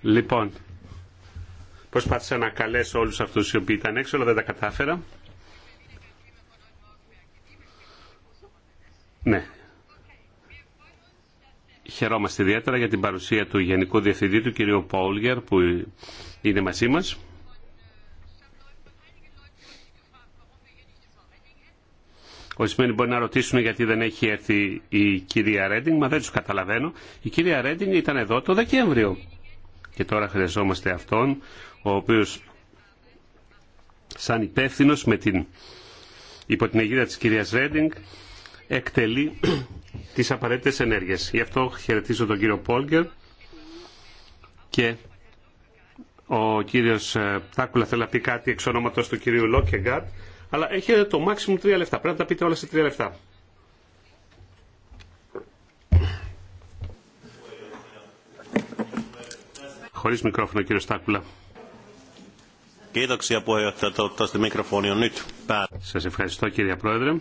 Λοιπόν, προσπάθησα να καλέσω όλους αυτούς οι οποίοι ήταν έξω, αλλά δεν τα κατάφερα. Ναι. Χαιρόμαστε ιδιαίτερα για την παρουσία του Γενικού Διευθυντή του κ. Πόλγερ που είναι μαζί μας. Ορισμένοι μπορεί να ρωτήσουν γιατί δεν έχει έρθει η κυρία Ρέντινγκ, μα δεν του καταλαβαίνω. Η κυρία Ρέντινγκ ήταν εδώ το Δεκέμβριο. Και τώρα χρειαζόμαστε αυτόν, ο οποίος σαν υπεύθυνο με την υπό την αιγύδα της κυρίας Ρέντινγκ εκτελεί τις απαραίτητες ενέργειες. Γι' αυτό χαιρετίζω τον κύριο Πόλγκερ και ο κύριος ε, Τάκουλα θέλει να πει κάτι εξ ονόματος του κυρίου Λόκεγκατ αλλά έχετε το maximum τρία λεφτά. Πρέπει να τα πείτε όλα σε τρία λεφτά. Χωρίς μικρόφωνο κύριο Στάκουλα. Σας ευχαριστώ κύριε Πρόεδρε.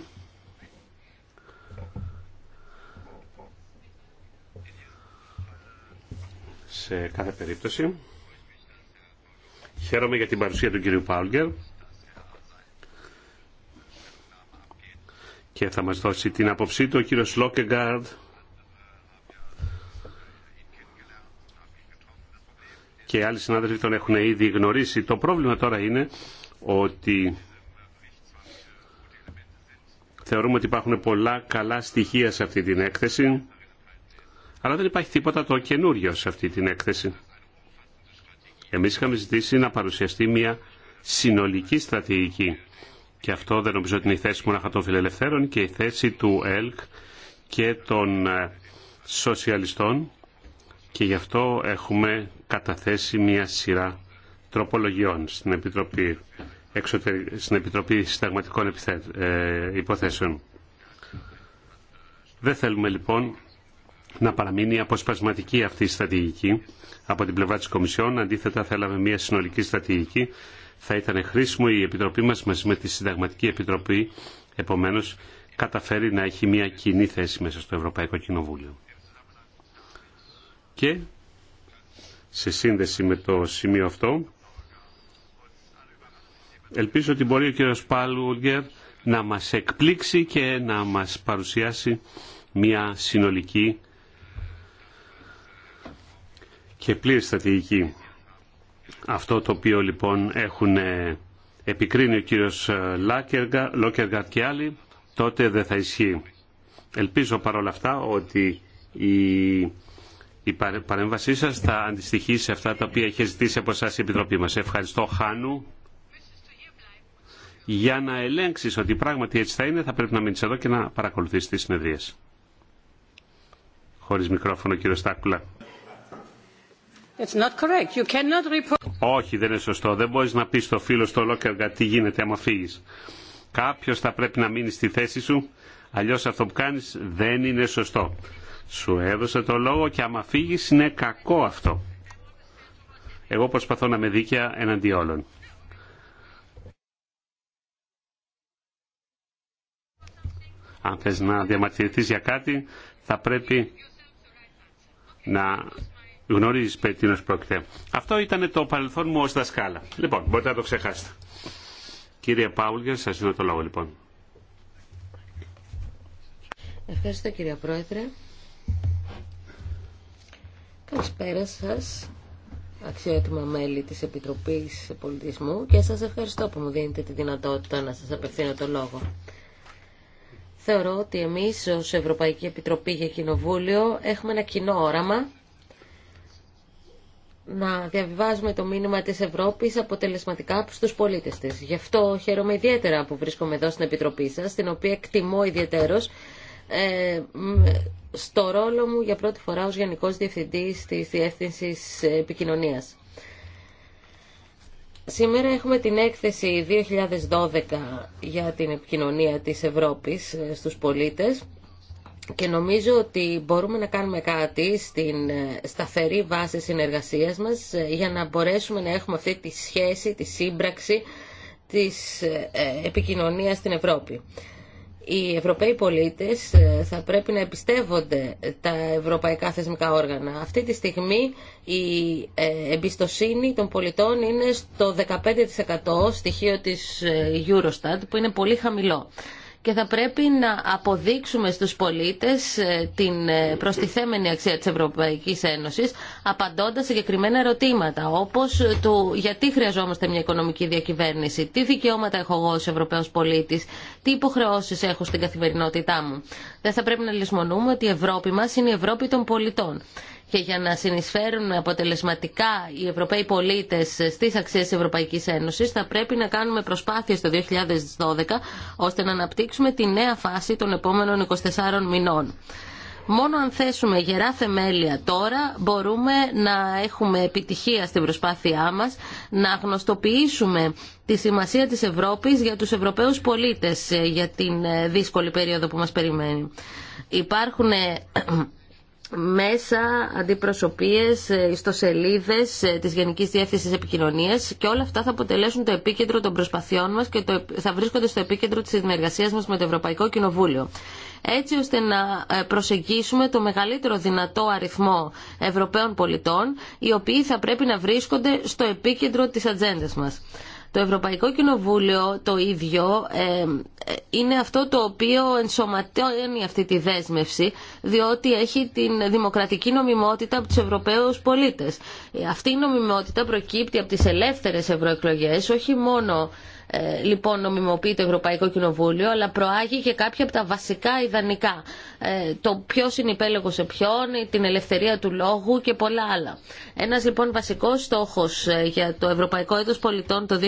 Σε κάθε περίπτωση. Χαίρομαι για την παρουσία του κύριου Πάουλγκερ και θα μας δώσει την άποψή του ο κύριος Λόκεγκάρντ. Και άλλοι συνάδελφοι τον έχουν ήδη γνωρίσει. Το πρόβλημα τώρα είναι ότι θεωρούμε ότι υπάρχουν πολλά καλά στοιχεία σε αυτή την έκθεση, αλλά δεν υπάρχει τίποτα το καινούριο σε αυτή την έκθεση. Εμείς είχαμε ζητήσει να παρουσιαστεί μια συνολική στρατηγική και αυτό δεν νομίζω ότι είναι η θέση μονάχα των φιλελευθέρων και η θέση του ΕΛΚ και των ε, σοσιαλιστών και γι' αυτό έχουμε καταθέσει μια σειρά τροπολογιών στην Επιτροπή, στην Επιτροπή Συνταγματικών ε, Υποθέσεων. Δεν θέλουμε λοιπόν να παραμείνει αποσπασματική αυτή η στρατηγική από την πλευρά της Κομισιόν. Αντίθετα θέλαμε μια συνολική στρατηγική θα ήταν χρήσιμο η Επιτροπή μας μαζί με τη Συνταγματική Επιτροπή επομένως καταφέρει να έχει μια κοινή θέση μέσα στο Ευρωπαϊκό Κοινοβούλιο. Και σε σύνδεση με το σημείο αυτό ελπίζω ότι μπορεί ο κύριος Πάλουγκερ να μας εκπλήξει και να μας παρουσιάσει μια συνολική και πλήρη στρατηγική αυτό το οποίο λοιπόν έχουν ε, επικρίνει ο κύριος ε, Λόκεργαρτ και άλλοι, τότε δεν θα ισχύει. Ελπίζω παρόλα αυτά ότι η, η παρέμβασή σας θα αντιστοιχεί σε αυτά τα οποία έχει ζητήσει από εσάς η Επιτροπή μας. Ευχαριστώ Χάνου. Για να ελέγξεις ότι πράγματι έτσι θα είναι θα πρέπει να μείνεις εδώ και να παρακολουθείς τις συνεδρίες. Χωρίς μικρόφωνο κύριο Στάκουλα not correct. You cannot report... Όχι, δεν είναι σωστό. Δεν μπορείς να πεις στο φίλο στο Λόκεργα τι γίνεται άμα φύγεις. Κάποιος θα πρέπει να μείνει στη θέση σου, αλλιώς αυτό που κάνεις δεν είναι σωστό. Σου έδωσε το λόγο και άμα φύγεις είναι κακό αυτό. Εγώ προσπαθώ να είμαι δίκαια εναντί όλων. Αν θες να διαμαρτυρηθείς για κάτι, θα πρέπει να Γνωρίζει περί πρόκειται. Αυτό ήταν το παρελθόν μου ως δασκάλα. Λοιπόν, μπορείτε να το ξεχάσετε. Κύριε Πάουλγερ, σας δίνω το λόγο λοιπόν. Ευχαριστώ κύριε Πρόεδρε. Καλησπέρα σας, αξιότιμα μέλη της Επιτροπής Πολιτισμού και σας ευχαριστώ που μου δίνετε τη δυνατότητα να σας απευθύνω το λόγο. Θεωρώ ότι εμείς ως Ευρωπαϊκή Επιτροπή για Κοινοβούλιο έχουμε ένα κοινό όραμα να διαβιβάζουμε το μήνυμα της Ευρώπης αποτελεσματικά στους πολίτες της. Γι' αυτό χαίρομαι ιδιαίτερα που βρίσκομαι εδώ στην Επιτροπή σας, την οποία εκτιμώ ιδιαίτερος ε, στο ρόλο μου για πρώτη φορά ως Γενικός Διευθυντής της Διεύθυνσης Επικοινωνίας. Σήμερα έχουμε την έκθεση 2012 για την επικοινωνία της Ευρώπης ε, στους πολίτες και νομίζω ότι μπορούμε να κάνουμε κάτι στην ε, σταθερή βάση συνεργασίας μας ε, για να μπορέσουμε να έχουμε αυτή τη σχέση, τη σύμπραξη της ε, επικοινωνίας στην Ευρώπη. Οι Ευρωπαίοι πολίτες θα πρέπει να εμπιστεύονται τα ευρωπαϊκά θεσμικά όργανα. Αυτή τη στιγμή η εμπιστοσύνη των πολιτών είναι στο 15% στοιχείο της Eurostat που είναι πολύ χαμηλό και θα πρέπει να αποδείξουμε στους πολίτες ε, την ε, προστιθέμενη αξία της Ευρωπαϊκής Ένωσης απαντώντας συγκεκριμένα ερωτήματα όπως ε, το γιατί χρειαζόμαστε μια οικονομική διακυβέρνηση, τι δικαιώματα έχω εγώ ως Ευρωπαίος πολίτης, τι υποχρεώσεις έχω στην καθημερινότητά μου. Δεν θα πρέπει να λησμονούμε ότι η Ευρώπη μας είναι η Ευρώπη των πολιτών και για να συνεισφέρουν αποτελεσματικά οι Ευρωπαίοι πολίτες στις αξίες της Ευρωπαϊκής Ένωσης θα πρέπει να κάνουμε προσπάθειες το 2012 ώστε να αναπτύξουμε τη νέα φάση των επόμενων 24 μηνών. Μόνο αν θέσουμε γερά θεμέλια τώρα μπορούμε να έχουμε επιτυχία στην προσπάθειά μας να γνωστοποιήσουμε τη σημασία της Ευρώπης για τους Ευρωπαίους πολίτες ε, για την ε, δύσκολη περίοδο που μας περιμένει. Υπάρχουν ε, μέσα, αντιπροσωπείες, ε, ιστοσελίδες ε, της Γενικής Διεύθυνσης Επικοινωνίας και όλα αυτά θα αποτελέσουν το επίκεντρο των προσπαθειών μας και θα βρίσκονται στο επίκεντρο της συνεργασίας μας με το Ευρωπαϊκό Κοινοβούλιο έτσι ώστε να ε, προσεγγίσουμε το μεγαλύτερο δυνατό αριθμό Ευρωπαίων πολιτών, οι οποίοι θα πρέπει να βρίσκονται στο επίκεντρο της ατζέντα μας. Το Ευρωπαϊκό Κοινοβούλιο το ίδιο ε, είναι αυτό το οποίο ενσωματώνει αυτή τη δέσμευση διότι έχει την δημοκρατική νομιμότητα από τους Ευρωπαίους πολίτες. Ε, αυτή η νομιμότητα προκύπτει από τις ελεύθερες ευρωεκλογές όχι μόνο ε, λοιπόν νομιμοποιεί το Ευρωπαϊκό Κοινοβούλιο, αλλά προάγει και κάποια από τα βασικά ιδανικά. Ε, το ποιο είναι υπέλογο σε ποιον, την ελευθερία του λόγου και πολλά άλλα. Ένα λοιπόν βασικό στόχο ε, για το Ευρωπαϊκό Έτο Πολιτών το 2013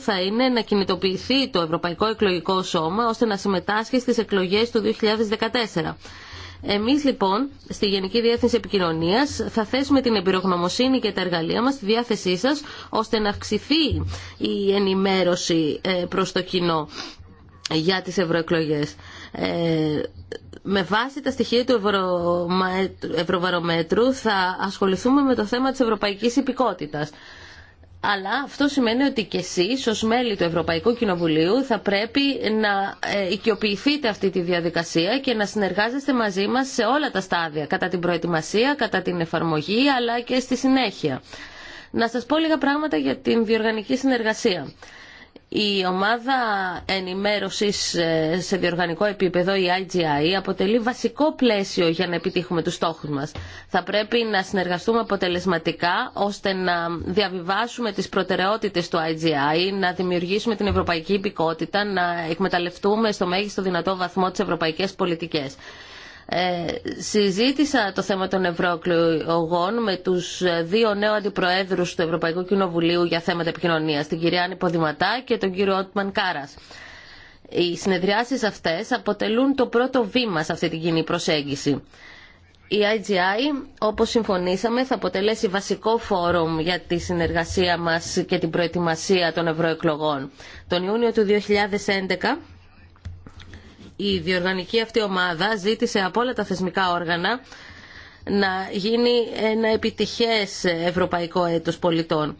θα είναι να κινητοποιηθεί το Ευρωπαϊκό Εκλογικό Σώμα ώστε να συμμετάσχει στι εκλογέ του 2014. Εμείς λοιπόν στη Γενική Διεύθυνση Επικοινωνίας θα θέσουμε την εμπειρογνωμοσύνη και τα εργαλεία μας στη διάθεσή σας ώστε να αυξηθεί η ενημέρωση ε, προς το κοινό για τις ευρωεκλογές. Ε, με βάση τα στοιχεία του Ευρωβαρομέτρου θα ασχοληθούμε με το θέμα της ευρωπαϊκής υπηκότητας αλλά αυτό σημαίνει ότι και εσεί, ω μέλη του Ευρωπαϊκού Κοινοβουλίου θα πρέπει να ε, οικειοποιηθείτε αυτή τη διαδικασία και να συνεργάζεστε μαζί μας σε όλα τα στάδια, κατά την προετοιμασία, κατά την εφαρμογή, αλλά και στη συνέχεια. Να σας πω λίγα πράγματα για την διοργανική συνεργασία. Η ομάδα ενημέρωσης ε, σε διοργανικό επίπεδο, η IGI, αποτελεί βασικό πλαίσιο για να επιτύχουμε τους στόχους μας. Θα πρέπει να συνεργαστούμε αποτελεσματικά ώστε να διαβιβάσουμε τις προτεραιότητες του IGI, να δημιουργήσουμε την ευρωπαϊκή υπηκότητα, να εκμεταλλευτούμε στο μέγιστο δυνατό βαθμό τις ευρωπαϊκές πολιτικές. Ε, συζήτησα το θέμα των ευρωεκλογών με τους δύο νέου αντιπροέδρου του Ευρωπαϊκού Κοινοβουλίου για θέματα επικοινωνία, την κυρία Άννη Ποδηματά και τον κύριο Ότμαν Κάρας. Οι συνεδριάσεις αυτές αποτελούν το πρώτο βήμα σε αυτή την κοινή προσέγγιση. Η IGI, όπως συμφωνήσαμε, θα αποτελέσει βασικό φόρουμ για τη συνεργασία μας και την προετοιμασία των ευρωεκλογών. Τον Ιούνιο του 2011 η διοργανική αυτή ομάδα ζήτησε από όλα τα θεσμικά όργανα να γίνει ένα επιτυχές ευρωπαϊκό έτος πολιτών.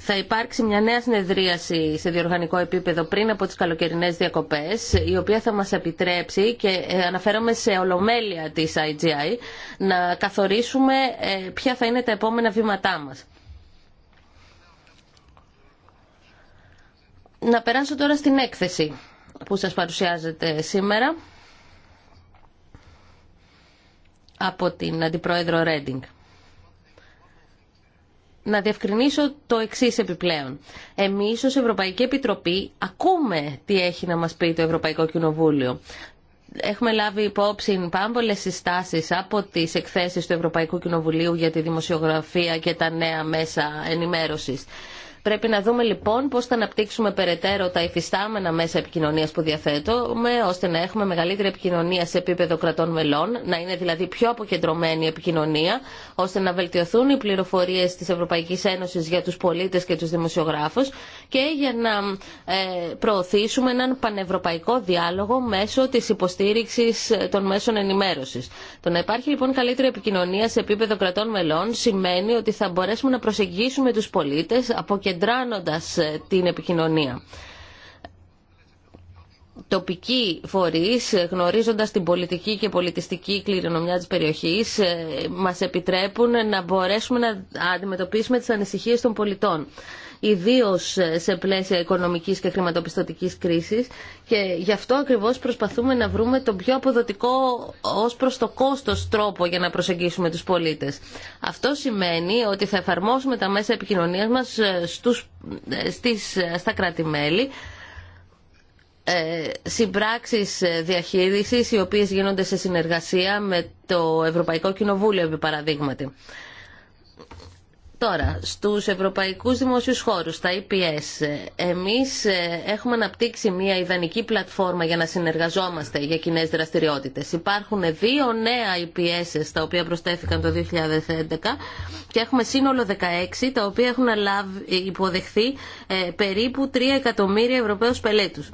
Θα υπάρξει μια νέα συνεδρίαση σε διοργανικό επίπεδο πριν από τις καλοκαιρινές διακοπές, η οποία θα μας επιτρέψει, και ε, αναφέρομαι σε ολομέλεια της IGI, να καθορίσουμε ε, ποια θα είναι τα επόμενα βήματά μας. Να περάσω τώρα στην έκθεση που σας παρουσιάζεται σήμερα από την Αντιπρόεδρο Ρέντινγκ. Να διευκρινίσω το εξής επιπλέον. Εμείς ως Ευρωπαϊκή Επιτροπή ακούμε τι έχει να μας πει το Ευρωπαϊκό Κοινοβούλιο. Έχουμε λάβει υπόψη πάμπολε συστάσει από τι εκθέσει του Ευρωπαϊκού Κοινοβουλίου για τη δημοσιογραφία και τα νέα μέσα ενημέρωση. Πρέπει να δούμε λοιπόν πώ θα αναπτύξουμε περαιτέρω τα υφιστάμενα μέσα επικοινωνία που διαθέτουμε, ώστε να έχουμε μεγαλύτερη επικοινωνία σε επίπεδο κρατών μελών, να είναι δηλαδή πιο αποκεντρωμένη η επικοινωνία, ώστε να βελτιωθούν οι πληροφορίε τη Ευρωπαϊκή Ένωση για του πολίτε και του δημοσιογράφου και για να ε, προωθήσουμε έναν πανευρωπαϊκό διάλογο μέσω τη υποστήριξη των μέσων ενημέρωση. Το να υπάρχει λοιπόν καλύτερη επικοινωνία σε επίπεδο κρατών μελών σημαίνει ότι θα μπορέσουμε να προσεγγίσουμε τους πολίτες, συγκεντρώνοντας ε, την επικοινωνία τοπικοί φορείς ε, γνωρίζοντας την πολιτική και πολιτιστική κληρονομιά της περιοχής ε, μας επιτρέπουν να μπορέσουμε να αντιμετωπίσουμε τις ανησυχίες των πολιτών. Ιδίω σε πλαίσια οικονομικής και χρηματοπιστωτικής κρίσης και γι' αυτό ακριβώς προσπαθούμε να βρούμε τον πιο αποδοτικό ως προς το κόστος τρόπο για να προσεγγίσουμε τους πολίτες. Αυτό σημαίνει ότι θα εφαρμόσουμε τα μέσα επικοινωνία μας ε, ε, ε, στα κράτη-μέλη συμπράξεις διαχείρισης οι οποίες γίνονται σε συνεργασία με το Ευρωπαϊκό Κοινοβούλιο επί παραδείγματι. Τώρα, στους ευρωπαϊκούς δημοσίους χώρους, τα EPS, εμείς ε, έχουμε αναπτύξει μια ιδανική πλατφόρμα για να συνεργαζόμαστε για κοινέ δραστηριότητες. Υπάρχουν δύο νέα EPS τα οποία προσθέθηκαν το 2011 και έχουμε σύνολο 16 τα οποία έχουν υποδεχθεί ε, περίπου 3 εκατομμύρια Ευρωπαίους πελέτους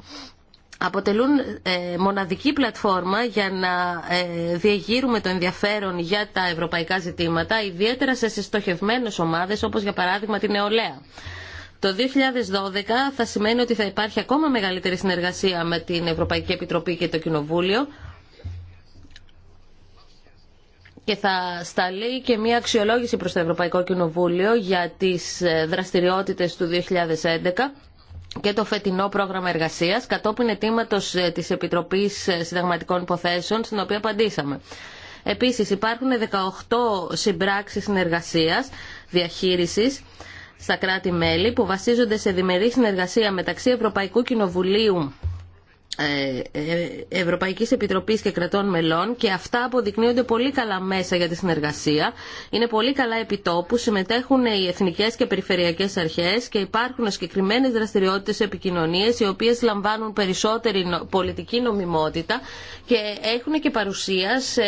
αποτελούν ε, μοναδική πλατφόρμα για να ε, διεγείρουμε το ενδιαφέρον για τα ευρωπαϊκά ζητήματα, ιδιαίτερα σε συστοχευμένες ομάδες όπως για παράδειγμα την νεολαία. Το 2012 θα σημαίνει ότι θα υπάρχει ακόμα μεγαλύτερη συνεργασία με την Ευρωπαϊκή Επιτροπή και το Κοινοβούλιο και θα σταλεί και μια αξιολόγηση προς το Ευρωπαϊκό Κοινοβούλιο για τις ε, δραστηριότητες του 2011 και το φετινό πρόγραμμα εργασία, κατόπιν αιτήματο ε, της Επιτροπής ε, Συνταγματικών Υποθέσεων στην οποία απαντήσαμε. Επίσης υπάρχουν 18 συμπράξει συνεργασία διαχείρισης στα κράτη-μέλη που βασίζονται σε διμερή συνεργασία μεταξύ Ευρωπαϊκού Κοινοβουλίου ε, ε, Ευρωπαϊκής Επιτροπής και Κρατών Μελών και αυτά αποδεικνύονται πολύ καλά μέσα για τη συνεργασία. Είναι πολύ καλά επιτόπου, συμμετέχουν οι εθνικές και περιφερειακές αρχές και υπάρχουν συγκεκριμένες δραστηριότητες επικοινωνίες οι οποίες λαμβάνουν περισσότερη πολιτική νομιμότητα και έχουν και παρουσία σε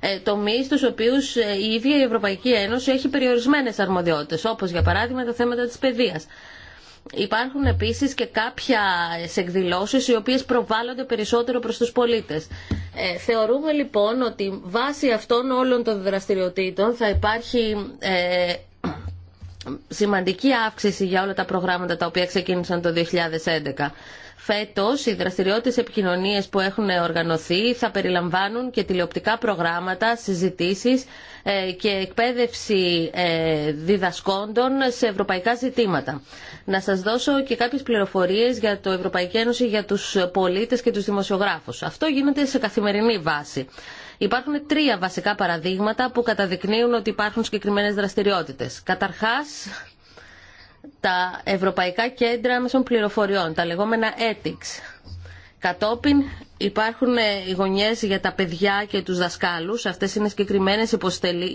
ε, τομεί στου οποίου η ίδια η Ευρωπαϊκή Ένωση έχει περιορισμένε αρμοδιότητε, όπω για παράδειγμα τα θέματα τη παιδεία. Υπάρχουν επίσης και κάποια εκδηλώσεις οι οποίες προβάλλονται περισσότερο προς τους πολίτες. Ε, θεωρούμε λοιπόν ότι βάσει αυτών όλων των δραστηριοτήτων θα υπάρχει ε, σημαντική αύξηση για όλα τα προγράμματα τα οποία ξεκίνησαν το 2011. Φέτος, οι δραστηριότητες επικοινωνίες που έχουν οργανωθεί θα περιλαμβάνουν και τηλεοπτικά προγράμματα, συζητήσεις ε, και εκπαίδευση ε, διδασκόντων σε ευρωπαϊκά ζητήματα. Να σας δώσω και κάποιες πληροφορίες για το Ευρωπαϊκή Ένωση για τους πολίτες και τους δημοσιογράφους. Αυτό γίνεται σε καθημερινή βάση. Υπάρχουν τρία βασικά παραδείγματα που καταδεικνύουν ότι υπάρχουν συγκεκριμένε δραστηριότητε. Καταρχά τα Ευρωπαϊκά Κέντρα Άμεσων Πληροφοριών, τα λεγόμενα ethics. Κατόπιν Υπάρχουν ε, οι γωνιές για τα παιδιά και τους δασκάλους. Αυτές είναι συγκεκριμένες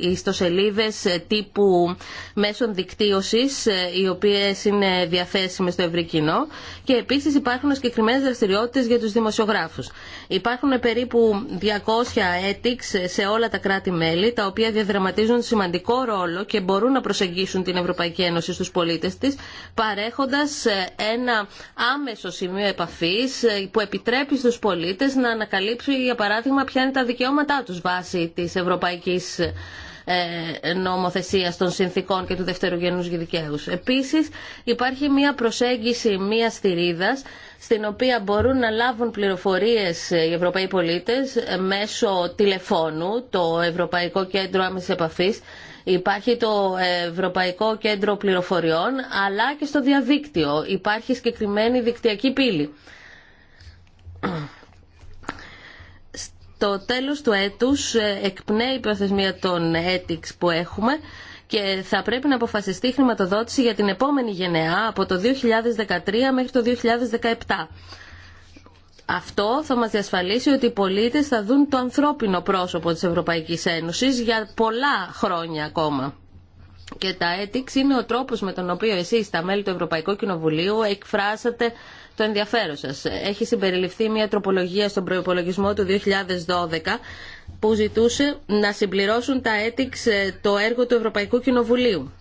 ιστοσελίδες ε, τύπου μέσων δικτύωσης, ε, οι οποίες είναι διαθέσιμες στο ευρύ κοινό. Και επίσης υπάρχουν συγκεκριμένες δραστηριότητες για τους δημοσιογράφους. Υπάρχουν περίπου 200 ethics σε όλα τα κράτη-μέλη, τα οποία διαδραματίζουν σημαντικό ρόλο και μπορούν να προσεγγίσουν την Ευρωπαϊκή Ένωση στους πολίτες της, παρέχοντας ένα άμεσο σημείο επαφής που επιτρέπει στους πολίτες πολίτες να ανακαλύψουν για παράδειγμα ποια είναι τα δικαιώματά τους βάσει της ευρωπαϊκής ε, νομοθεσίας των συνθήκων και του δευτερογενούς δικαίου. επίσης υπάρχει μια προσέγγιση μια στιρίδας στην οποία μπορούν να λάβουν πληροφορίες οι Ευρωπαίοι πολίτες μέσω τηλεφώνου, το Ευρωπαϊκό Κέντρο Άμεσης Επαφής, υπάρχει το Ευρωπαϊκό Κέντρο Πληροφοριών, αλλά και στο διαδίκτυο. Υπάρχει συγκεκριμένη δικτυακή πύλη το τέλος του έτους ε, εκπνέει η προθεσμία των έτηξ που έχουμε και θα πρέπει να αποφασιστεί η χρηματοδότηση για την επόμενη γενεά από το 2013 μέχρι το 2017. Αυτό θα μας διασφαλίσει ότι οι πολίτες θα δουν το ανθρώπινο πρόσωπο της Ευρωπαϊκής Ένωσης για πολλά χρόνια ακόμα. Και τα έτηξ είναι ο τρόπος με τον οποίο εσείς, τα μέλη του Ευρωπαϊκού Κοινοβουλίου, εκφράσατε το ενδιαφέρον σας. Έχει συμπεριληφθεί μια τροπολογία στον προϋπολογισμό του 2012 που ζητούσε να συμπληρώσουν τα έτηξ ε, το έργο του Ευρωπαϊκού Κοινοβουλίου.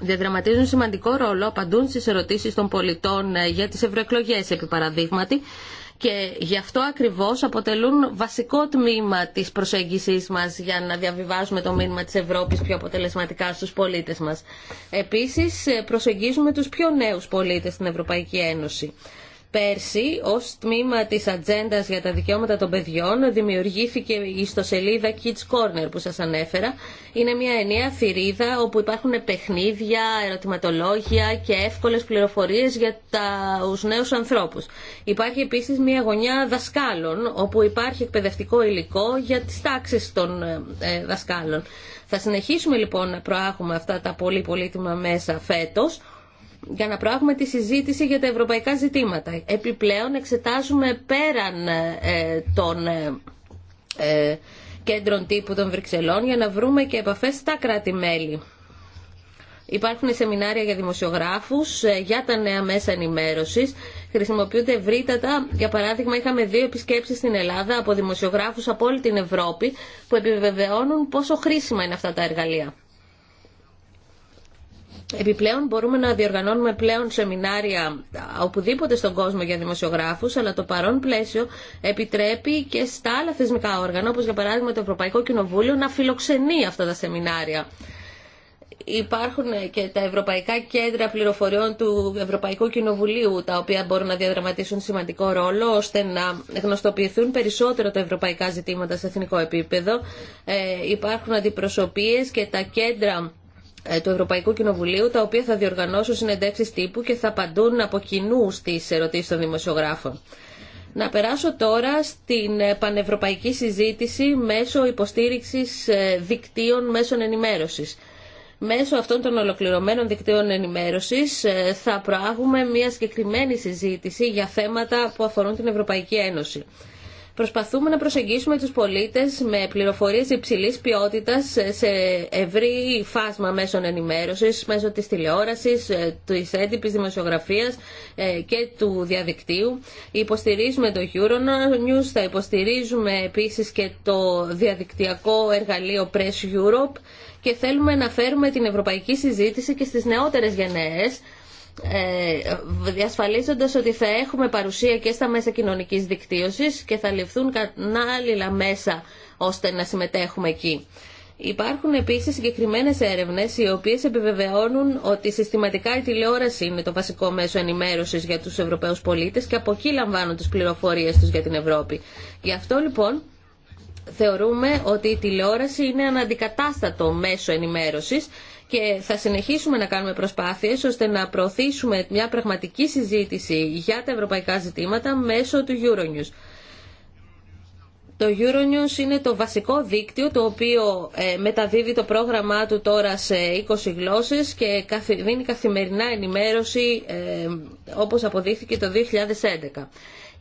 Διαδραματίζουν σημαντικό ρόλο, απαντούν στις ερωτήσεις των πολιτών ε, για τις ευρωεκλογές επί παραδείγματι και γι' αυτό ακριβώς αποτελούν βασικό τμήμα της προσέγγισης μας για να διαβιβάζουμε το μήνυμα της Ευρώπης πιο αποτελεσματικά στους πολίτες μας. Επίσης ε, προσεγγίζουμε τους πιο νέους πολίτες στην Ευρωπαϊκή Ένωση. Πέρσι, ως τμήμα της ατζέντα για τα δικαιώματα των παιδιών, δημιουργήθηκε η ιστοσελίδα Kids Corner που σας ανέφερα. Είναι μια ενιαία θηρίδα όπου υπάρχουν παιχνίδια, ερωτηματολόγια και εύκολες πληροφορίες για τους νέους ανθρώπους. Υπάρχει επίσης μια γωνιά δασκάλων όπου υπάρχει εκπαιδευτικό υλικό για τις τάξεις των ε, ε, δασκάλων. Θα συνεχίσουμε λοιπόν να προάγουμε αυτά τα πολύ πολύτιμα μέσα φέτος για να προάγουμε τη συζήτηση για τα ευρωπαϊκά ζητήματα. Επιπλέον εξετάζουμε πέραν ε, των ε, ε, κέντρων τύπου των Βρυξελών για να βρούμε και επαφές στα κράτη-μέλη. Υπάρχουν σεμινάρια για δημοσιογράφους, για τα νέα μέσα ενημέρωσης. Χρησιμοποιούνται ευρύτατα. Για παράδειγμα, είχαμε δύο επισκέψεις στην Ελλάδα από δημοσιογράφους από όλη την Ευρώπη που επιβεβαιώνουν πόσο χρήσιμα είναι αυτά τα εργαλεία. Επιπλέον μπορούμε να διοργανώνουμε πλέον σεμινάρια οπουδήποτε στον κόσμο για δημοσιογράφους, αλλά το παρόν πλαίσιο επιτρέπει και στα άλλα θεσμικά όργανα, όπως για παράδειγμα το Ευρωπαϊκό Κοινοβούλιο, να φιλοξενεί αυτά τα σεμινάρια. Υπάρχουν και τα ευρωπαϊκά κέντρα πληροφοριών του Ευρωπαϊκού Κοινοβουλίου, τα οποία μπορούν να διαδραματίσουν σημαντικό ρόλο, ώστε να γνωστοποιηθούν περισσότερο τα ευρωπαϊκά ζητήματα σε εθνικό επίπεδο. Ε, υπάρχουν αντιπροσωπείες και τα κέντρα ε, του Ευρωπαϊκού Κοινοβουλίου, τα οποία θα διοργανώσουν συνεντεύξει τύπου και θα απαντούν από κοινού στις ερωτήσει των δημοσιογράφων. Να περάσω τώρα στην ε, πανευρωπαϊκή συζήτηση μέσω υποστήριξης ε, δικτύων μέσων ενημέρωσης. Μέσω αυτών των ολοκληρωμένων δικτύων ενημέρωσης θα προάγουμε μια συγκεκριμένη συζήτηση για θέματα που αφορούν την Ευρωπαϊκή Ένωση. Προσπαθούμε να προσεγγίσουμε τους πολίτες με πληροφορίες υψηλής ποιότητας σε ευρύ φάσμα μέσων ενημέρωσης, μέσω της τηλεόρασης, ε, της έντυπης δημοσιογραφίας ε, και του διαδικτύου. Υποστηρίζουμε το Euronews, θα υποστηρίζουμε επίσης και το διαδικτυακό εργαλείο Press Europe και θέλουμε να φέρουμε την ευρωπαϊκή συζήτηση και στις νεότερες γενναίες ε, διασφαλίζοντας ότι θα έχουμε παρουσία και στα μέσα κοινωνικής δικτύωσης και θα ληφθούν κανάλιλα μέσα ώστε να συμμετέχουμε εκεί. Υπάρχουν επίσης συγκεκριμένες έρευνες οι οποίες επιβεβαιώνουν ότι συστηματικά η τηλεόραση είναι το βασικό μέσο ενημέρωσης για τους Ευρωπαίους πολίτες και από εκεί λαμβάνουν τις πληροφορίες τους για την Ευρώπη. Γι' αυτό λοιπόν θεωρούμε ότι η τηλεόραση είναι ένα αντικατάστατο μέσο ενημέρωσης και θα συνεχίσουμε να κάνουμε προσπάθειες ώστε να προωθήσουμε μια πραγματική συζήτηση για τα ευρωπαϊκά ζητήματα μέσω του Euronews. Το Euronews είναι το βασικό δίκτυο το οποίο ε, μεταδίδει το πρόγραμμά του τώρα σε 20 γλώσσες και δίνει καθημερινά ενημέρωση ε, όπως αποδείχθηκε το 2011.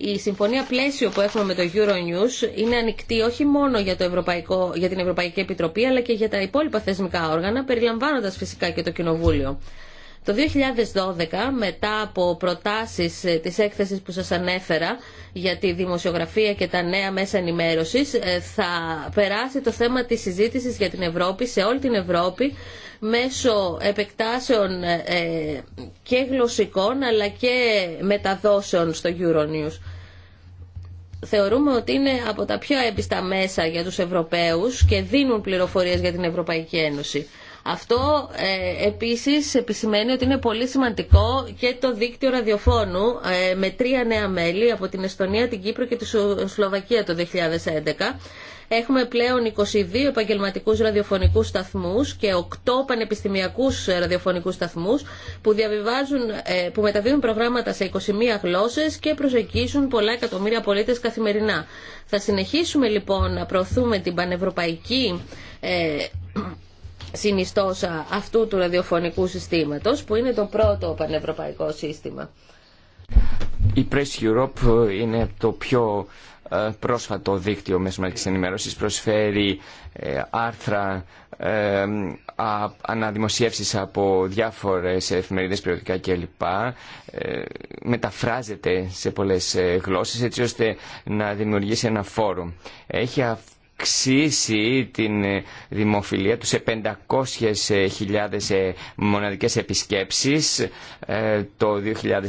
Η συμφωνία πλαίσιο που έχουμε με το Euronews είναι ανοιχτή όχι μόνο για, το Ευρωπαϊκό, για την Ευρωπαϊκή Επιτροπή αλλά και για τα υπόλοιπα θεσμικά όργανα, περιλαμβάνοντας φυσικά και το Κοινοβούλιο. Το 2012, μετά από προτάσεις ε, της έκθεσης που σας ανέφερα για τη δημοσιογραφία και τα νέα μέσα ενημέρωσης, ε, θα περάσει το θέμα της συζήτησης για την Ευρώπη, σε όλη την Ευρώπη, μέσω επεκτάσεων ε, και γλωσσικών αλλά και μεταδόσεων στο Euronews θεωρούμε ότι είναι από τα πιο έμπιστα μέσα για τους Ευρωπαίους και δίνουν πληροφορίες για την Ευρωπαϊκή Ένωση. Αυτό ε, επίσης επισημαίνει ότι είναι πολύ σημαντικό και το δίκτυο ραδιοφώνου ε, με τρία νέα μέλη από την Εστονία, την Κύπρο και τη Σλοβακία το 2011. Έχουμε πλέον 22 επαγγελματικούς ραδιοφωνικούς σταθμούς και 8 πανεπιστημιακούς ραδιοφωνικούς σταθμούς που, διαβιβάζουν, ε, που μεταδίδουν προγράμματα σε 21 γλώσσες και προσεγγίζουν πολλά εκατομμύρια πολίτες καθημερινά. Θα συνεχίσουμε λοιπόν να προωθούμε την πανευρωπαϊκή ε, συνιστόσα αυτού του ραδιοφωνικού συστήματος που είναι το πρώτο πανευρωπαϊκό σύστημα. Η Press Europe ε, είναι το πιο ε, πρόσφατο δίκτυο μαζικής ενημέρωσης. Προσφέρει ε, άρθρα, αναδημοσιεύσεις από διάφορες εφημερίδες, περιοδικά κλπ. Μεταφράζεται σε πολλές γλώσσες έτσι ώστε να δημιουργήσει ένα φόρουμ. Έχει αυτό αυξήσει την ε, δημοφιλία του σε 500.000 ε, μοναδικές επισκέψεις ε, το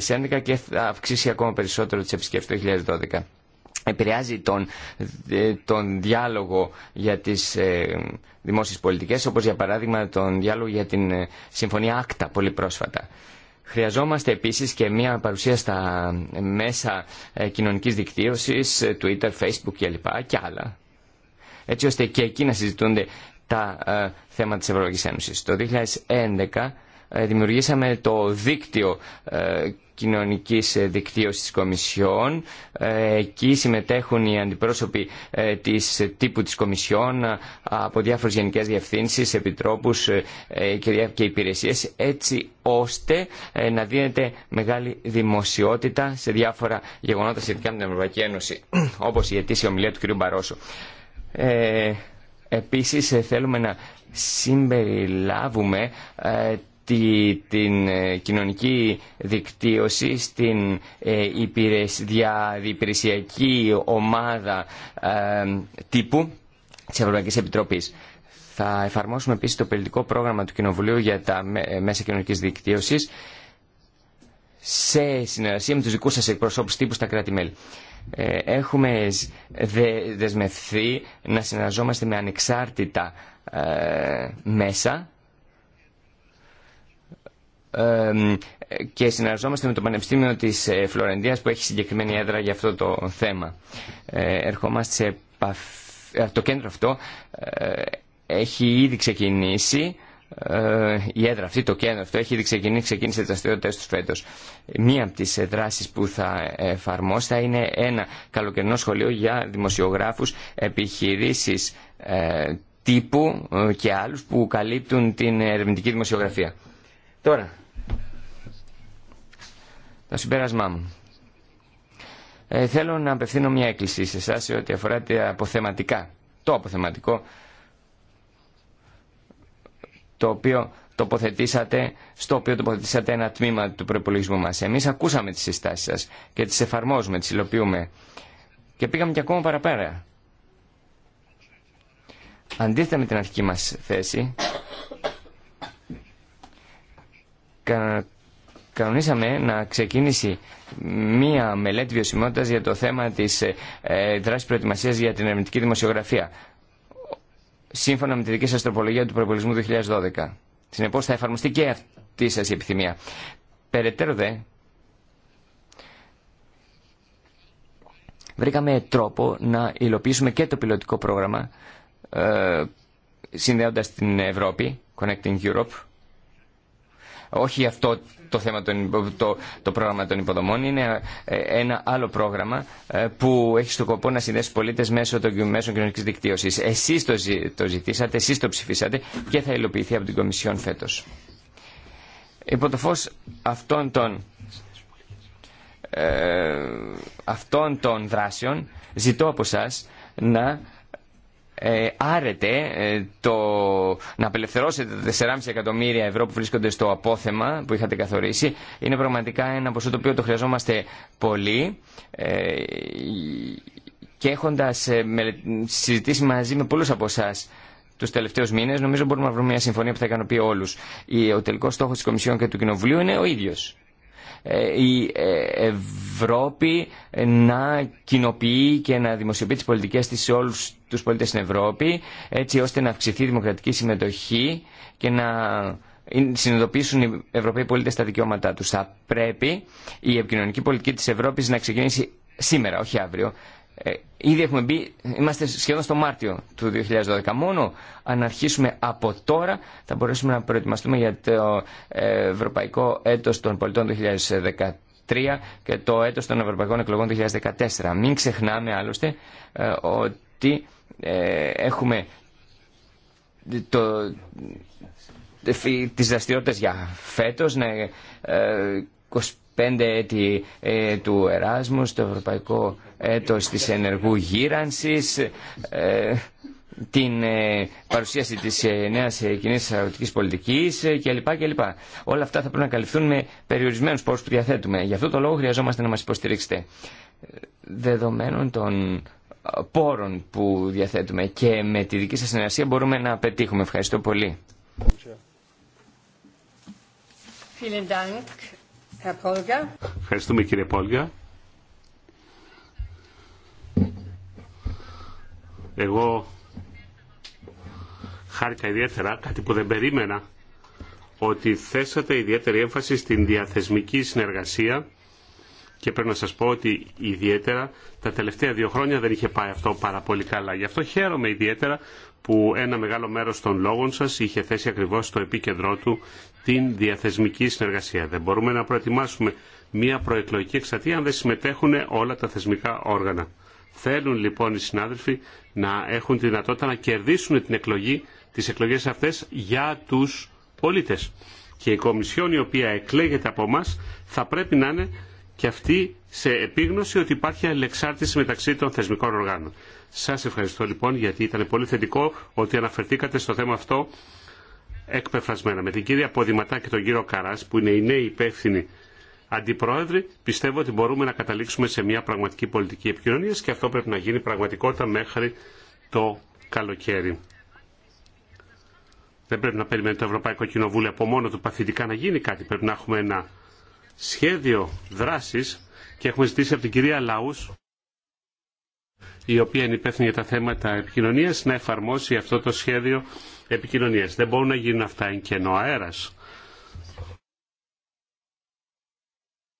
2011 και θα αυξήσει ακόμα περισσότερο τις επισκέψεις το 2012. Επηρεάζει τον, τον διάλογο για τις δημόσιες πολιτικές, όπως για παράδειγμα τον διάλογο για την Συμφωνία Άκτα πολύ πρόσφατα. Χρειαζόμαστε επίσης και μια παρουσία στα μέσα κοινωνικής δικτύωσης, Twitter, Facebook κλπ. Και, και άλλα έτσι ώστε και εκεί να συζητούνται τα ε, θέματα της Ευρωπαϊκής Ένωσης. Το 2011 ε, δημιουργήσαμε το δίκτυο ε, κοινωνικής ε, δικτύωσης της Κομισιόν. Εκεί συμμετέχουν οι αντιπρόσωποι της τύπου της Κομισιόν από διάφορες γενικές διευθύνσεις, επιτρόπους και υπηρεσίες, έτσι ώστε να δίνεται μεγάλη δημοσιότητα σε διάφορα γεγονότα σχετικά με την Ευρωπαϊκή Ένωση, όπως η αιτήσια ομιλία του κ. Μπαρόσου. Ε, επίσης ε, θέλουμε να συμπεριλάβουμε ε, τη, την ε, κοινωνική δικτύωση στην υπηρεσιακή ομάδα τύπου της Ευρωπαϊκής Επιτροπής. Θα εφαρμόσουμε επίσης το πολιτικό πρόγραμμα του Κοινοβουλίου για τα μέσα κοινωνικής δικτύωσης σε συνεργασία με τους δικούς σας εκπροσώπους τύπου στα κράτη-μέλη. Ε, έχουμε δεσμευθεί να συνεργαζόμαστε με ανεξάρτητα ε, μέσα ε, και συνεργαζόμαστε με το Πανεπιστήμιο της Φλωρεντίας που έχει συγκεκριμένη έδρα για αυτό το θέμα. Ερχόμαστε σε Το κέντρο αυτό έχει ήδη ξεκινήσει ε, η έδρα αυτή, το κέντρο αυτό έχει ξεκινήσει, ξεκίνησε τι δραστηριότητε του φέτο. Μία από τι δράσει που θα εφαρμόσει θα είναι ένα καλοκαιρινό σχολείο για δημοσιογράφου, επιχειρήσει ε, τύπου ε, και άλλου που καλύπτουν την ερευνητική δημοσιογραφία. Τώρα, το συμπέρασμά μου. θέλω να απευθύνω μια έκκληση σε εσά σε ό,τι αφορά τα αποθεματικά. Το αποθεματικό το οποίο τοποθετήσατε, στο οποίο τοποθετήσατε ένα τμήμα του προπολογισμού μας. Εμείς ακούσαμε τις συστάσεις σας και τις εφαρμόζουμε, τις υλοποιούμε και πήγαμε και ακόμα παραπέρα. Αντίθετα με την αρχική μας θέση, κανονίσαμε να ξεκίνησει μία μελέτη βιωσιμότητας για το θέμα της ε, ε δράσης προετοιμασίας για την ερευνητική δημοσιογραφία σύμφωνα με τη δική σας τροπολογία του προπολογισμού 2012. Συνεπώ θα εφαρμοστεί και αυτή σα η επιθυμία. Περαιτέρω δε, βρήκαμε τρόπο να υλοποιήσουμε και το πιλωτικό πρόγραμμα ε, συνδέοντας την Ευρώπη, Connecting Europe, όχι αυτό το θέμα, το, το πρόγραμμα των υποδομών, είναι ε, ένα άλλο πρόγραμμα ε, που έχει στο κοπό να συνδέσει πολίτε μέσω των μέσων κοινωνική δικτύωση. Εσεί το, ζητήσατε, εσεί το ψηφίσατε και θα υλοποιηθεί από την Κομισιόν φέτο. Υπό το φω αυτών των ε, αυτών των δράσεων ζητώ από εσά να ε, ε, το, να απελευθερώσετε τα 4,5 εκατομμύρια ευρώ που βρίσκονται στο απόθεμα που είχατε καθορίσει είναι πραγματικά ένα ποσό το οποίο το χρειαζόμαστε πολύ ε, και έχοντας ε, συζητήσει μαζί με πολλούς από εσά του τελευταίου μήνε, νομίζω μπορούμε να βρούμε μια συμφωνία που θα ικανοποιεί όλου. Ο τελικό στόχο τη Κομισιόν και του Κοινοβουλίου είναι ο ίδιο. Ε, η ε, Ευρώπη να κοινοποιεί και να δημοσιοποιεί τις πολιτικές της σε όλους τους πολίτες στην Ευρώπη έτσι ώστε να αυξηθεί η δημοκρατική συμμετοχή και να συνειδητοποιήσουν οι Ευρωπαίοι πολίτες τα δικαιώματά τους. Θα πρέπει η επικοινωνική πολιτική της Ευρώπης να ξεκινήσει σήμερα, όχι αύριο. Ε, ήδη έχουμε μπει, είμαστε σχεδόν στο Μάρτιο του 2012. Μόνο αν αρχίσουμε από τώρα θα μπορέσουμε να προετοιμαστούμε για το ε, Ευρωπαϊκό Έτος των Πολιτών 2013 και το έτος των Ευρωπαϊκών Εκλογών 2014. Μην ξεχνάμε άλλωστε ε, ότι έχουμε το, τις δραστηριότητες για φέτος, να πέντε έτη ε, του Εράσμου, το Ευρωπαϊκό Έτος της Ενεργού Γύρανσης, ε, την ε, παρουσίαση της ε, νέας ε, κοινής αγροτικής πολιτικής κλπ, Όλα αυτά θα πρέπει να καλυφθούν με περιορισμένους πόρους που διαθέτουμε. Γι' αυτό το λόγο χρειαζόμαστε να μας υποστηρίξετε. Δεδομένων των πόρων που διαθέτουμε και με τη δική σας συνεργασία μπορούμε να πετύχουμε. Ευχαριστώ πολύ. Ευχαριστούμε κύριε Πόλγια. Εγώ χάρηκα ιδιαίτερα, κάτι που δεν περίμενα, ότι θέσατε ιδιαίτερη έμφαση στην διαθεσμική συνεργασία και πρέπει να σας πω ότι ιδιαίτερα τα τελευταία δύο χρόνια δεν είχε πάει αυτό πάρα πολύ καλά. Γι' αυτό χαίρομαι ιδιαίτερα που ένα μεγάλο μέρος των λόγων σας είχε θέσει ακριβώς στο επίκεντρό του την διαθεσμική συνεργασία. Δεν μπορούμε να προετοιμάσουμε μια προεκλογική εξατία αν δεν συμμετέχουν όλα τα θεσμικά όργανα. Θέλουν λοιπόν οι συνάδελφοι να έχουν τη δυνατότητα να κερδίσουν την εκλογή, τις εκλογές αυτές για τους πολίτες. Και η Κομισιόν η οποία εκλέγεται από εμά θα πρέπει να είναι και αυτή σε επίγνωση ότι υπάρχει αλληλεξάρτηση μεταξύ των θεσμικών οργάνων. Σας ευχαριστώ λοιπόν γιατί ήταν πολύ θετικό ότι αναφερθήκατε στο θέμα αυτό εκπεφρασμένα. Με την κυρία Ποδηματά και τον κύριο Καράς που είναι οι νέοι υπεύθυνοι αντιπρόεδροι πιστεύω ότι μπορούμε να καταλήξουμε σε μια πραγματική πολιτική επικοινωνία και αυτό πρέπει να γίνει πραγματικότητα μέχρι το καλοκαίρι. Δεν πρέπει να περιμένει το Ευρωπαϊκό Κοινοβούλιο από μόνο του παθητικά να γίνει κάτι. Πρέπει να έχουμε ένα σχέδιο δράση και έχουμε ζητήσει από την κυρία Λαού η οποία είναι υπεύθυνη για τα θέματα επικοινωνίας να εφαρμόσει αυτό το σχέδιο επικοινωνίας. Δεν μπορούν να γίνουν αυτά εν κενό αέρας.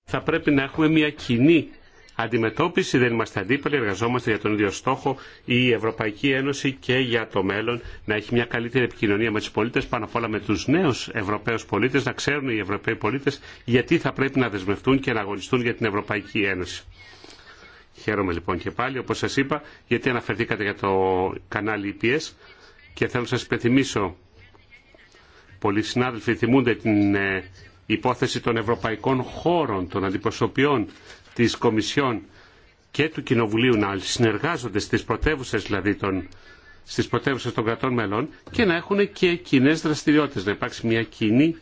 Θα πρέπει να έχουμε μια κοινή αντιμετώπιση, δεν είμαστε αντίπαλοι, εργαζόμαστε για τον ίδιο στόχο η Ευρωπαϊκή Ένωση και για το μέλλον να έχει μια καλύτερη επικοινωνία με τους πολίτες, πάνω απ' όλα με τους νέους Ευρωπαίους πολίτες, να ξέρουν οι Ευρωπαίοι πολίτες γιατί θα πρέπει να δεσμευτούν και να αγωνιστούν για την Ευρωπαϊκή Ένωση. Χαίρομαι λοιπόν και πάλι, όπως σας είπα, γιατί αναφερθήκατε για το κανάλι EPS και θέλω να σας υπενθυμίσω, πολλοί συνάδελφοι θυμούνται την ε, υπόθεση των ευρωπαϊκών χώρων, των αντιπροσωπιών της Κομισιόν και του Κοινοβουλίου να συνεργάζονται στις πρωτεύουσε δηλαδή των στις πρωτεύουσε των κρατών μελών και να έχουν και κοινέ δραστηριότητες, να υπάρξει μια κοινή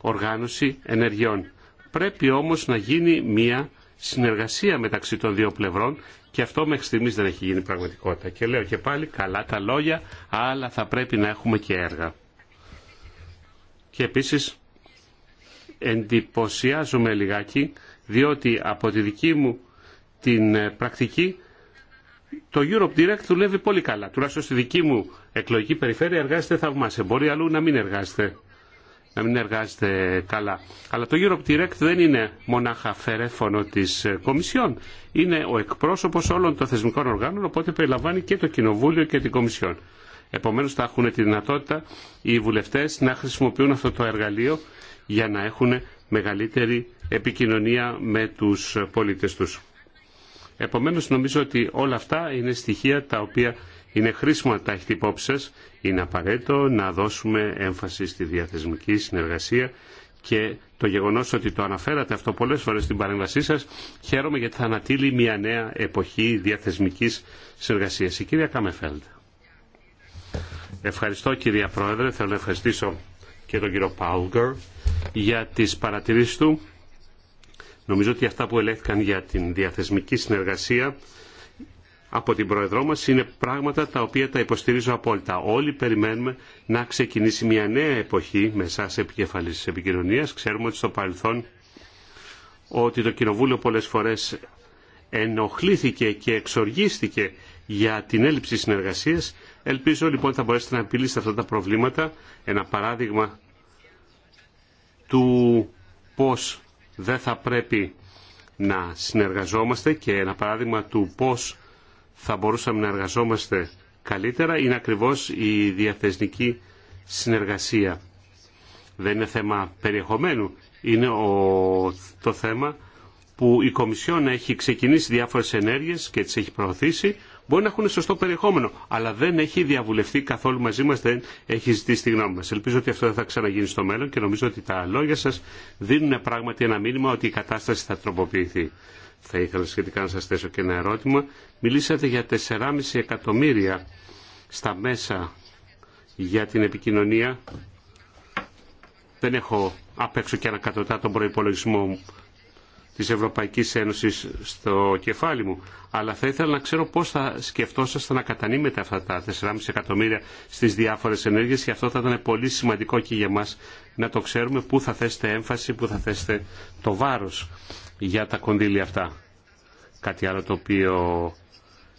οργάνωση ενεργειών. Πρέπει όμως να γίνει μια συνεργασία μεταξύ των δύο πλευρών και αυτό μέχρι στιγμή δεν έχει γίνει πραγματικότητα. Και λέω και πάλι καλά τα λόγια, αλλά θα πρέπει να έχουμε και έργα. Και επίσης εντυπωσιάζομαι λιγάκι, διότι από τη δική μου την ε, πρακτική το Europe Direct δουλεύει πολύ καλά. Τουλάχιστον στη δική μου εκλογική περιφέρεια εργάζεται θαυμάσια. Μπορεί αλλού να μην εργάζεται να μην εργάζεται καλά. Αλλά το Europe Direct δεν είναι μονάχα φερέφωνο της ε, Κομισιόν. Είναι ο εκπρόσωπος όλων των θεσμικών οργάνων, οπότε περιλαμβάνει και το Κοινοβούλιο και την Κομισιόν. Επομένως θα έχουν τη δυνατότητα οι βουλευτές να χρησιμοποιούν αυτό το εργαλείο για να έχουν μεγαλύτερη επικοινωνία με τους πολίτες τους. Επομένως νομίζω ότι όλα αυτά είναι στοιχεία τα οποία είναι χρήσιμο να τα έχετε υπόψη σας. Είναι απαραίτητο να δώσουμε έμφαση στη διαθεσμική συνεργασία και το γεγονός ότι το αναφέρατε αυτό πολλές φορές στην παρέμβασή σας χαίρομαι γιατί θα ανατείλει μια νέα εποχή διαθεσμικής συνεργασίας. Η κυρία Καμεφέλντ. Ευχαριστώ κυρία Πρόεδρε. Θέλω να ευχαριστήσω και τον κύριο Πάουγκερ για τις παρατηρήσεις του. Νομίζω ότι αυτά που ελέγχθηκαν για την διαθεσμική συνεργασία από την Προεδρό μας είναι πράγματα τα οποία τα υποστηρίζω απόλυτα. Όλοι περιμένουμε να ξεκινήσει μια νέα εποχή με εσάς επικεφαλής της επικοινωνίας. Ξέρουμε ότι στο παρελθόν ότι το Κοινοβούλιο πολλές φορές ενοχλήθηκε και εξοργίστηκε για την έλλειψη συνεργασίας. Ελπίζω λοιπόν θα μπορέσετε να επιλύσετε αυτά τα προβλήματα. Ένα παράδειγμα του πώς δεν θα πρέπει να συνεργαζόμαστε και ένα παράδειγμα του πώς θα μπορούσαμε να εργαζόμαστε καλύτερα είναι ακριβώς η διαθεσμική συνεργασία. Δεν είναι θέμα περιεχομένου, είναι ο, το θέμα που η Κομισιόν έχει ξεκινήσει διάφορες ενέργειες και τις έχει προωθήσει, μπορεί να έχουν σωστό περιεχόμενο, αλλά δεν έχει διαβουλευτεί καθόλου μαζί μας, δεν έχει ζητήσει τη γνώμη μας. Ελπίζω ότι αυτό δεν θα ξαναγίνει στο μέλλον και νομίζω ότι τα λόγια σας δίνουν πράγματι ένα μήνυμα ότι η κατάσταση θα τροποποιηθεί. Θα ήθελα σχετικά να σας θέσω και ένα ερώτημα. Μιλήσατε για 4,5 εκατομμύρια στα μέσα για την επικοινωνία. Δεν έχω απέξω και ανακατοτά τον προϋπολογισμό της Ευρωπαϊκής Ένωσης στο κεφάλι μου. Αλλά θα ήθελα να ξέρω πώς θα σκεφτόσαστε να κατανείμετε αυτά τα 4,5 εκατομμύρια στις διάφορες ενέργειες και αυτό θα ήταν πολύ σημαντικό και για μας να το ξέρουμε πού θα θέσετε έμφαση, πού θα θέσετε το βάρος για τα κονδύλια αυτά. Κάτι άλλο το οποίο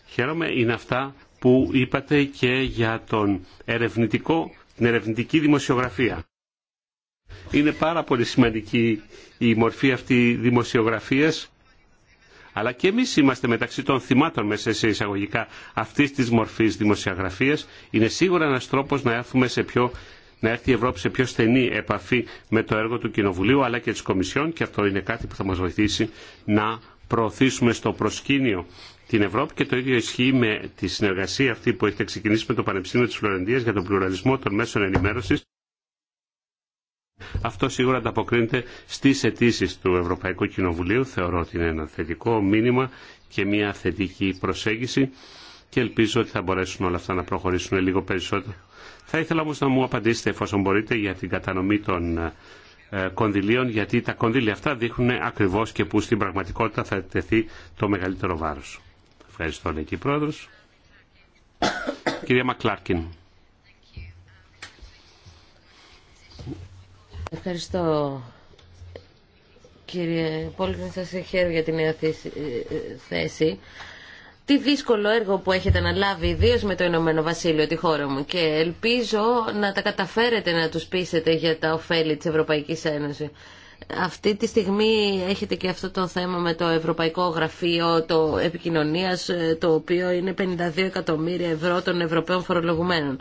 χαίρομαι είναι αυτά που είπατε και για τον ερευνητικό, την ερευνητική δημοσιογραφία. Είναι πάρα πολύ σημαντική η μορφή αυτή δημοσιογραφίας αλλά και εμείς είμαστε μεταξύ των θυμάτων μέσα σε εισαγωγικά αυτής της μορφής δημοσιογραφίας. Είναι σίγουρα ένας τρόπος να έρθουμε σε πιο να έρθει η Ευρώπη σε πιο στενή επαφή με το έργο του Κοινοβουλίου αλλά και της Κομισιόν και αυτό είναι κάτι που θα μας βοηθήσει να προωθήσουμε στο προσκήνιο την Ευρώπη και το ίδιο ισχύει με τη συνεργασία αυτή που έχετε ξεκινήσει με το Πανεπιστήμιο της Φλωρεντίας για τον πλουραλισμό των μέσων ενημέρωσης. Αυτό σίγουρα ανταποκρίνεται στις αιτήσει του Ευρωπαϊκού Κοινοβουλίου. Θεωρώ ότι είναι ένα θετικό μήνυμα και μια θετική προσέγγιση και ελπίζω ότι θα μπορέσουν όλα αυτά να προχωρήσουν λίγο περισσότερο θα ήθελα όμως να μου απαντήσετε εφόσον μπορείτε για την κατανομή των ε, κονδυλίων γιατί τα κονδύλια αυτά δείχνουν ακριβώς και που στην πραγματικότητα θα τεθεί το μεγαλύτερο βάρος. Ευχαριστώ λέει και η Πρόεδρος. Κυρία Μακλάρκιν. Ευχαριστώ κύριε θα σας ευχαριστώ για την νέα ε, ε, θέση τι δύσκολο έργο που έχετε λάβει ιδίω με το Ηνωμένο Βασίλειο, τη χώρα μου. Και ελπίζω να τα καταφέρετε να τους πείσετε για τα ωφέλη της Ευρωπαϊκής Ένωσης. Αυτή τη στιγμή έχετε και αυτό το θέμα με το Ευρωπαϊκό Γραφείο το Επικοινωνίας, ε, το οποίο είναι 52 εκατομμύρια ευρώ των Ευρωπαίων φορολογουμένων.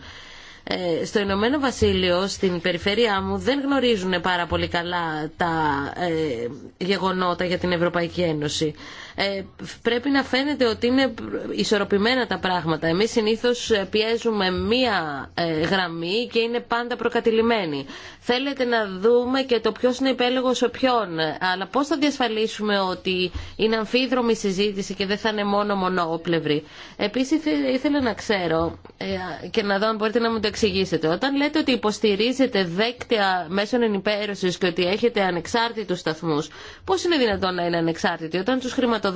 Ε, στο Ηνωμένο Βασίλειο, στην περιφέρειά μου, δεν γνωρίζουν πάρα πολύ καλά τα ε, γεγονότα για την Ευρωπαϊκή Ένωση. Ε, πρέπει να φαίνεται ότι είναι ισορροπημένα τα πράγματα. Εμείς συνήθως ε, πιέζουμε μία ε, γραμμή και είναι πάντα προκατηλημένη. Θέλετε να δούμε και το ποιος είναι υπέλογο σε ποιον, αλλά πώς θα διασφαλίσουμε ότι είναι αμφίδρομη συζήτηση και δεν θα είναι μόνο μονόπλευρη. Επίσης ήθελα να ξέρω και να δω αν μπορείτε να μου το εξηγήσετε. Όταν λέτε ότι υποστηρίζετε δέκτια μέσων ενυπέρωσης και ότι έχετε ανεξάρτητους σταθμού, πώς είναι δυνατόν να είναι ανεξάρτητοι όταν τους χρηματοδοτείτε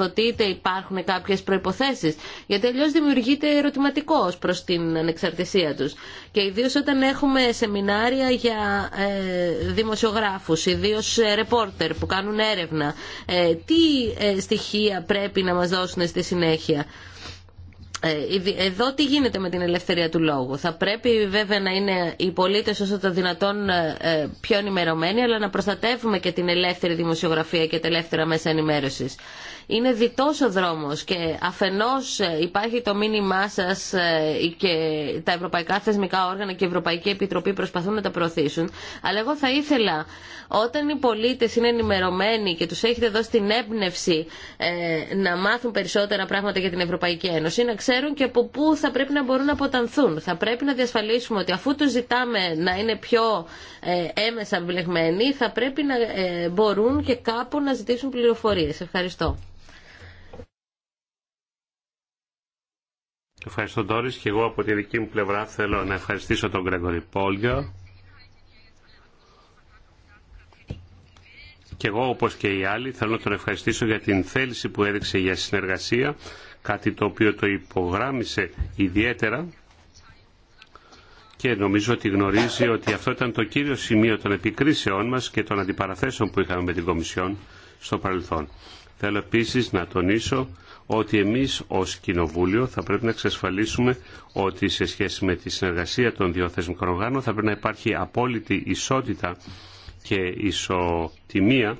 υπάρχουν κάποιες προϋποθέσεις. Γιατί αλλιώς δημιουργείται ερωτηματικός προς την ανεξαρτησία τους. Και ιδίως όταν έχουμε σεμινάρια για ε, δημοσιογράφους, ιδίως ε, ρεπόρτερ που κάνουν έρευνα, ε, τι ε, στοιχεία πρέπει να μας δώσουν στη συνέχεια. Εδώ τι γίνεται με την ελευθερία του λόγου. Θα πρέπει βέβαια να είναι οι πολίτε όσο το δυνατόν πιο ενημερωμένοι, αλλά να προστατεύουμε και την ελεύθερη δημοσιογραφία και τα ελεύθερα μέσα ενημέρωση. Είναι διτός ο δρόμος και αφενός ε, υπάρχει το μήνυμά σας ε, και τα ευρωπαϊκά θεσμικά όργανα και η Ευρωπαϊκή Επιτροπή προσπαθούν να τα προωθήσουν. Αλλά εγώ θα ήθελα όταν οι πολίτες είναι ενημερωμένοι και τους έχετε δώσει την έμπνευση ε, να μάθουν περισσότερα πράγματα για την Ευρωπαϊκή Ένωση, να ξέρουν και από πού θα πρέπει να μπορούν να αποτανθούν. Θα πρέπει να διασφαλίσουμε ότι αφού τους ζητάμε να είναι πιο έμεσα βλεγμένοι, θα πρέπει να μπορούν και κάπου να ζητήσουν πληροφορίες. Ευχαριστώ. Ευχαριστώ Ντόρις και εγώ από τη δική μου πλευρά θέλω να ευχαριστήσω τον Γκρέγορη Πόλγιο. Και εγώ όπως και οι άλλοι θέλω να τον ευχαριστήσω για την θέληση που έδειξε για συνεργασία, κάτι το οποίο το υπογράμμισε ιδιαίτερα και νομίζω ότι γνωρίζει ότι αυτό ήταν το κύριο σημείο των επικρίσεών μας και των αντιπαραθέσεων που είχαμε με την Κομισιόν στο παρελθόν. Θέλω επίσης να τονίσω ότι εμείς ως Κοινοβούλιο θα πρέπει να εξασφαλίσουμε ότι σε σχέση με τη συνεργασία των δύο θεσμικών οργάνων θα πρέπει να υπάρχει απόλυτη ισότητα και ισοτιμία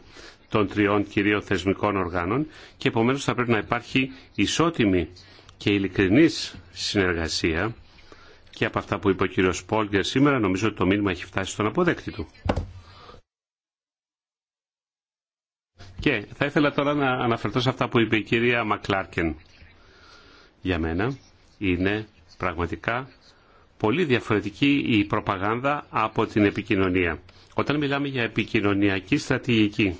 των τριών κυρίων θεσμικών οργάνων και επομένως θα πρέπει να υπάρχει ισότιμη και ειλικρινής συνεργασία και από αυτά που είπε ο κύριος Πόλγκερ σήμερα νομίζω ότι το μήνυμα έχει φτάσει στον αποδέκτη του. Και θα ήθελα τώρα να αναφερθώ σε αυτά που είπε η κυρία Μακλάρκεν. Για μένα είναι πραγματικά πολύ διαφορετική η προπαγάνδα από την επικοινωνία. Όταν μιλάμε για επικοινωνιακή στρατηγική,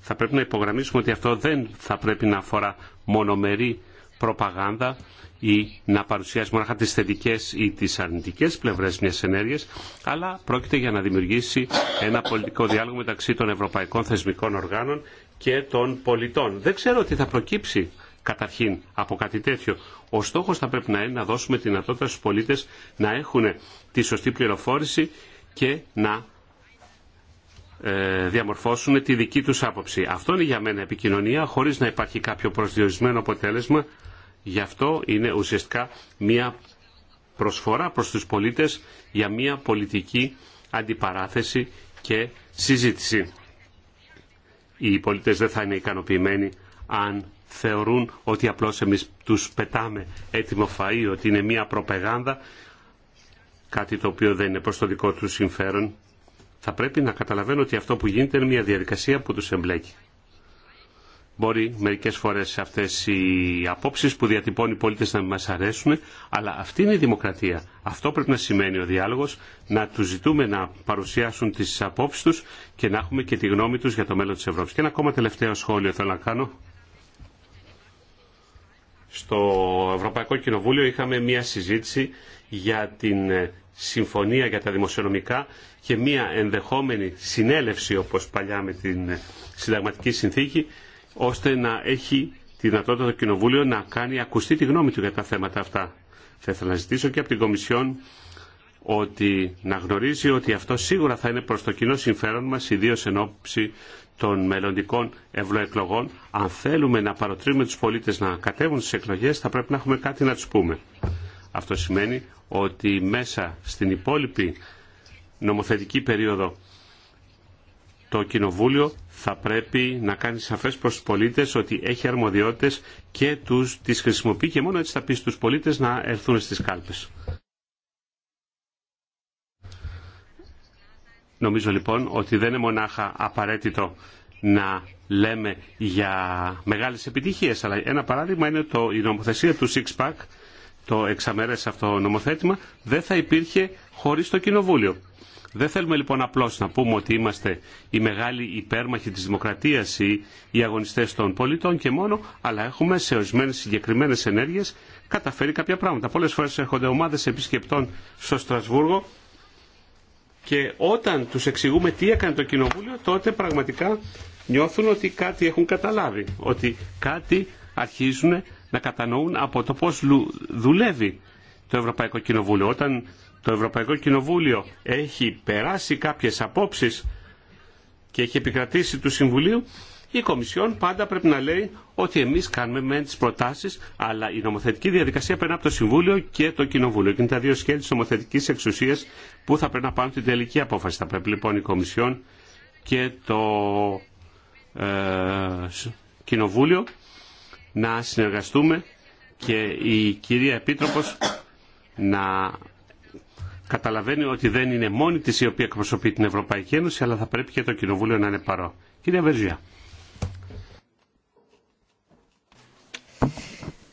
θα πρέπει να υπογραμμίσουμε ότι αυτό δεν θα πρέπει να αφορά μονομερή προπαγάνδα ή να παρουσιάσει μόνο τις θετικές ή τις αρνητικές πλευρές μιας ενέργειας, αλλά πρόκειται για να δημιουργήσει ένα πολιτικό διάλογο μεταξύ των ευρωπαϊκών θεσμικών οργάνων και των πολιτών. Δεν ξέρω τι θα προκύψει καταρχήν από κάτι τέτοιο. Ο στόχος θα πρέπει να είναι να δώσουμε τη δυνατότητα στους πολίτες να έχουν τη σωστή πληροφόρηση και να ε, διαμορφώσουν τη δική τους άποψη. Αυτό είναι για μένα επικοινωνία χωρίς να υπάρχει κάποιο προσδιορισμένο αποτέλεσμα Γι' αυτό είναι ουσιαστικά μια προσφορά προς τους πολίτες για μια πολιτική αντιπαράθεση και συζήτηση. Οι πολίτες δεν θα είναι ικανοποιημένοι αν θεωρούν ότι απλώς εμείς τους πετάμε έτοιμο φαΐ, ότι είναι μια προπεγάνδα, κάτι το οποίο δεν είναι προς το δικό τους συμφέρον. Θα πρέπει να καταλαβαίνω ότι αυτό που γίνεται είναι μια διαδικασία που τους εμπλέκει. Μπορεί μερικές φορές αυτές οι απόψεις που διατυπώνει οι πολίτες να μην μας αρέσουν, αλλά αυτή είναι η δημοκρατία. Αυτό πρέπει να σημαίνει ο διάλογος, να τους ζητούμε να παρουσιάσουν τις απόψεις τους και να έχουμε και τη γνώμη τους για το μέλλον της Ευρώπης. Και ένα ακόμα τελευταίο σχόλιο θέλω να κάνω. Στο Ευρωπαϊκό Κοινοβούλιο είχαμε μία συζήτηση για την ε, συμφωνία για τα δημοσιονομικά και μία ενδεχόμενη συνέλευση όπως παλιά με την ε, συνταγματική συνθήκη ώστε να έχει τη δυνατότητα το Κοινοβούλιο να κάνει ακουστή τη γνώμη του για τα θέματα αυτά. Θα ήθελα να ζητήσω και από την Κομισιόν ότι να γνωρίζει ότι αυτό σίγουρα θα είναι προς το κοινό συμφέρον μας, ιδίως εν ώψη των μελλοντικών ευρωεκλογών. Αν θέλουμε να παροτρύνουμε τους πολίτες να κατέβουν στις εκλογές, θα πρέπει να έχουμε κάτι να τους πούμε. Αυτό σημαίνει ότι μέσα στην υπόλοιπη νομοθετική περίοδο το Κοινοβούλιο θα πρέπει να κάνει σαφές προς τους πολίτες ότι έχει αρμοδιότητες και τους τις χρησιμοποιεί και μόνο έτσι θα πει στους πολίτες να έρθουν στις κάλπες. Νομίζω λοιπόν ότι δεν είναι μονάχα απαραίτητο να λέμε για μεγάλες επιτυχίες, αλλά ένα παράδειγμα είναι το, η νομοθεσία του Six το εξαμερές αυτό νομοθέτημα, δεν θα υπήρχε χωρίς το Κοινοβούλιο. Δεν θέλουμε λοιπόν απλώ να πούμε ότι είμαστε οι μεγάλοι υπέρμαχοι τη δημοκρατία ή οι αγωνιστέ των πολιτών και μόνο, αλλά έχουμε σε ορισμένε συγκεκριμένε ενέργειε καταφέρει κάποια πράγματα. Πολλέ φορέ έρχονται ομάδε επισκεπτών στο Στρασβούργο και όταν του εξηγούμε τι έκανε το Κοινοβούλιο, τότε πραγματικά νιώθουν ότι κάτι έχουν καταλάβει, ότι κάτι αρχίζουν να κατανοούν από το πώ δουλεύει το Ευρωπαϊκό Κοινοβούλιο. Όταν το Ευρωπαϊκό Κοινοβούλιο έχει περάσει κάποιες απόψεις και έχει επικρατήσει του Συμβουλίου, η Κομισιόν πάντα πρέπει να λέει ότι εμείς κάνουμε μεν τις προτάσεις, αλλά η νομοθετική διαδικασία περνά από το Συμβούλιο και το Κοινοβούλιο. Και είναι τα δύο σχέδια της νομοθετικής εξουσίας που θα πρέπει να πάρουν την τελική απόφαση. Θα πρέπει λοιπόν η Κομισιόν και το ε, Κοινοβούλιο να συνεργαστούμε και η κυρία Επίτροπος να καταλαβαίνει ότι δεν είναι μόνη της η οποία εκπροσωπεί την Ευρωπαϊκή Ένωση, αλλά θα πρέπει και το Κοινοβούλιο να είναι παρό. Κύριε Βεζιά.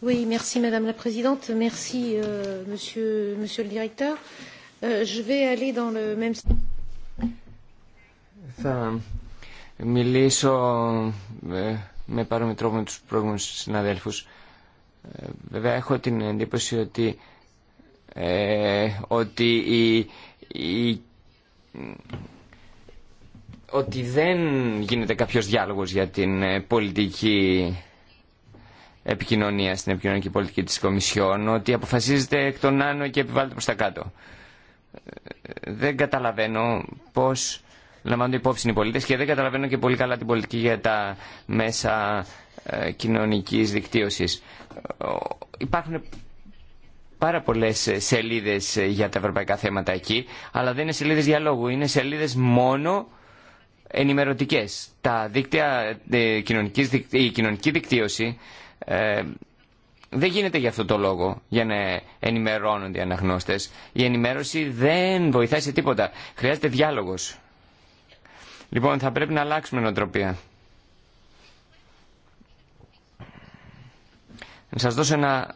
Oui, merci Madame la Présidente, merci euh, Monsieur, Monsieur le Directeur. Euh, je vais aller dans le même Θα μιλήσω ε, με παρόμοιο τρόπο με τους προηγούμενους συναδέλφους. Ε, βέβαια έχω την εντύπωση ότι ε, ότι ότι δεν γίνεται κάποιος διάλογος για την ε, πολιτική επικοινωνία στην επικοινωνική πολιτική της Κομισιόν, ότι αποφασίζεται εκ των άνω και επιβάλλεται προς τα κάτω. Ε, δεν καταλαβαίνω πώς λαμβάνονται υπόψη οι πολίτες και δεν καταλαβαίνω και πολύ καλά την πολιτική για τα μέσα κοινωνικής δικτύωσης. Υπάρχουν πάρα πολλέ σελίδε για τα ευρωπαϊκά θέματα εκεί, αλλά δεν είναι σελίδε διαλόγου, είναι σελίδε μόνο ενημερωτικέ. Τα δίκτυα, ε, η κοινωνική, δικτύωση ε, δεν γίνεται για αυτό το λόγο, για να ενημερώνονται οι αναγνώστες. Η ενημέρωση δεν βοηθάει σε τίποτα. Χρειάζεται διάλογο. Λοιπόν, θα πρέπει να αλλάξουμε νοοτροπία. Να σας δώσω ένα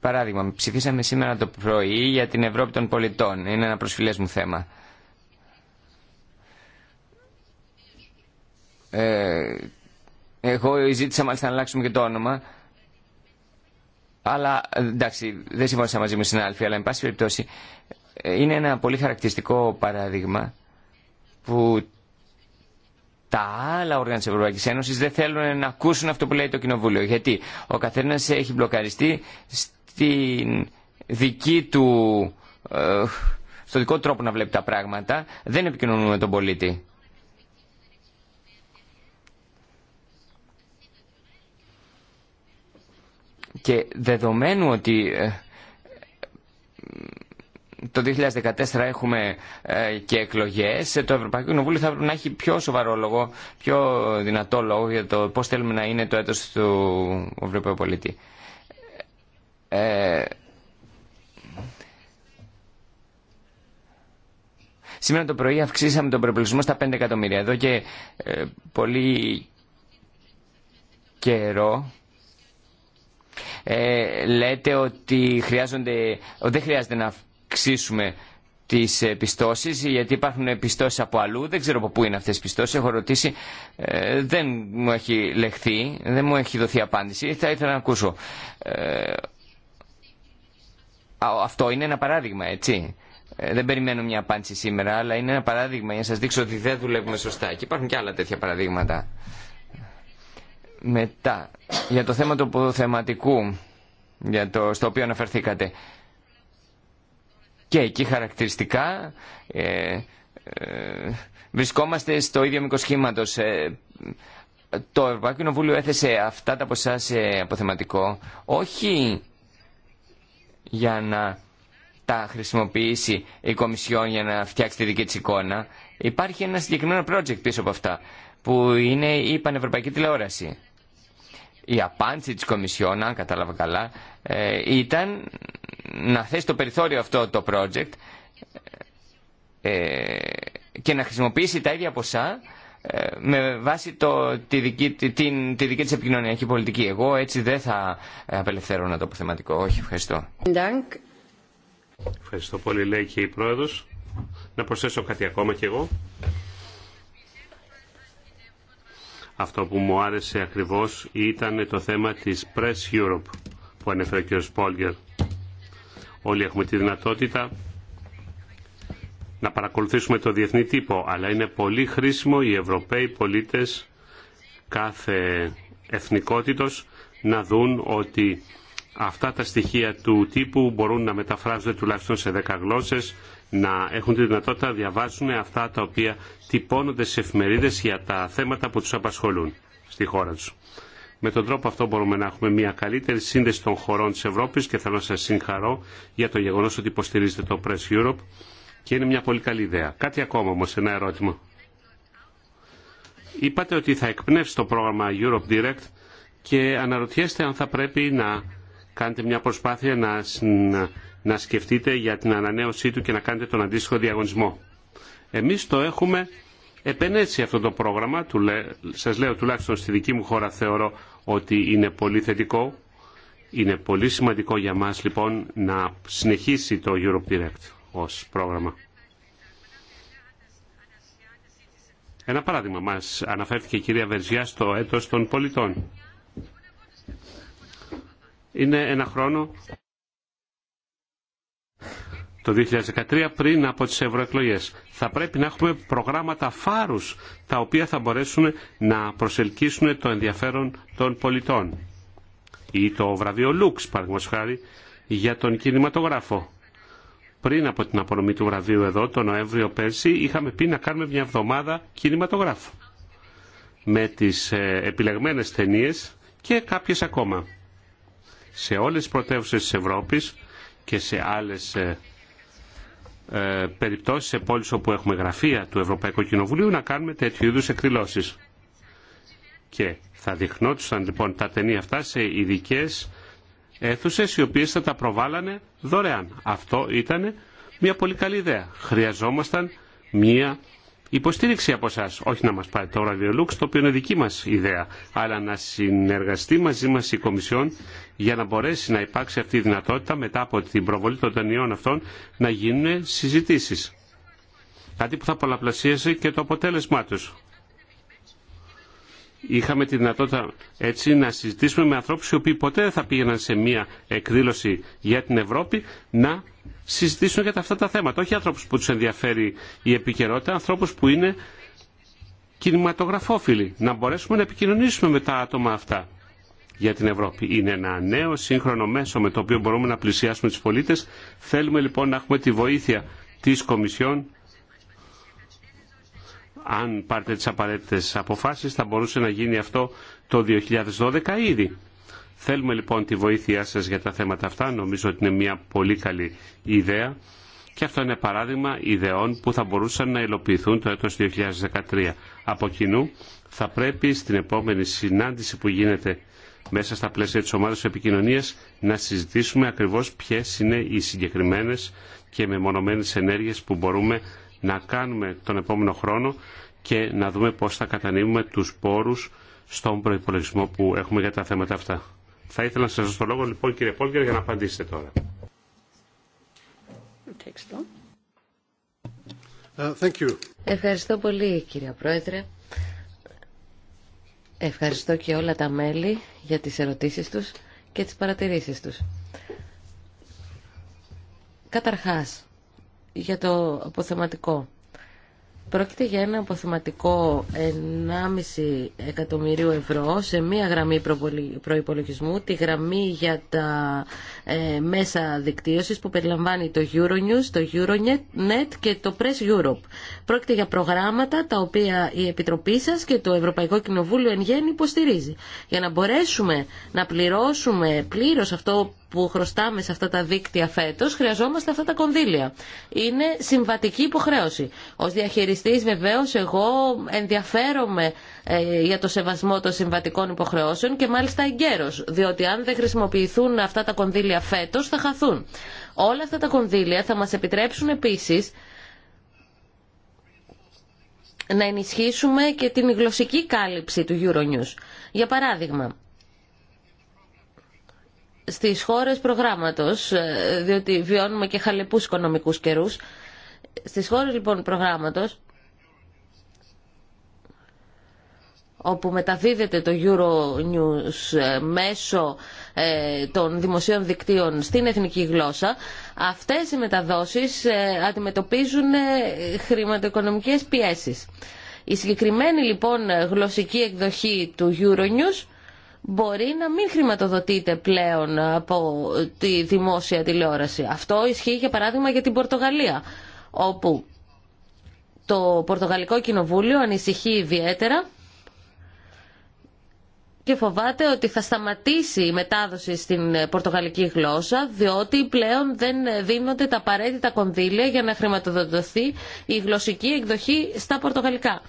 Παράδειγμα, ψηφίσαμε σήμερα το πρωί για την Ευρώπη των πολιτών. Είναι ένα προσφυλές μου θέμα. Ε, εγώ ζήτησα μάλιστα να αλλάξουμε και το όνομα. Αλλά εντάξει, δεν συμφωνήσα μαζί μου ΑΛΦΗ, αλλά εν πάση περιπτώσει ε, είναι ένα πολύ χαρακτηριστικό παράδειγμα που τα άλλα όργανα τη Ευρωπαϊκή Ένωση δεν θέλουν να ακούσουν αυτό που λέει το Κοινοβούλιο. Γιατί ο καθένα έχει μπλοκαριστεί στην δική του, ε, στο δικό τρόπο να βλέπει τα πράγματα. Δεν επικοινωνούμε με τον πολίτη. Και δεδομένου ότι ε, το 2014 έχουμε ε, και εκλογές, ε, το Ευρωπαϊκό Κοινοβούλιο θα πρέπει να έχει πιο σοβαρό λόγο, πιο δυνατό λόγο για το πώς θέλουμε να είναι το έτος του Ευρωπαϊκού Πολίτη. Ε, σήμερα το πρωί αυξήσαμε τον προπολογισμό στα 5 εκατομμύρια. Εδώ και πολύ καιρό ε, λέτε ότι χρειάζονται, ότι δεν χρειάζεται να αυξήσουμε τι ε, πιστώσει, γιατί υπάρχουν ε, πιστώσει από αλλού, δεν ξέρω από πού είναι αυτέ τι πιστώσει. έχω ρωτήσει, ε, δεν μου έχει λεχθεί, δεν μου έχει δοθεί απάντηση, θα ήθελα να ακούσω. Ε, αυτό είναι ένα παράδειγμα, έτσι. δεν περιμένω μια απάντηση σήμερα, αλλά είναι ένα παράδειγμα για να σας δείξω ότι δεν δουλεύουμε σωστά. Και υπάρχουν και άλλα τέτοια παραδείγματα. Μετά, για το θέμα του αποθεματικού, για το, στο οποίο αναφερθήκατε. Και εκεί χαρακτηριστικά ε, ε βρισκόμαστε στο ίδιο σχήματο. σχήματο. Ε, το Ευρωπαϊκό Κοινοβούλιο έθεσε αυτά τα ποσά σε αποθεματικό όχι για να τα χρησιμοποιήσει η Κομισιόν για να φτιάξει τη δική της εικόνα. Υπάρχει ένα συγκεκριμένο project πίσω από αυτά που είναι η Πανευρωπαϊκή Τηλεόραση η απάντηση της Κομισιόν, αν κατάλαβα καλά, ε, ήταν να θέσει το περιθώριο αυτό το project ε, και να χρησιμοποιήσει τα ίδια ποσά ε, με βάση τη, δική, τη δική της επικοινωνιακή πολιτική. Εγώ έτσι δεν θα απελευθερώνω το αποθεματικό. Όχι, ευχαριστώ. Ευχαριστώ πολύ, λέει και η Πρόεδρος. Να προσθέσω κάτι ακόμα κι εγώ. Αυτό που μου άρεσε ακριβώς ήταν το θέμα της Press Europe που ανέφερε ο Σπόλγερ. Όλοι έχουμε τη δυνατότητα να παρακολουθήσουμε το διεθνή τύπο, αλλά είναι πολύ χρήσιμο οι Ευρωπαίοι πολίτες κάθε εθνικότητος να δουν ότι αυτά τα στοιχεία του τύπου μπορούν να μεταφράζονται τουλάχιστον σε 10 γλώσσες να έχουν τη δυνατότητα να διαβάζουν αυτά τα οποία τυπώνονται σε εφημερίδες για τα θέματα που τους απασχολούν στη χώρα τους. Με τον τρόπο αυτό μπορούμε να έχουμε μια καλύτερη σύνδεση των χωρών της Ευρώπης και θέλω να σας συγχαρώ για το γεγονός ότι υποστηρίζετε το Press Europe και είναι μια πολύ καλή ιδέα. Κάτι ακόμα όμως, ένα ερώτημα. Είπατε ότι θα εκπνεύσει το πρόγραμμα Europe Direct και αναρωτιέστε αν θα πρέπει να κάνετε μια προσπάθεια να να σκεφτείτε για την ανανέωσή του και να κάνετε τον αντίστοιχο διαγωνισμό. Εμείς το έχουμε επενέσει αυτό το πρόγραμμα, σας λέω τουλάχιστον στη δική μου χώρα θεωρώ ότι είναι πολύ θετικό. Είναι πολύ σημαντικό για μας λοιπόν να συνεχίσει το Europe Direct ως πρόγραμμα. Ένα παράδειγμα μας αναφέρθηκε η κυρία Βερζιά στο έτος των πολιτών. Είναι ένα χρόνο το 2013 πριν από τις ευρωεκλογέ. Θα πρέπει να έχουμε προγράμματα φάρους τα οποία θα μπορέσουν να προσελκύσουν το ενδιαφέρον των πολιτών. Ή το βραβείο Λουξ, παραδείγματος χάρη, για τον κινηματογράφο. Πριν από την απονομή του βραβείου εδώ, τον Νοέμβριο πέρσι, είχαμε πει να κάνουμε μια εβδομάδα κινηματογράφου. Με τις ε, επιλεγμένες ταινίε και κάποιες ακόμα. Σε όλες τις πρωτεύουσες της Ευρώπης και σε άλλες ε, ε, περιπτώσεις, σε πόλεις όπου έχουμε γραφεία του Ευρωπαϊκού Κοινοβουλίου, να κάνουμε τέτοιου είδους εκδηλώσεις. Και θα δειχνόντουσαν λοιπόν τα ταινία αυτά σε ειδικέ αίθουσε οι οποίες θα τα προβάλλανε δωρεάν. Αυτό ήταν μια πολύ καλή ιδέα. Χρειαζόμασταν μια υποστήριξη από εσά. Όχι να μα πάρει το ραδιολούξ, το οποίο είναι δική μα ιδέα, αλλά να συνεργαστεί μαζί μα η Κομισιόν για να μπορέσει να υπάρξει αυτή η δυνατότητα μετά από την προβολή των ταινιών αυτών να γίνουν συζητήσει. Κάτι που θα πολλαπλασίασε και το αποτέλεσμά του. Είχαμε τη δυνατότητα έτσι να συζητήσουμε με ανθρώπους οι οποίοι ποτέ δεν θα πήγαιναν σε μια εκδήλωση για την Ευρώπη να συζητήσουν για αυτά τα θέματα. Όχι ανθρώπου που του ενδιαφέρει η επικαιρότητα, ανθρώπου που είναι κινηματογραφόφιλοι. Να μπορέσουμε να επικοινωνήσουμε με τα άτομα αυτά για την Ευρώπη. Είναι ένα νέο σύγχρονο μέσο με το οποίο μπορούμε να πλησιάσουμε τους πολίτες. Θέλουμε λοιπόν να έχουμε τη βοήθεια της Κομισιόν αν πάρετε τις απαραίτητες αποφάσεις θα μπορούσε να γίνει αυτό το 2012 ήδη. Θέλουμε λοιπόν τη βοήθειά σας για τα θέματα αυτά. Νομίζω ότι είναι μια πολύ καλή ιδέα και αυτό είναι παράδειγμα ιδεών που θα μπορούσαν να υλοποιηθούν το έτος 2013. Από κοινού θα πρέπει στην επόμενη συνάντηση που γίνεται μέσα στα πλαίσια της ομάδας επικοινωνίας να συζητήσουμε ακριβώς ποιες είναι οι συγκεκριμένες και μεμονωμένες ενέργειες που μπορούμε να κάνουμε τον επόμενο χρόνο και να δούμε πώς θα κατανοούμε τους πόρους στον προϋπολογισμό που έχουμε για τα θέματα αυτά. Θα ήθελα να σας δώσω το λόγο λοιπόν κύριε Πόλγκερ για να απαντήσετε τώρα. Ε, Ευχαριστώ πολύ κύριε Πρόεδρε. Ευχαριστώ και όλα τα μέλη για τις ερωτήσεις τους και τις παρατηρήσεις τους. Καταρχάς, για το αποθεματικό. Πρόκειται για ένα αποθεματικό 1,5 εκατομμυρίου ευρώ σε μία γραμμή προϋπολογισμού, τη γραμμή για τα ε, μέσα δικτύωσης που περιλαμβάνει το Euronews, το Euronet και το Press Europe. Πρόκειται για προγράμματα τα οποία η Επιτροπή σας και το Ευρωπαϊκό Κοινοβούλιο εν γέννη υποστηρίζει. Για να μπορέσουμε να πληρώσουμε πλήρως αυτό που χρωστάμε σε αυτά τα δίκτυα φέτος, χρειαζόμαστε αυτά τα κονδύλια. Είναι συμβατική υποχρέωση. Ως διαχειριστή, βεβαίω εγώ ενδιαφέρομαι ε, για το σεβασμό των συμβατικών υποχρεώσεων και μάλιστα εγκαίρω. διότι αν δεν χρησιμοποιηθούν αυτά τα κονδύλια φέτος θα χαθούν. Όλα αυτά τα κονδύλια θα μας επιτρέψουν επίση να ενισχύσουμε και την γλωσσική κάλυψη του Euronews. Για παράδειγμα, στις χώρες προγράμματος, ε, διότι βιώνουμε και χαλεπούς οικονομικούς καιρούς, στις χώρες λοιπόν προγράμματος, όπου μεταδίδεται το Euronews ε, μέσω ε, των δημοσίων δικτύων στην εθνική γλώσσα, αυτές οι μεταδόσεις αντιμετωπίζουν χρηματοοικονομικές πιέσεις. Η συγκεκριμένη λοιπόν γλωσσική εκδοχή του Euronews μπορεί να μην χρηματοδοτείται πλέον από τη δημόσια τηλεόραση. Αυτό ισχύει για παράδειγμα για την Πορτογαλία, όπου το Πορτογαλικό Κοινοβούλιο ανησυχεί ιδιαίτερα και φοβάται ότι θα σταματήσει η μετάδοση στην πορτογαλική γλώσσα, διότι πλέον δεν δίνονται τα απαραίτητα κονδύλια για να χρηματοδοτηθεί η γλωσσική εκδοχή στα πορτογαλικά.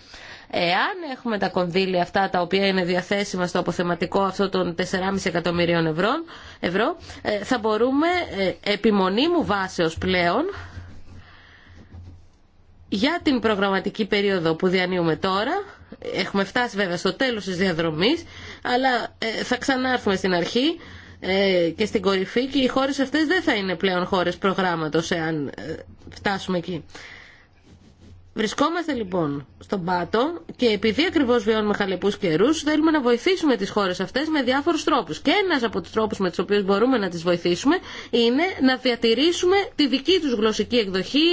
Εάν έχουμε τα κονδύλια αυτά τα οποία είναι διαθέσιμα στο αποθεματικό αυτό των 4,5 εκατομμυρίων ευρώ, ευρώ θα μπορούμε ε, επιμονή μου βάσεως πλέον για την προγραμματική περίοδο που διανύουμε τώρα, έχουμε φτάσει βέβαια στο τέλος της διαδρομής, αλλά ε, θα ξανάρθουμε στην αρχή ε, και στην κορυφή και οι χώρες αυτές δεν θα είναι πλέον χώρες προγράμματος εάν φτάσουμε εκεί. Βρισκόμαστε λοιπόν στον πάτο και επειδή ακριβώ βιώνουμε χαλεπού καιρού, θέλουμε να βοηθήσουμε τι χώρε αυτέ με διάφορου τρόπου. Και ένα από του τρόπου με του οποίου μπορούμε να τι βοηθήσουμε είναι να διατηρήσουμε τη δική του γλωσσική εκδοχή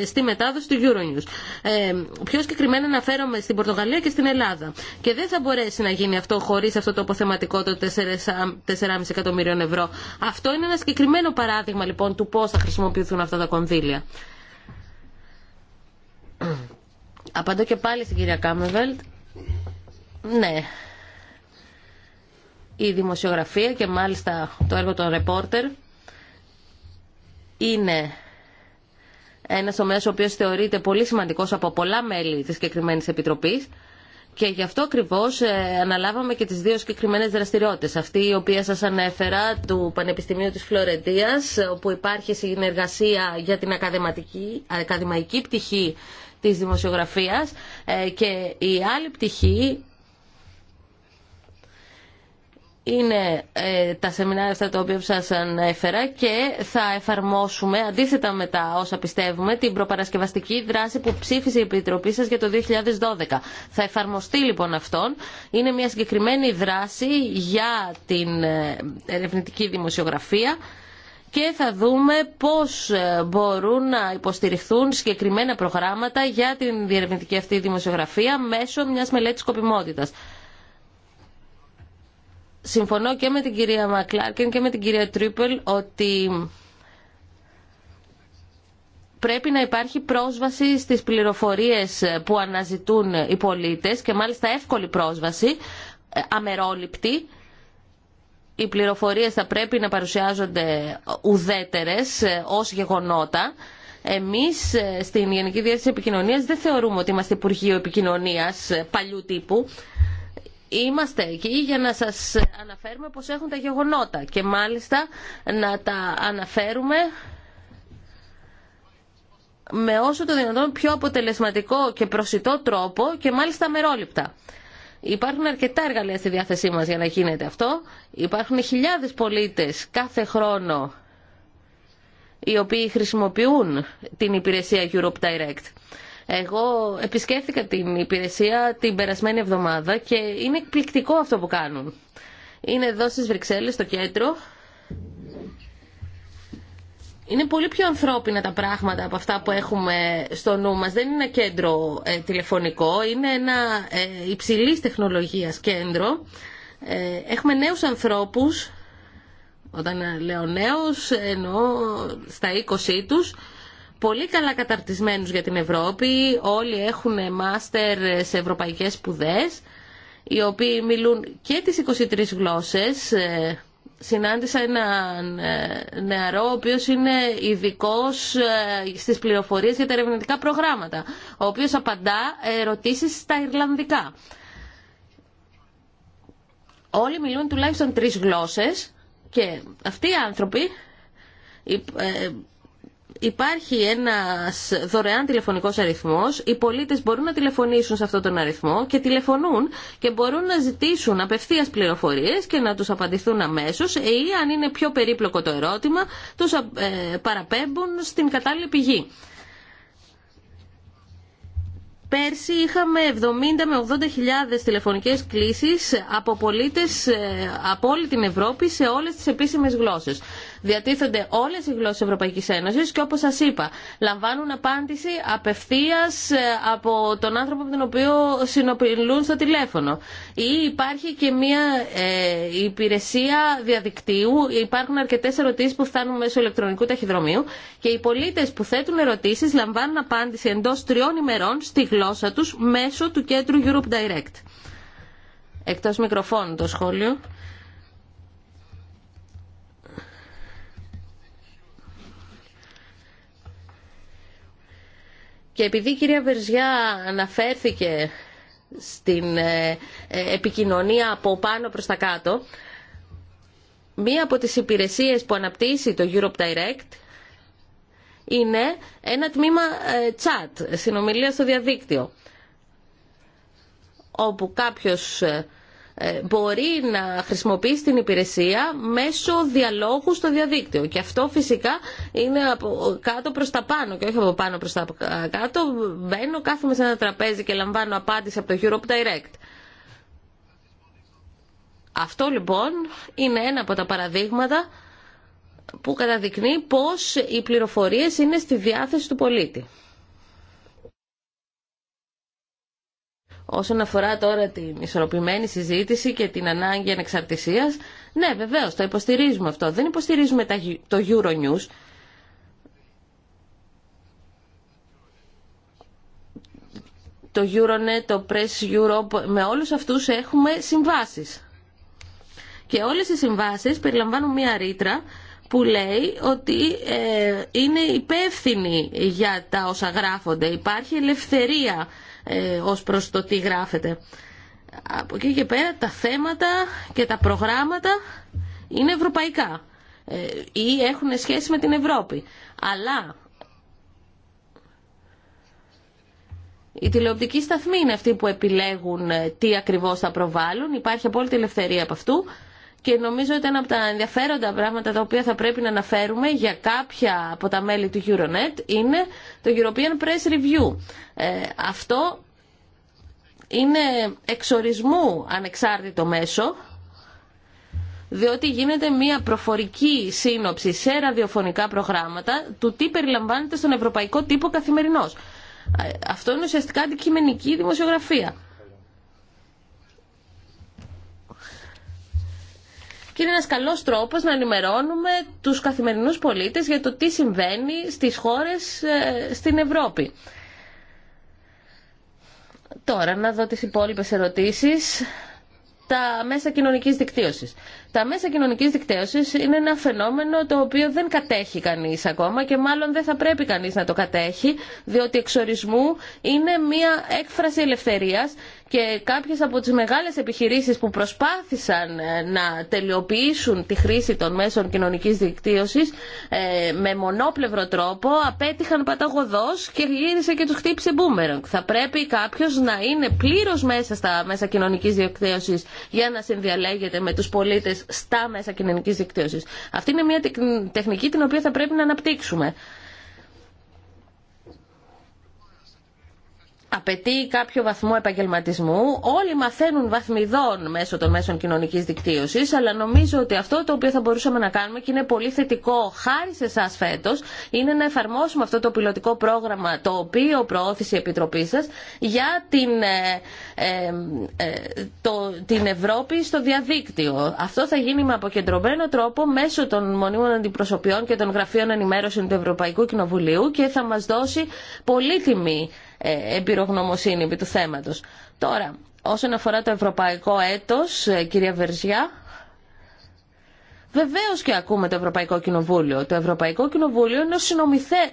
ε, στη μετάδοση του Euronews. Ε, πιο συγκεκριμένα αναφέρομαι στην Πορτογαλία και στην Ελλάδα. Και δεν θα μπορέσει να γίνει αυτό χωρί αυτό το αποθεματικό των 4,5 εκατομμυρίων ευρώ. Αυτό είναι ένα συγκεκριμένο παράδειγμα λοιπόν του πώ θα χρησιμοποιηθούν αυτά τα κονδύλια. Απαντώ και πάλι στην κυρία Κάμεβελτ. Ναι. Η δημοσιογραφία και μάλιστα το έργο των ρεπόρτερ είναι ένα τομέα ο οποίο θεωρείται πολύ σημαντικό από πολλά μέλη τη συγκεκριμένη επιτροπή. Και γι' αυτό ακριβώ ε, αναλάβαμε και τι δύο συγκεκριμένε δραστηριότητε. Αυτή η οποία σα ανέφερα του Πανεπιστημίου τη Φλωρεντία, όπου υπάρχει συνεργασία για την ακαδημαϊκή πτυχή της δημοσιογραφίας ε, και η άλλη πτυχή είναι ε, τα σεμινάρια αυτά τα οποία σας ανέφερα και θα εφαρμόσουμε, αντίθετα με τα όσα πιστεύουμε, την προπαρασκευαστική δράση που ψήφισε η Επιτροπή σας για το 2012. Θα εφαρμοστεί λοιπόν αυτόν. Είναι μια συγκεκριμένη δράση για την ε, ερευνητική δημοσιογραφία και θα δούμε πώς ε, μπορούν να υποστηριχθούν συγκεκριμένα προγράμματα για την διερευνητική αυτή δημοσιογραφία μέσω μιας μελέτης σκοπιμότητας. Συμφωνώ και με την κυρία Μακλάρκεν και με την κυρία Τρίπελ ότι πρέπει να υπάρχει πρόσβαση στις πληροφορίες που αναζητούν οι πολίτες και μάλιστα εύκολη πρόσβαση, ε, αμερόληπτη οι πληροφορίες θα πρέπει να παρουσιάζονται ουδέτερες ε, ως γεγονότα. Εμείς ε, στην Γενική Διεύθυνση Επικοινωνίας δεν θεωρούμε ότι είμαστε Υπουργείο Επικοινωνίας ε, παλιού τύπου. Είμαστε εκεί για να σας αναφέρουμε πως έχουν τα γεγονότα και μάλιστα να τα αναφέρουμε με όσο το δυνατόν πιο αποτελεσματικό και προσιτό τρόπο και μάλιστα μερόληπτα. Υπάρχουν αρκετά εργαλεία στη διάθεσή μας για να γίνεται αυτό. Υπάρχουν χιλιάδες πολίτες κάθε χρόνο οι οποίοι χρησιμοποιούν την υπηρεσία Europe Direct. Εγώ επισκέφθηκα την υπηρεσία την περασμένη εβδομάδα και είναι εκπληκτικό αυτό που κάνουν. Είναι εδώ στις Βρυξέλλες, στο κέντρο, είναι πολύ πιο ανθρώπινα τα πράγματα από αυτά που έχουμε στο νου μας. Δεν είναι ένα κέντρο ε, τηλεφωνικό, είναι ένα ε, υψηλής τεχνολογίας κέντρο. Ε, έχουμε νέους ανθρώπους, όταν ε, λέω νέους εννοώ στα 20 τους, πολύ καλά καταρτισμένους για την Ευρώπη, όλοι έχουν μάστερ σε ευρωπαϊκές σπουδές, οι οποίοι μιλούν και τις 23 γλώσσες, συνάντησα έναν ε, νεαρό ο οποίος είναι ειδικό ε, στις πληροφορίες για τα ερευνητικά προγράμματα, ο οποίος απαντά ερωτήσεις στα Ιρλανδικά. Όλοι μιλούν τουλάχιστον τρεις γλώσσες και αυτοί οι άνθρωποι ε, υπάρχει ένας δωρεάν τηλεφωνικός αριθμός, οι πολίτες μπορούν να τηλεφωνήσουν σε αυτόν τον αριθμό και τηλεφωνούν και μπορούν να ζητήσουν απευθείας πληροφορίες και να τους απαντηθούν αμέσως ή αν είναι πιο περίπλοκο το ερώτημα, τους ε, παραπέμπουν στην κατάλληλη πηγή. Πέρσι είχαμε 70 με 80 χιλιάδες τηλεφωνικές κλήσεις από πολίτες ε, από όλη την Ευρώπη σε όλες τις επίσημες γλώσσες. Διατίθενται όλε οι γλώσσε Ευρωπαϊκή Ένωση και όπως σας είπα, λαμβάνουν απάντηση απευθείας ε, από τον άνθρωπο με τον οποίο συνομιλούν στο τηλέφωνο. Ή υπάρχει και μια ε, υπηρεσία διαδικτύου, υπάρχουν αρκετέ ερωτήσει που φτάνουν μέσω ηλεκτρονικού ταχυδρομείου και οι πολίτε που θέτουν ερωτήσει λαμβάνουν απάντηση εντό τριών ημερών στη γλώσσα του μέσω του κέντρου Europe Direct. Εκτός μικροφώνου το σχόλιο. Και επειδή η κυρία Βερζιά αναφέρθηκε στην ε, ε, επικοινωνία από πάνω προς τα κάτω, μία από τις υπηρεσίες που αναπτύσσει το Europe Direct είναι ένα τμήμα ε, chat, συνομιλία στο διαδίκτυο, όπου κάποιος ε, μπορεί να χρησιμοποιήσει την υπηρεσία μέσω διαλόγου στο διαδίκτυο. Και αυτό φυσικά είναι από κάτω προς τα πάνω και όχι από πάνω προς τα κάτω. Μπαίνω, κάθομαι σε ένα τραπέζι και λαμβάνω απάντηση από το Europe Direct. Αυτό λοιπόν είναι ένα από τα παραδείγματα που καταδεικνύει πώς οι πληροφορίες είναι στη διάθεση του πολίτη. Όσον αφορά τώρα την ισορροπημένη συζήτηση και την ανάγκη ανεξαρτησίας, ναι βεβαίως το υποστηρίζουμε αυτό. Δεν υποστηρίζουμε το Euronews. Το Euronet, το Press Europe, με όλους αυτούς έχουμε συμβάσεις. Και όλες οι συμβάσεις περιλαμβάνουν μία ρήτρα που λέει ότι ε, είναι υπεύθυνη για τα όσα γράφονται. Υπάρχει ελευθερία ε, ως προς το τι γράφεται. Από εκεί και πέρα τα θέματα και τα προγράμματα είναι ευρωπαϊκά ε, ή έχουν σχέση με την Ευρώπη. Αλλά Οι τηλεοπτικοί σταθμοί είναι αυτοί που επιλέγουν ε, τι ακριβώς θα προβάλλουν. Υπάρχει απόλυτη ελευθερία από αυτού και νομίζω ότι ένα από τα ενδιαφέροντα πράγματα τα οποία θα πρέπει να αναφέρουμε για κάποια από τα μέλη του Euronet είναι το European Press Review. Ε, αυτό είναι εξορισμού ανεξάρτητο μέσο διότι γίνεται μια προφορική σύνοψη σε ραδιοφωνικά προγράμματα του τι περιλαμβάνεται στον ευρωπαϊκό τύπο καθημερινός. Ε, αυτό είναι ουσιαστικά αντικειμενική δημοσιογραφία. και είναι ένας καλός τρόπος να ενημερώνουμε τους καθημερινούς πολίτες για το τι συμβαίνει στις χώρες ε, στην Ευρώπη. Τώρα να δω τις υπόλοιπες ερωτήσεις. Τα μέσα κοινωνικής δικτύωσης. Τα μέσα κοινωνικής δικτύωσης είναι ένα φαινόμενο το οποίο δεν κατέχει κανείς ακόμα και μάλλον δεν θα πρέπει κανείς να το κατέχει, διότι εξορισμού είναι μια έκφραση ελευθερίας και κάποιες από τις μεγάλες επιχειρήσεις που προσπάθησαν ε, να τελειοποιήσουν τη χρήση των μέσων κοινωνικής δικτύωσης ε, με μονόπλευρο τρόπο απέτυχαν παταγωδός και γύρισε και τους χτύπησε μπούμεραγκ. Θα πρέπει κάποιο να είναι πλήρω μέσα στα μέσα κοινωνικής δικτύωσης για να συνδιαλέγεται με τους πολίτες στα μέσα κοινωνική δικτύωση. Αυτή είναι μια τεχνική την οποία θα πρέπει να αναπτύξουμε. απαιτεί κάποιο βαθμό επαγγελματισμού. Όλοι μαθαίνουν βαθμιδών μέσω των μέσων κοινωνικής δικτύωσης, αλλά νομίζω ότι αυτό το οποίο θα μπορούσαμε να κάνουμε και είναι πολύ θετικό χάρη σε εσά φέτο, είναι να εφαρμόσουμε αυτό το πιλωτικό πρόγραμμα το οποίο προώθησε η Επιτροπή σα για την, ε, ε, ε, το, την Ευρώπη στο διαδίκτυο. Αυτό θα γίνει με αποκεντρωμένο τρόπο μέσω των μονίμων αντιπροσωπιών και των γραφείων ενημέρωση του Ευρωπαϊκού Κοινοβουλίου και θα μα δώσει πολύτιμη ε, εμπειρογνωμοσύνη επί του θέματος. Τώρα, όσον αφορά το ευρωπαϊκό έτος, ε, κυρία Βερζιά, Βεβαίω και ακούμε το Ευρωπαϊκό Κοινοβούλιο. Το Ευρωπαϊκό Κοινοβούλιο είναι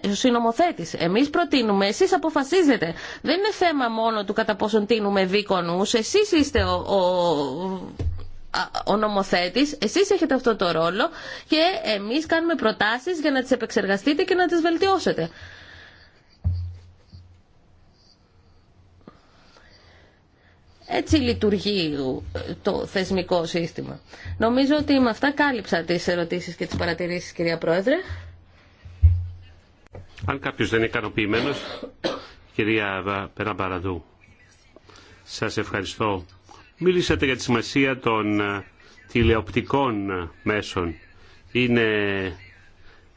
ο συνομοθέτη. Εμεί προτείνουμε, εσεί αποφασίζετε. Δεν είναι θέμα μόνο του κατά πόσον τίνουμε δίκονου. Εσεί είστε ο, ο, ο νομοθέτης, εσείς έχετε αυτό το ρόλο και εμεί κάνουμε προτάσει για να τι επεξεργαστείτε και να τι βελτιώσετε. Έτσι λειτουργεί το θεσμικό σύστημα. Νομίζω ότι με αυτά κάλυψα τις ερωτήσεις και τις παρατηρήσεις, κυρία Πρόεδρε. Αν κάποιος δεν είναι ικανοποιημένο, κυρία Περαμπαραδού, σας ευχαριστώ. Μίλησατε για τη σημασία των ε, τηλεοπτικών ε, μέσων. Είναι ε,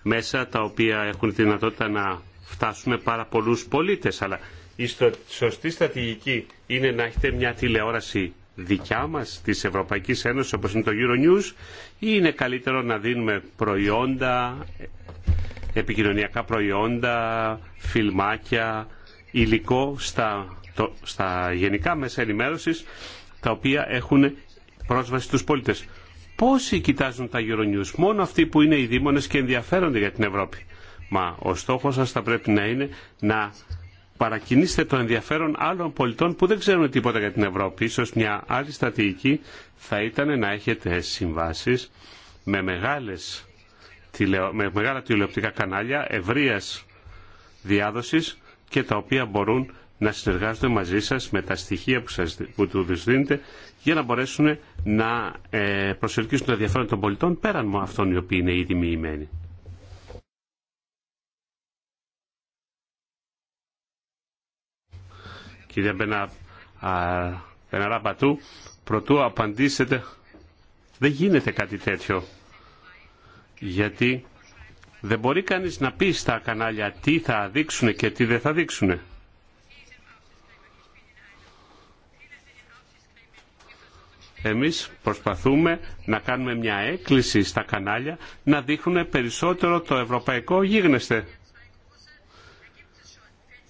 μέσα τα οποία έχουν τη δυνατότητα να φτάσουν πάρα πολλούς πολίτες, αλλά η σωστή στρατηγική είναι να έχετε μια τηλεόραση δικιά μας της Ευρωπαϊκής Ένωσης όπως είναι το Euronews ή είναι καλύτερο να δίνουμε προϊόντα, επικοινωνιακά προϊόντα, φιλμάκια, υλικό στα, το, στα γενικά μέσα ενημέρωσης τα οποία έχουν πρόσβαση στους πολίτες. Πόσοι κοιτάζουν τα Euronews, μόνο αυτοί που είναι οι δήμονες και ενδιαφέρονται για την Ευρώπη. Μα ο στόχος σας θα πρέπει να είναι να Παρακινήστε το ενδιαφέρον άλλων πολιτών που δεν ξέρουν τίποτα για την Ευρώπη. Ίσως μια άλλη στρατηγική θα ήταν να έχετε συμβάσεις με, μεγάλες, με μεγάλα τηλεοπτικά κανάλια ευρεία διάδοσης και τα οποία μπορούν να συνεργάζονται μαζί σας με τα στοιχεία που, σας, που δίνετε για να μπορέσουν να ε, προσελκύσουν το ενδιαφέρον των πολιτών πέραν από αυτών οι οποίοι είναι ήδη μοιημένοι. Κύριε Μπεναραμπατού, Μπεναρά προτού απαντήσετε, δεν γίνεται κάτι τέτοιο. Γιατί δεν μπορεί κανείς να πει στα κανάλια τι θα δείξουν και τι δεν θα δείξουν. Εμείς προσπαθούμε να κάνουμε μια έκκληση στα κανάλια να δείχνουν περισσότερο το ευρωπαϊκό γίγνεσθε.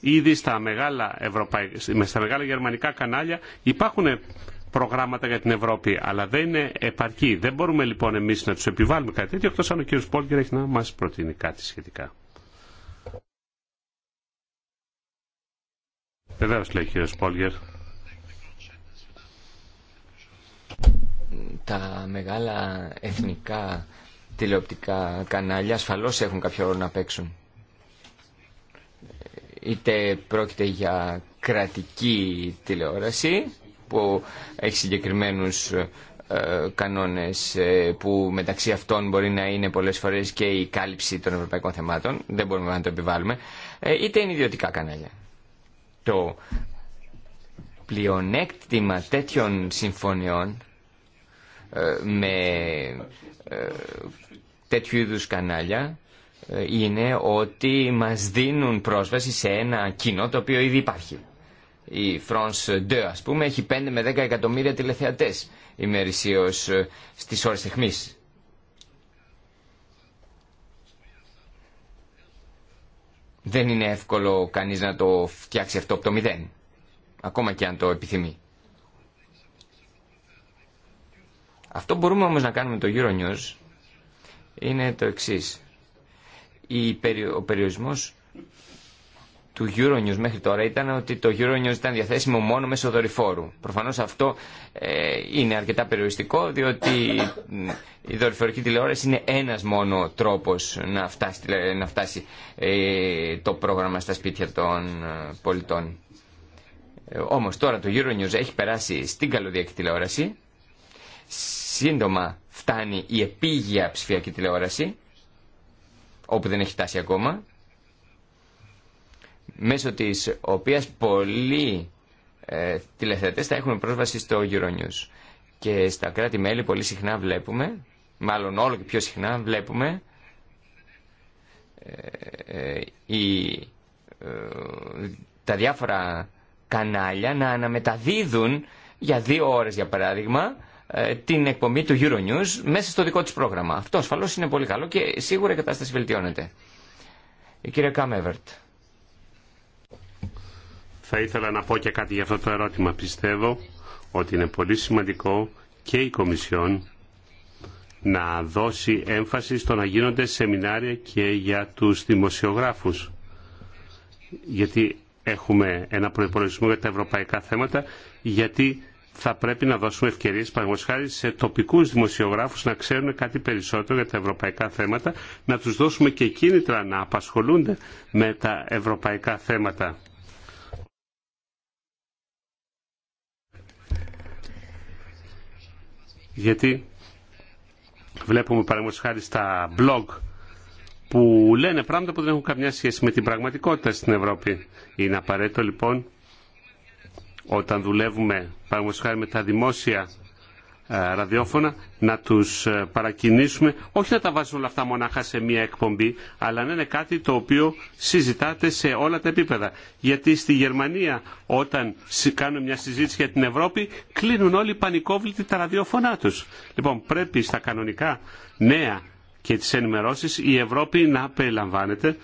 Ήδη στα μεγάλα, στα μεγάλα γερμανικά κανάλια υπάρχουν προγράμματα για την Ευρώπη, αλλά δεν είναι επαρκή. Δεν μπορούμε λοιπόν εμείς να τους επιβάλλουμε κάτι τέτοιο, εκτός αν ο κ. Πόλγκερ έχει να μας προτείνει κάτι σχετικά. Βεβαίω λέει ο κ. Πόλγκερ. Τα μεγάλα εθνικά τηλεοπτικά κανάλια ασφαλώς έχουν κάποιο ρόλο να παίξουν είτε πρόκειται για κρατική τηλεόραση που έχει συγκεκριμένους ε, κανόνες ε, που μεταξύ αυτών μπορεί να είναι πολλές φορές και η κάλυψη των ευρωπαϊκών θεμάτων δεν μπορούμε να το επιβάλλουμε ε, είτε είναι ιδιωτικά κανάλια το πλειονέκτημα τέτοιων συμφωνιών με τέτοιου είδους κανάλια είναι ότι μας δίνουν πρόσβαση σε ένα κοινό το οποίο ήδη υπάρχει. Η France 2 ας πούμε έχει 5 με 10 εκατομμύρια τηλεθεατές ημερησίως ε, στις ώρες αιχμής. Δεν είναι εύκολο κανείς να το φτιάξει αυτό από το μηδέν, ακόμα και αν το επιθυμεί. Αυτό που μπορούμε όμως να κάνουμε το Euronews είναι το εξής ο περιορισμός του Euronews μέχρι τώρα ήταν ότι το Euronews ήταν διαθέσιμο μόνο μέσω δορυφόρου. Προφανώς αυτό ε, είναι αρκετά περιοριστικό διότι η δορυφορική τηλεόραση είναι ένας μόνο τρόπος να φτάσει, να φτάσει ε, το πρόγραμμα στα σπίτια των ε, πολιτών. Όμως τώρα το Euronews έχει περάσει στην καλωδιακή τηλεόραση. Σύντομα φτάνει η επίγεια ψηφιακή τηλεόραση όπου δεν έχει φτάσει ακόμα, μέσω της οποίας πολλοί ε, τηλεθετές θα έχουν πρόσβαση στο Euronews. Και στα κράτη-μέλη πολύ συχνά βλέπουμε, μάλλον όλο και πιο συχνά βλέπουμε, ε, ε η, ε, τα διάφορα κανάλια να αναμεταδίδουν για δύο ώρες για παράδειγμα ε, την εκπομπή του Euronews μέσα στο δικό της πρόγραμμα. Αυτό ασφαλώς είναι πολύ καλό και σίγουρα η κατάσταση βελτιώνεται. Η κυρία Κάμεβερτ. Θα ήθελα να πω και κάτι για αυτό το ερώτημα. Πιστεύω ότι είναι πολύ σημαντικό και η Κομισιόν να δώσει έμφαση στο να γίνονται σεμινάρια και για τους δημοσιογράφους. Γιατί έχουμε ένα προϋπολογισμό για τα ευρωπαϊκά θέματα, γιατί θα πρέπει να δώσουμε ευκαιρίες παραγωγικά σε τοπικούς δημοσιογράφους να ξέρουν κάτι περισσότερο για τα ευρωπαϊκά θέματα, να τους δώσουμε και κίνητρα να απασχολούνται με τα ευρωπαϊκά θέματα. Γιατί βλέπουμε παραγωγικά στα blog που λένε πράγματα που δεν έχουν καμιά σχέση με την πραγματικότητα στην Ευρώπη. Είναι απαραίτητο λοιπόν όταν δουλεύουμε παραγωγικά με τα δημόσια ε, ραδιόφωνα να τους ε, παρακινήσουμε όχι να τα βάζουν όλα αυτά μονάχα σε μία εκπομπή αλλά να είναι κάτι το οποίο συζητάτε σε όλα τα επίπεδα γιατί στη Γερμανία όταν κάνουν μια συζήτηση για την Ευρώπη κλείνουν όλοι πανικόβλητοι τα ραδιόφωνά τους λοιπόν πρέπει στα κανονικά νέα και τις ενημερώσεις η Ευρώπη να περιλαμβάνεται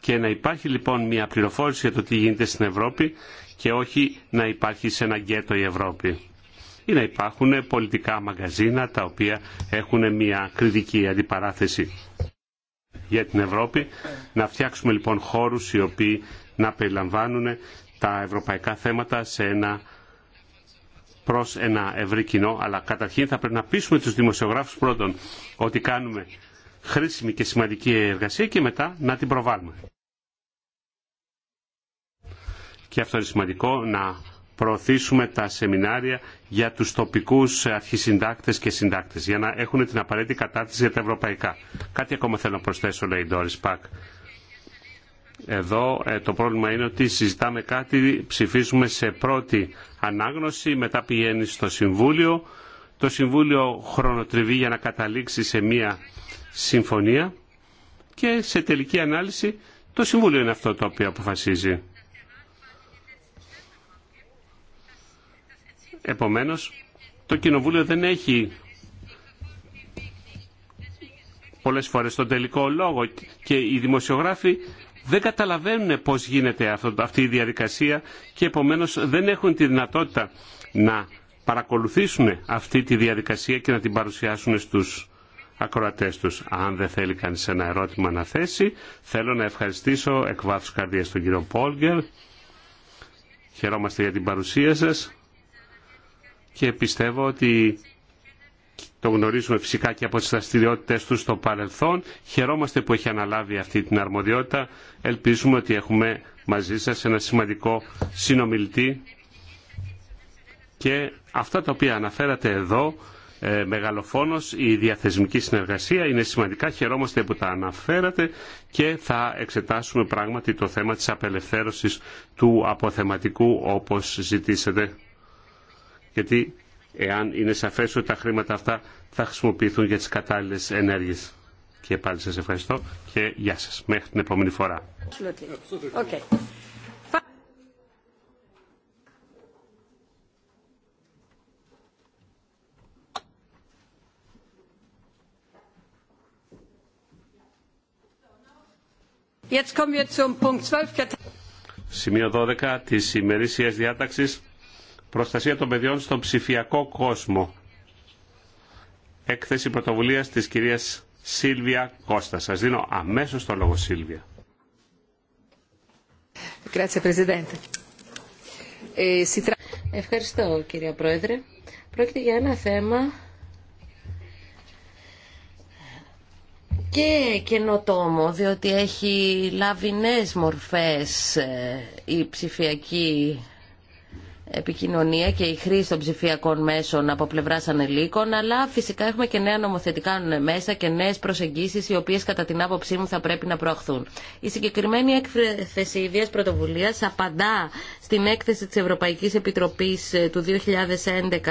και να υπάρχει λοιπόν μια πληροφόρηση για το τι γίνεται στην Ευρώπη και όχι να υπάρχει σε ένα γκέτο η Ευρώπη ή να υπάρχουν πολιτικά μαγαζίνα τα οποία έχουν μια κριτική αντιπαράθεση για την Ευρώπη. Να φτιάξουμε λοιπόν χώρους οι οποίοι να περιλαμβάνουν τα ευρωπαϊκά θέματα σε ένα προς ένα ευρύ κοινό, αλλά καταρχήν θα πρέπει να πείσουμε τους δημοσιογράφους πρώτον ότι κάνουμε χρήσιμη και σημαντική εργασία και μετά να την προβάλλουμε και αυτό είναι σημαντικό να προωθήσουμε τα σεμινάρια για τους τοπικούς αρχισυντάκτες και συντάκτες για να έχουν την απαραίτητη κατάρτιση για τα ευρωπαϊκά. Κάτι ακόμα θέλω να προσθέσω, λέει η Doris Πακ. Εδώ ε, το πρόβλημα είναι ότι συζητάμε κάτι, ψηφίζουμε σε πρώτη ανάγνωση, μετά πηγαίνει στο Συμβούλιο. Το Συμβούλιο χρονοτριβεί για να καταλήξει σε μία συμφωνία και σε τελική ανάλυση το Συμβούλιο είναι αυτό το οποίο αποφασίζει. Επομένως, το Κοινοβούλιο δεν έχει πολλές φορές τον τελικό λόγο και οι δημοσιογράφοι δεν καταλαβαίνουν πώς γίνεται αυτή η διαδικασία και επομένως δεν έχουν τη δυνατότητα να παρακολουθήσουν αυτή τη διαδικασία και να την παρουσιάσουν στους ακροατές τους. Αν δεν θέλει κανείς ένα ερώτημα να θέσει, θέλω να ευχαριστήσω εκ βάθους καρδίας τον κύριο Πόλγκερ. Χαιρόμαστε για την παρουσία σας και πιστεύω ότι το γνωρίζουμε φυσικά και από τις δραστηριότητε του στο παρελθόν. Χαιρόμαστε που έχει αναλάβει αυτή την αρμοδιότητα. Ελπίζουμε ότι έχουμε μαζί σας ένα σημαντικό συνομιλητή και αυτά τα οποία αναφέρατε εδώ ε, μεγαλοφόνος η διαθεσμική συνεργασία είναι σημαντικά, χαιρόμαστε που τα αναφέρατε και θα εξετάσουμε πράγματι το θέμα της απελευθέρωσης του αποθεματικού όπως ζητήσατε γιατί εάν είναι σαφές ότι τα χρήματα αυτά θα χρησιμοποιηθούν για τις κατάλληλες ενέργειες. Και πάλι σας ευχαριστώ και γεια σας. Μέχρι την επόμενη φορά. Okay. Jetzt kommen wir zum Punkt 12. Σημείο 12 της ημερήσιας διάταξης προστασία των παιδιών στον ψηφιακό κόσμο. Έκθεση πρωτοβουλία της κυρίας Σίλβια Κώστα. Σα δίνω αμέσω το λόγο Σίλβια. Ε, Ευχαριστώ κυρία Πρόεδρε. Πρόκειται για ένα θέμα και καινοτόμο, διότι έχει λάβει μορφές ε, η ψηφιακή επικοινωνία και η χρήση των ψηφιακών μέσων από πλευρά ανελίκων, αλλά φυσικά έχουμε και νέα νομοθετικά μέσα και νέε προσεγγίσει, οι οποίε κατά την άποψή μου θα πρέπει να προαχθούν. Η συγκεκριμένη έκθεση ιδέα πρωτοβουλία απαντά στην έκθεση τη Ευρωπαϊκή Επιτροπή ε, του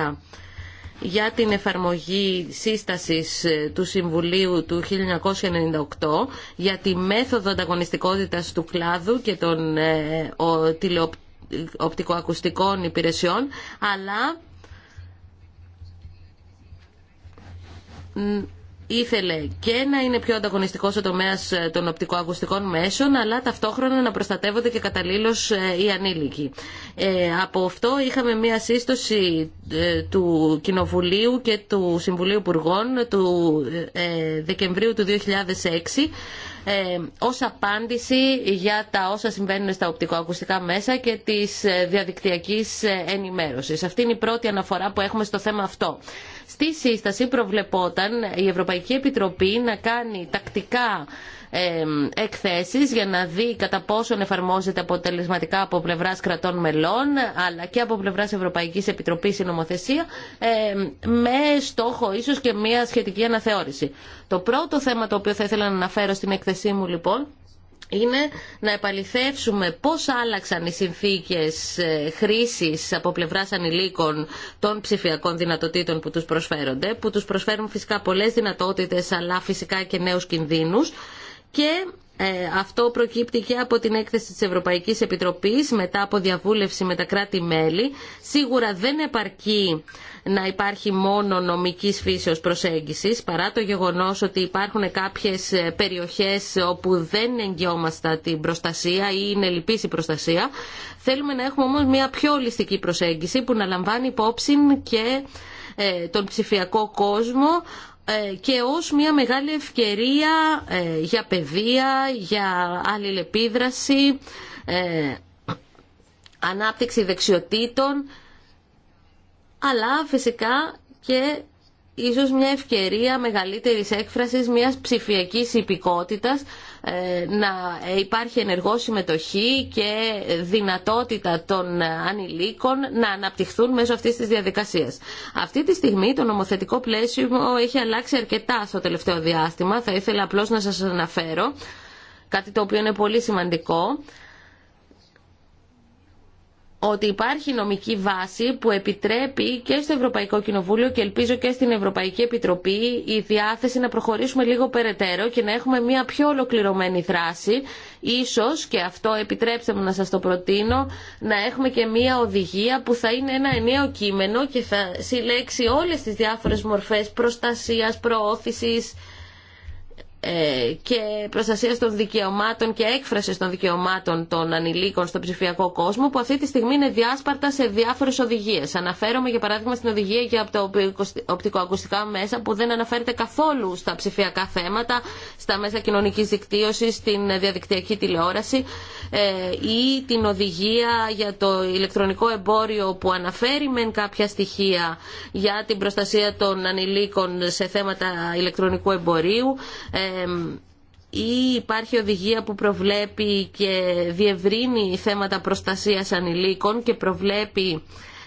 2011 για την εφαρμογή σύστασης ε, του Συμβουλίου του 1998 για τη μέθοδο ανταγωνιστικότητας του κλάδου και των ε, ο, οπτικοακουστικών υπηρεσιών, αλλά ήθελε και να είναι πιο ανταγωνιστικό ο τομέα ε, των οπτικοακουστικών μέσων, αλλά ταυτόχρονα να προστατεύονται και καταλήλω ε, οι ανήλικοι. Ε, από αυτό είχαμε μία σύστοση ε, του Κοινοβουλίου και του Συμβουλίου Υπουργών του Δεκεμβρίου του 2006 ε, ως απάντηση για τα όσα συμβαίνουν στα οπτικοακουστικά μέσα και της διαδικτυακής ενημέρωσης. Αυτή είναι η πρώτη αναφορά που έχουμε στο θέμα αυτό. Στη σύσταση προβλεπόταν η Ευρωπαϊκή Επιτροπή να κάνει τακτικά εκθέσεις για να δει κατά πόσον εφαρμόζεται αποτελεσματικά από πλευράς κρατών μελών αλλά και από πλευράς Ευρωπαϊκής Επιτροπής η νομοθεσία με στόχο ίσως και μια σχετική αναθεώρηση. Το πρώτο θέμα το οποίο θα ήθελα να αναφέρω στην εκθεσή μου λοιπόν είναι να επαληθεύσουμε πώς άλλαξαν οι συνθήκες ε, χρήσης από πλευράς ανηλίκων των ψηφιακών δυνατοτήτων που τους προσφέρονται, που τους προσφέρουν φυσικά πολλές δυνατότητες αλλά φυσικά και νέους κινδύνους και ε, αυτό προκύπτει και από την έκθεση της Ευρωπαϊκής Επιτροπής μετά από διαβούλευση με τα κράτη-μέλη. Σίγουρα δεν επαρκεί να υπάρχει μόνο νομικής φύσεως προσέγγισης παρά το γεγονός ότι υπάρχουν κάποιες περιοχές όπου δεν εγγυόμαστε την προστασία ή είναι λυπής η προστασία. Θέλουμε να έχουμε όμως μια πιο ολιστική προσέγγιση που να λαμβάνει υπόψη και ε, τον ψηφιακό κόσμο ε, και ως μια μεγάλη ευκαιρία ε, για παιδεία, για αλληλεπίδραση, ε, ανάπτυξη δεξιοτήτων, αλλά φυσικά και ίσως μια ευκαιρία μεγαλύτερης έκφρασης μιας ψηφιακής υπηκότητας ε, να υπάρχει ενεργό συμμετοχή και δυνατότητα των ανηλίκων να αναπτυχθούν μέσω αυτής της διαδικασίας. Αυτή τη στιγμή το νομοθετικό πλαίσιο έχει αλλάξει αρκετά στο τελευταίο διάστημα. Θα ήθελα απλώς να σας αναφέρω κάτι το οποίο είναι πολύ σημαντικό ότι υπάρχει νομική βάση που επιτρέπει και στο Ευρωπαϊκό Κοινοβούλιο και ελπίζω και στην Ευρωπαϊκή Επιτροπή η διάθεση να προχωρήσουμε λίγο περαιτέρω και να έχουμε μια πιο ολοκληρωμένη δράση. Ίσως, και αυτό επιτρέψτε μου να σας το προτείνω, να έχουμε και μια οδηγία που θα είναι ένα ενιαίο κείμενο και θα συλλέξει όλες τις διάφορες μορφές προστασίας, προώθησης, ε, και προστασία των δικαιωμάτων και έκφραση των δικαιωμάτων των ανηλίκων στο ψηφιακό κόσμο που αυτή τη στιγμή είναι διάσπαρτα σε διάφορε οδηγίε. Αναφέρομαι για παράδειγμα στην οδηγία για τα οπτικοακουστικά μέσα που δεν αναφέρεται καθόλου στα ψηφιακά θέματα, στα μέσα κοινωνική δικτύωση, στην διαδικτυακή τηλεόραση ε, ή την οδηγία για το ηλεκτρονικό εμπόριο που αναφέρει μεν κάποια στοιχεία για την προστασία των ανηλίκων σε θέματα ηλεκτρονικού εμπορίου ε, ή υπάρχει οδηγία που προβλέπει και διευρύνει θέματα προστασίας ανηλίκων και προβλέπει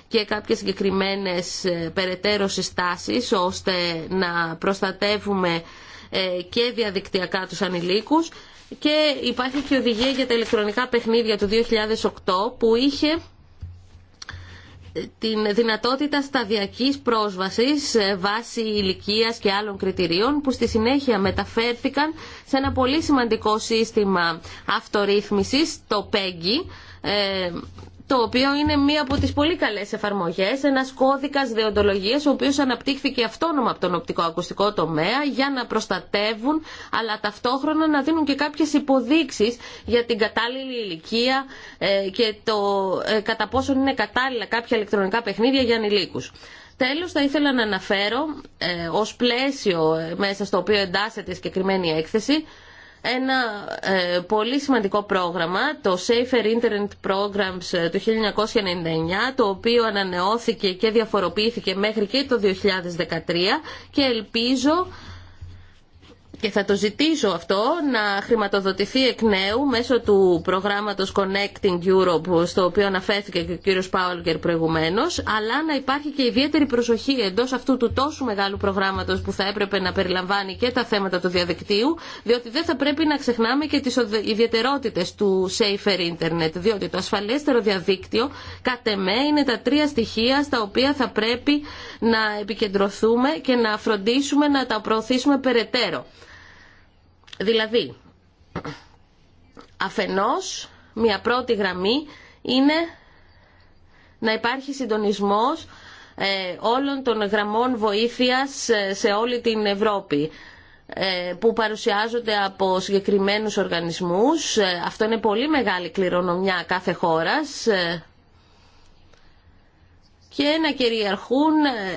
και κάποιες συγκεκριμένες ε, περαιτέρω συστάσεις ώστε να προστατεύουμε ε, και διαδικτυακά τους ανηλίκους και υπάρχει και οδηγία για τα ηλεκτρονικά παιχνίδια του 2008 που είχε την δυνατότητα σταδιακής πρόσβασης βάσει ηλικίας και άλλων κριτηρίων που στη συνέχεια μεταφέρθηκαν σε ένα πολύ σημαντικό σύστημα αυτορύθμισης, το PEGI, ε, το οποίο είναι μία από τις πολύ καλές εφαρμογές, ένας κώδικας δεοντολογίας, ο οποίος αναπτύχθηκε αυτόνομα από τον ακουστικό τομέα για να προστατεύουν, αλλά ταυτόχρονα να δίνουν και κάποιες υποδείξεις για την κατάλληλη ηλικία ε, και το ε, κατά πόσον είναι κατάλληλα κάποια ηλεκτρονικά παιχνίδια για ανηλίκους. Τέλος, θα ήθελα να αναφέρω ε, ως πλαίσιο μέσα στο οποίο εντάσσεται η συγκεκριμένη έκθεση ένα ε, πολύ σημαντικό πρόγραμμα, το Safer Internet Programs ε, του 1999, το οποίο ανανεώθηκε και διαφοροποιήθηκε μέχρι και το 2013 και ελπίζω και θα το ζητήσω αυτό να χρηματοδοτηθεί εκ νέου μέσω του προγράμματος Connecting Europe στο οποίο αναφέρθηκε και ο κύριος Πάολγκερ προηγουμένως αλλά να υπάρχει και ιδιαίτερη προσοχή εντός αυτού του τόσου μεγάλου προγράμματος που θα έπρεπε να περιλαμβάνει και τα θέματα του διαδικτύου διότι δεν θα πρέπει να ξεχνάμε και τις ιδιαιτερότητες του Safer Internet διότι το ασφαλέστερο διαδίκτυο κατ' εμέ είναι τα τρία στοιχεία στα οποία θα πρέπει να επικεντρωθούμε και να φροντίσουμε να τα προωθήσουμε περαιτέρω. Δηλαδή, αφενός, μια πρώτη γραμμή είναι να υπάρχει συντονισμός ε, όλων των γραμμών βοήθειας ε, σε όλη την Ευρώπη ε, που παρουσιάζονται από συγκεκριμένους οργανισμούς. Αυτό είναι πολύ μεγάλη κληρονομιά κάθε χώρας και να κυριαρχούν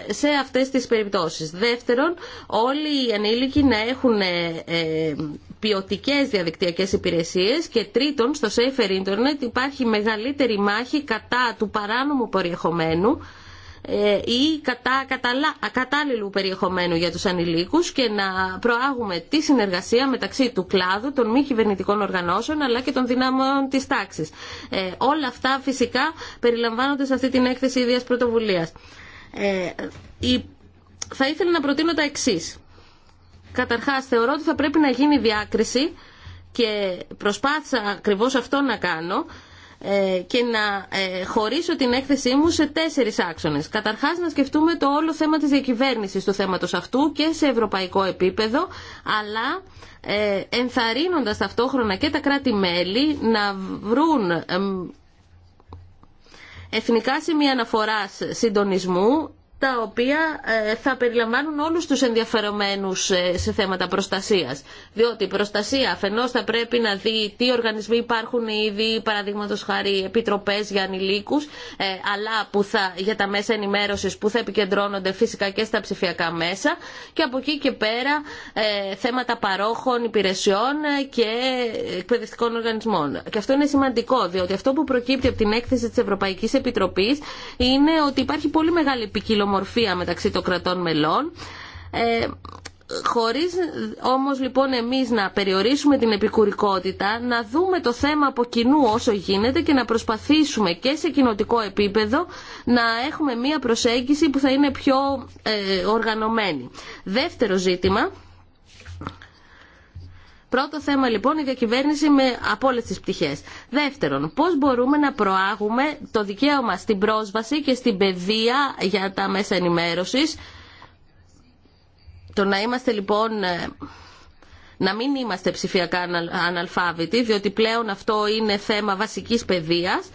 ε, σε αυτές τις περιπτώσεις. Δεύτερον, όλοι οι ανήλικοι να έχουν ε, ε, ποιοτικέ διαδικτυακές υπηρεσίες και τρίτον, στο Safer Internet υπάρχει μεγαλύτερη μάχη κατά του παράνομου περιεχομένου ε, ή κατά, καταλα, κατάλληλου περιεχομένου για τους ανηλίκους και να προάγουμε τη συνεργασία μεταξύ του κλάδου, των μη κυβερνητικών οργανώσεων αλλά και των δυνάμεων της τάξης. Ε, όλα αυτά φυσικά περιλαμβάνονται σε αυτή την έκθεση ίδιας πρωτοβουλίας. Ε, η, θα ήθελα να προτείνω τα εξής. Καταρχάς θεωρώ ότι θα πρέπει να γίνει διάκριση και προσπάθησα ακριβώς αυτό να κάνω ε, και να ε, χωρίσω την έκθεσή μου σε τέσσερις άξονες. Καταρχάς να σκεφτούμε το όλο θέμα της διακυβέρνησης του θέματος αυτού και σε ευρωπαϊκό επίπεδο, αλλά ε, ενθαρρύνοντας ταυτόχρονα και τα κράτη-μέλη να βρουν εθνικά σημεία αναφοράς συντονισμού τα οποία ε, θα περιλαμβάνουν όλους τους ενδιαφερομένους ε, σε θέματα προστασίας. Διότι η προστασία αφενός θα πρέπει να δει τι οργανισμοί υπάρχουν ήδη, παραδείγματο χάρη επιτροπές για ανηλίκους, ε, αλλά που θα, για τα μέσα ενημέρωσης που θα επικεντρώνονται φυσικά και στα ψηφιακά μέσα και από εκεί και πέρα θέματα παρόχων, υπηρεσιών και εκπαιδευτικών οργανισμών. Και αυτό είναι σημαντικό, διότι αυτό που προκύπτει από την έκθεση της Ευρωπαϊκής Επιτροπής είναι ότι υπάρχει πολύ μεγάλη επικοινωνία μορφία μεταξύ των κρατών μελών. Ε, χωρίς όμως λοιπόν εμείς να περιορίσουμε την επικουρικότητα, να δούμε το θέμα από κοινού όσο γίνεται και να προσπαθήσουμε και σε κοινοτικό επίπεδο να έχουμε μία προσέγγιση που θα είναι πιο ε, οργανωμένη. Δεύτερο ζήτημα Πρώτο θέμα λοιπόν η διακυβέρνηση με, από όλε τι πτυχέ. Δεύτερον, πώ μπορούμε να προάγουμε το δικαίωμα στην πρόσβαση και στην παιδεία για τα μέσα ενημέρωση. Το να είμαστε λοιπόν ε, να μην είμαστε ψηφιακά αναλφάβητοι, διότι πλέον αυτό είναι θέμα βασικής παιδείας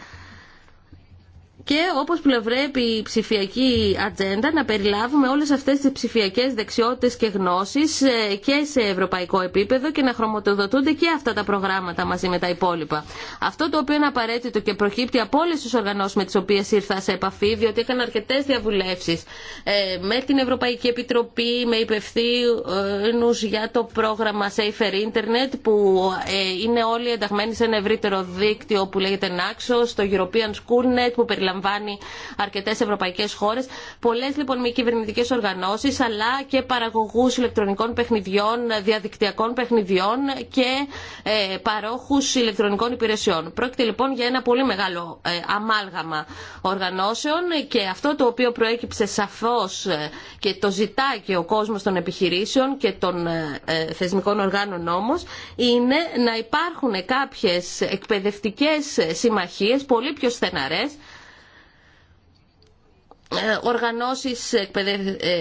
και όπως πλευρέπει η ψηφιακή ατζέντα να περιλάβουμε όλες αυτές τις ψηφιακές δεξιότητες και γνώσεις ε, και σε ευρωπαϊκό επίπεδο και να χρωματοδοτούνται και αυτά τα προγράμματα μαζί με τα υπόλοιπα. Αυτό το οποίο είναι απαραίτητο και προκύπτει από όλες τις οργανώσεις με τις οποίες ήρθα σε επαφή, διότι είχαν αρκετές διαβουλεύσεις ε, με την Ευρωπαϊκή Επιτροπή, με υπευθύνου για το πρόγραμμα Safer Internet που ε, είναι όλοι ενταγμένοι σε ένα ευρύτερο δίκτυο που λέγεται Naxos, το European Net που περιλαμβάνει περιλαμβάνει αρκετέ ευρωπαϊκέ χώρε, πολλέ λοιπόν μη κυβερνητικέ οργανώσει, αλλά και παραγωγού ηλεκτρονικών παιχνιδιών, διαδικτυακών παιχνιδιών και ε, παρόχου ηλεκτρονικών υπηρεσιών. Πρόκειται λοιπόν για ένα πολύ μεγάλο ε, αμάλγαμα οργανώσεων και αυτό το οποίο προέκυψε σαφώ ε, και το ζητά και ο κόσμο των επιχειρήσεων και των ε, ε θεσμικών οργάνων όμω, είναι να υπάρχουν κάποιε εκπαιδευτικέ συμμαχίε πολύ πιο στεναρές ε, οργανώσεις ε, ε,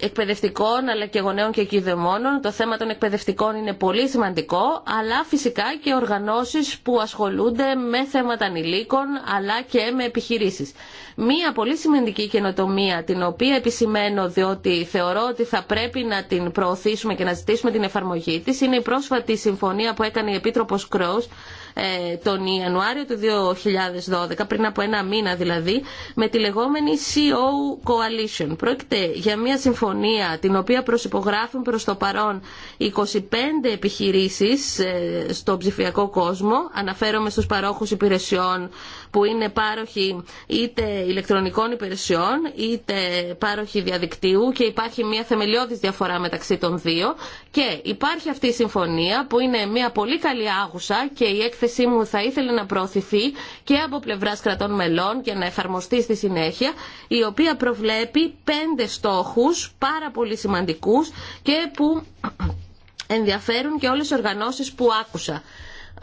εκπαιδευτικών αλλά και γονέων και κυδεμόνων. Το θέμα των εκπαιδευτικών είναι πολύ σημαντικό, αλλά φυσικά και οργανώσεις που ασχολούνται με θέματα ανηλίκων αλλά και με επιχειρήσεις. Μία πολύ σημαντική καινοτομία την οποία επισημαίνω διότι θεωρώ ότι θα πρέπει να την προωθήσουμε και να ζητήσουμε την εφαρμογή της είναι η πρόσφατη συμφωνία που έκανε η Επίτροπος Κρόους ε, τον Ιανουάριο του 2012, πριν από ένα μήνα δηλαδή, με τη λεγόμενη CO Coalition. Πρόκειται για μια συμφωνία την οποία προσυπογράφουν προς το παρόν 25 επιχειρήσεις ε, στο ψηφιακό κόσμο. Αναφέρομαι στους παρόχους υπηρεσιών, που είναι πάροχοι είτε ηλεκτρονικών υπηρεσιών είτε πάροχοι διαδικτύου και υπάρχει μια θεμελιώδης διαφορά μεταξύ των δύο και υπάρχει αυτή η συμφωνία που είναι μια πολύ καλή άγουσα και η έκθεσή μου θα ήθελε να προωθηθεί και από πλευρά κρατών μελών και να εφαρμοστεί στη συνέχεια η οποία προβλέπει πέντε στόχους πάρα πολύ σημαντικούς και που ενδιαφέρουν και όλες οι οργανώσεις που άκουσα.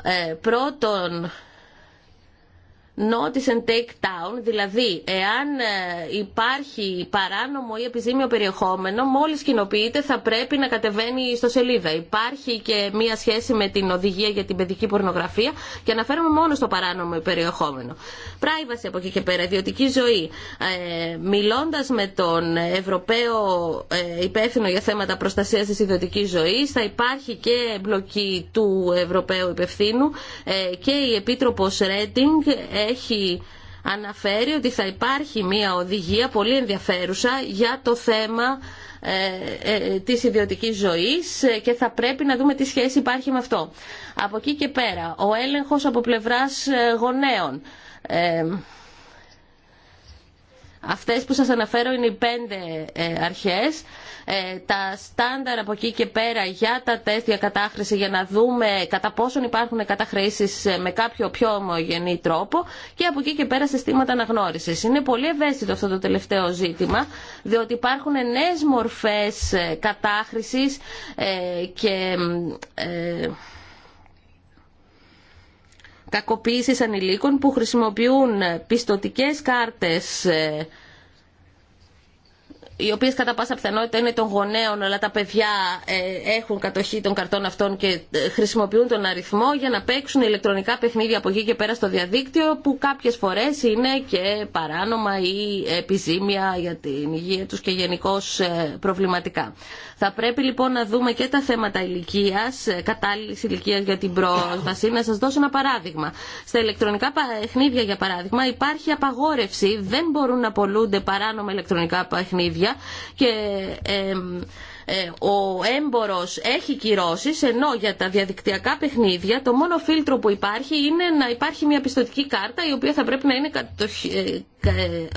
Ε, πρώτον, notice and take down, δηλαδή εάν ε, υπάρχει παράνομο ή επιζήμιο περιεχόμενο, μόλις κοινοποιείται θα πρέπει να κατεβαίνει στο σελίδα. Υπάρχει και μία σχέση με την οδηγία για την παιδική πορνογραφία και αναφέρομαι μόνο στο παράνομο περιεχόμενο. Πράιβαση από εκεί και πέρα, ιδιωτική ζωή. Ε, μιλώντας με τον Ευρωπαίο ε, υπεύθυνο για θέματα προστασίας της ιδιωτικής ζωής, θα υπάρχει και εμπλοκή του Ευρωπαίου υπευθύνου ε, και η Επίτροπος Ρέτινγκ έχει αναφέρει ότι θα υπάρχει μια οδηγία πολύ ενδιαφέρουσα για το θέμα ε, ε, της ιδιωτικής ζωής ε, και θα πρέπει να δούμε τι σχέση υπάρχει με αυτό. Από εκεί και πέρα, ο έλεγχος από πλευράς γονέων. Αυτές που σας αναφέρω είναι οι πέντε αρχές. Ε, τα στάνταρ από εκεί και πέρα για τα τέτοια κατάχρηση για να δούμε κατά πόσον υπάρχουν καταχρήσεις με κάποιο πιο ομογενή τρόπο και από εκεί και πέρα συστήματα αναγνώρισης. Είναι πολύ ευαίσθητο αυτό το τελευταίο ζήτημα διότι υπάρχουν νέες μορφές κατάχρησης ε, και ε, κακοποίησης ανηλίκων που χρησιμοποιούν πιστοτικές κάρτες οι οποίε κατά πάσα πιθανότητα είναι των γονέων, αλλά τα παιδιά ε, έχουν κατοχή των καρτών αυτών και ε, χρησιμοποιούν τον αριθμό για να παίξουν ηλεκτρονικά παιχνίδια από εκεί και πέρα στο διαδίκτυο, που κάποιε φορέ είναι και παράνομα ή επιζήμια για την υγεία του και γενικώ ε, προβληματικά. Θα πρέπει λοιπόν να δούμε και τα θέματα ηλικίας, κατάλληλη ηλικία για την πρόσβαση. Να σα δώσω ένα παράδειγμα. Στα ηλεκτρονικά παιχνίδια, για παράδειγμα, υπάρχει απαγόρευση, δεν μπορούν να πολλούνται παράνομα ηλεκτρονικά παιχνίδια και ε, ε, ο έμπορος έχει κυρώσει, ενώ για τα διαδικτυακά παιχνίδια το μόνο φίλτρο που υπάρχει είναι να υπάρχει μια πιστοτική κάρτα η οποία θα πρέπει να είναι ε,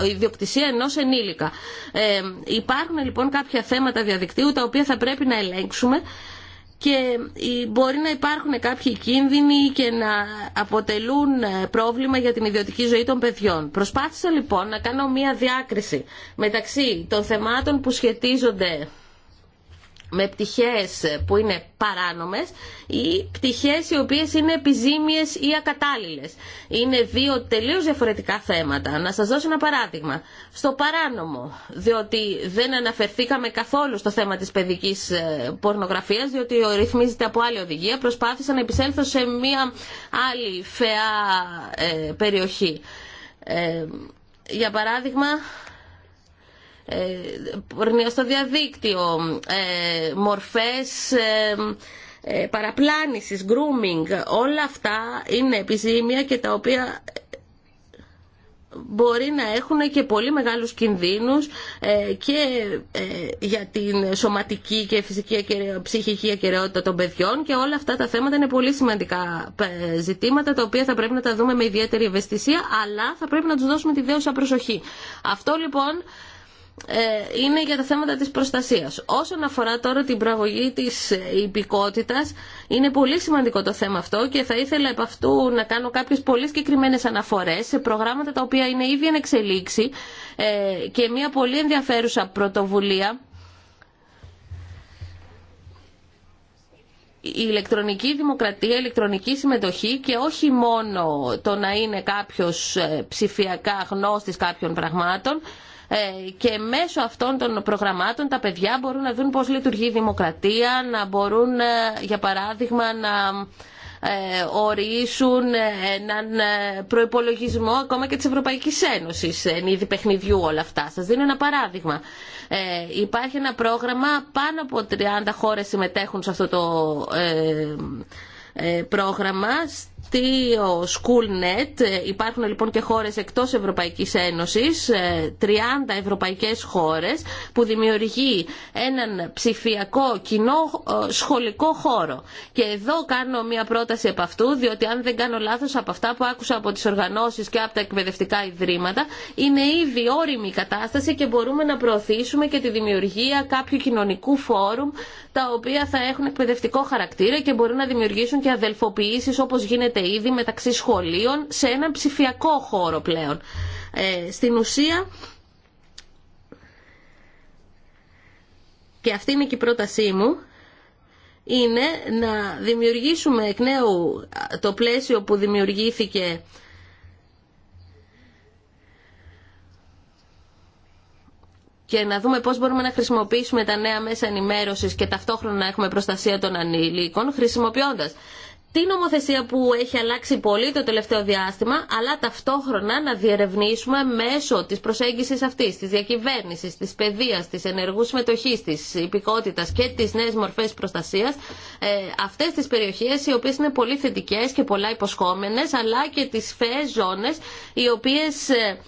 ε, ιδιοκτησία ενός ενήλικα. Ε, υπάρχουν λοιπόν κάποια θέματα διαδικτύου τα οποία θα πρέπει να ελέγξουμε και μπορεί να υπάρχουν κάποιοι κίνδυνοι και να αποτελούν ε, πρόβλημα για την ιδιωτική ζωή των παιδιών. Προσπάθησα λοιπόν να κάνω μία διάκριση μεταξύ των θεμάτων που σχετίζονται με πτυχές που είναι παράνομες ή πτυχές οι οποίες είναι επιζήμιες ή ακατάλληλες. Είναι δύο τελείως διαφορετικά θέματα. Να σας δώσω ένα παράδειγμα. Στο παράνομο, διότι δεν αναφερθήκαμε καθόλου στο θέμα της παιδικής ε, πορνογραφίας, διότι ρυθμίζεται από άλλη οδηγία, προσπάθησα να επισέλθω σε μία άλλη φαιά ε, περιοχή. Ε, για παράδειγμα, πορνεία στο διαδίκτυο, ε, μορφές ε, ε, παραπλάνησης, grooming, όλα αυτά είναι επιζήμια και τα οποία μπορεί να έχουν και πολύ μεγάλους κινδύνους και για την σωματική και φυσική ψυχική ακεραιότητα των παιδιών και όλα αυτά τα θέματα είναι πολύ σημαντικά ζητήματα τα οποία θα πρέπει να τα δούμε με ιδιαίτερη ευαισθησία αλλά θα πρέπει να τους δώσουμε τη δέουσα προσοχή. Αυτό λοιπόν ε, είναι για τα θέματα της προστασίας. Όσον αφορά τώρα την προαγωγή της ε, υπηκότητας, είναι πολύ σημαντικό το θέμα αυτό και θα ήθελα επ' αυτού να κάνω κάποιες πολύ συγκεκριμένε αναφορές σε προγράμματα τα οποία είναι ήδη εν εξελίξη ε, και μια πολύ ενδιαφέρουσα πρωτοβουλία η ηλεκτρονική δημοκρατία, η ηλεκτρονική συμμετοχή και όχι μόνο το να είναι κάποιος ψηφιακά γνώστης κάποιων πραγμάτων, ε, και μέσω αυτών των προγραμμάτων τα παιδιά μπορούν να δουν πώς λειτουργεί η δημοκρατία, να μπορούν ε, για παράδειγμα να ε, ορίσουν έναν προϋπολογισμό ακόμα και της Ευρωπαϊκής Ένωσης εν είδη παιχνιδιού όλα αυτά. Σας δίνω ένα παράδειγμα. Ε, υπάρχει ένα πρόγραμμα, πάνω από 30 χώρες συμμετέχουν σε αυτό το ε, πρόγραμμα δικτύο Schoolnet. Υπάρχουν λοιπόν και χώρες εκτός Ευρωπαϊκής Ένωσης, 30 ε, ευρωπαϊκές χώρες, που δημιουργεί έναν ψηφιακό κοινό ε, σχολικό χώρο. Και εδώ κάνω μια πρόταση από αυτού, διότι αν δεν κάνω λάθος από αυτά που άκουσα από τις οργανώσεις και από τα εκπαιδευτικά ιδρύματα, είναι ήδη όριμη η κατάσταση και μπορούμε να προωθήσουμε και τη δημιουργία κάποιου κοινωνικού φόρουμ, τα οποία θα έχουν εκπαιδευτικό χαρακτήρα και μπορούν να δημιουργήσουν και αδελφοποιήσεις όπως γίνεται γίνεται ήδη μεταξύ σχολείων σε έναν ψηφιακό χώρο πλέον. Ε, στην ουσία, και αυτή είναι και η πρότασή μου, είναι να δημιουργήσουμε εκ νέου το πλαίσιο που δημιουργήθηκε και να δούμε πώς μπορούμε να χρησιμοποιήσουμε τα νέα μέσα ενημέρωσης και ταυτόχρονα να έχουμε προστασία των ανήλικων χρησιμοποιώντας την νομοθεσία που έχει αλλάξει πολύ το τελευταίο διάστημα, αλλά ταυτόχρονα να διερευνήσουμε μέσω τη προσέγγιση αυτή, τη διακυβέρνηση, τη παιδεία, τη ενεργού συμμετοχή, τη υπηκότητα και της νέε μορφές προστασίας, ε, αυτές τις περιοχές οι οποίες είναι πολύ θετικέ και πολλά υποσχόμενε, αλλά και τι φαίε ζώνε, οι οποίες ε,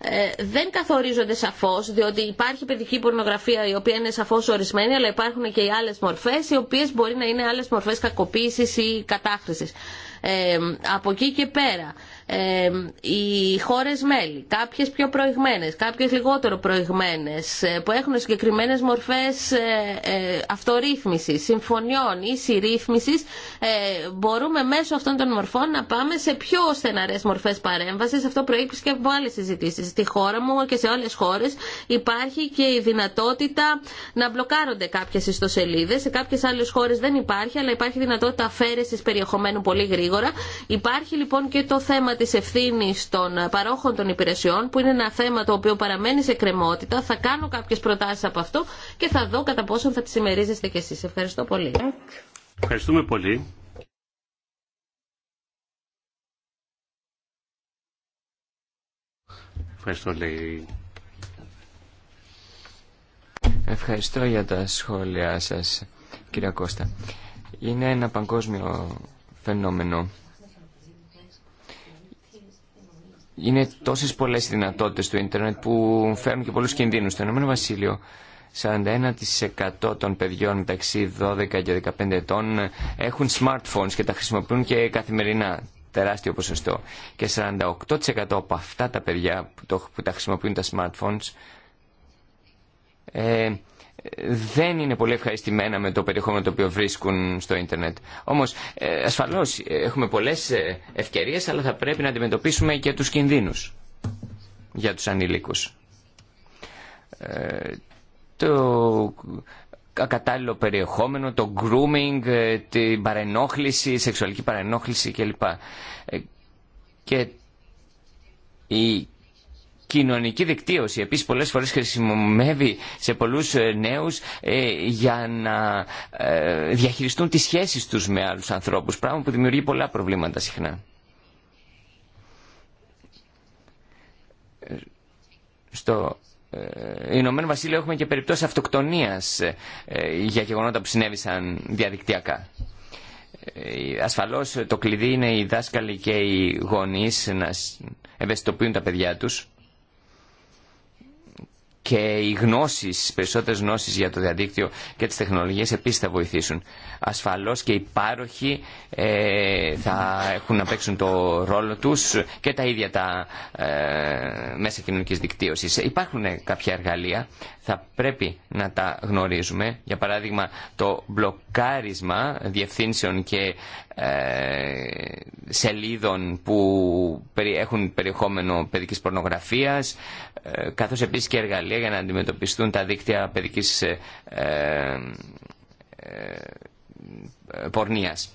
ε, δεν καθορίζονται σαφώ, διότι υπάρχει παιδική πορνογραφία η οποία είναι σαφώ ορισμένη, αλλά υπάρχουν και οι άλλε μορφές, οι οποίες μπορεί να είναι άλλε μορφές κακοποίησης ή κατάχρηση. Ε, από εκεί και πέρα ε, οι χώρες μέλη, κάποιες πιο προηγμένες, κάποιες λιγότερο προηγμένες, ε, που έχουν συγκεκριμένες μορφές ε, ε αυτορύθμισης, συμφωνιών ή συρρύθμισης, ε, μπορούμε μέσω αυτών των μορφών να πάμε σε πιο στεναρές μορφές παρέμβασης. Αυτό προείπησε και από άλλες συζητήσεις. Στη χώρα μου και σε όλες χώρες υπάρχει και η δυνατότητα να μπλοκάρονται κάποιες ιστοσελίδες. Σε κάποιες άλλες χώρες δεν υπάρχει, αλλά υπάρχει δυνατότητα αφαίρεσης περιεχομένου πολύ γρήγορα. Υπάρχει λοιπόν και το θέμα Τη της των παρόχων των υπηρεσιών που είναι ένα θέμα το οποίο παραμένει σε κρεμότητα. Θα κάνω κάποιες προτάσεις από αυτό και θα δω κατά πόσο θα τις ημερίζεστε κι εσείς. Ευχαριστώ πολύ. Ευχαριστούμε πολύ. Ευχαριστώ, για τα σχόλια σας, κύριε Κώστα. Είναι ένα παγκόσμιο φαινόμενο. είναι τόσες πολλές δυνατότητες του ίντερνετ που φέρνουν και πολλούς κινδύνους. Στο Ηνωμένο Βασίλειο 41% των παιδιών μεταξύ 12 και 15 ετών έχουν smartphones και τα χρησιμοποιούν και καθημερινά. Τεράστιο ποσοστό. Και 48% από αυτά τα παιδιά που, τα χρησιμοποιούν τα smartphones ε, δεν είναι πολύ ευχαριστημένα με το περιεχόμενο το οποίο βρίσκουν στο ίντερνετ. Όμως ε, ασφαλώς ε, έχουμε πολλές ε, ευκαιρίες αλλά θα πρέπει να αντιμετωπίσουμε και τους κινδύνους για τους ανήλικους. Το ακατάλληλο περιεχόμενο, το grooming, την παρενόχληση, σεξουαλική παρενόχληση κλπ. Και η κοινωνική δικτύωση επίσης πολλές φορές χρησιμοποιει σε πολλούς ε, νέους ε, για να ε, διαχειριστούν τις σχέσεις τους με άλλους ανθρώπους, πράγμα που δημιουργεί πολλά προβλήματα συχνά. Στο Ηνωμένο Βασίλειο έχουμε και περιπτώσεις αυτοκτονίας για γεγονότα που συνέβησαν διαδικτυακά. Ασφαλώς το κλειδί είναι οι δάσκαλοι και οι γονείς να ευαισθητοποιούν τα παιδιά τους και οι γνώσεις, περισσότερες γνώσεις για το διαδίκτυο και τις τεχνολογίες επίσης θα βοηθήσουν. Ασφαλώς και οι πάροχοι ε, θα έχουν να παίξουν το ρόλο τους και τα ίδια τα ε, μέσα κοινωνικής δικτύωσης. Υπάρχουν κάποια εργαλεία, θα πρέπει να τα γνωρίζουμε. Για παράδειγμα το μπλοκάρισμα διευθύνσεων και ε, σελίδων που έχουν περιεχόμενο παιδικής πορνογραφίας, καθώς επίσης και εργαλεία για να αντιμετωπιστούν τα δίκτυα παιδικής ε, ε, ε, πορνείας.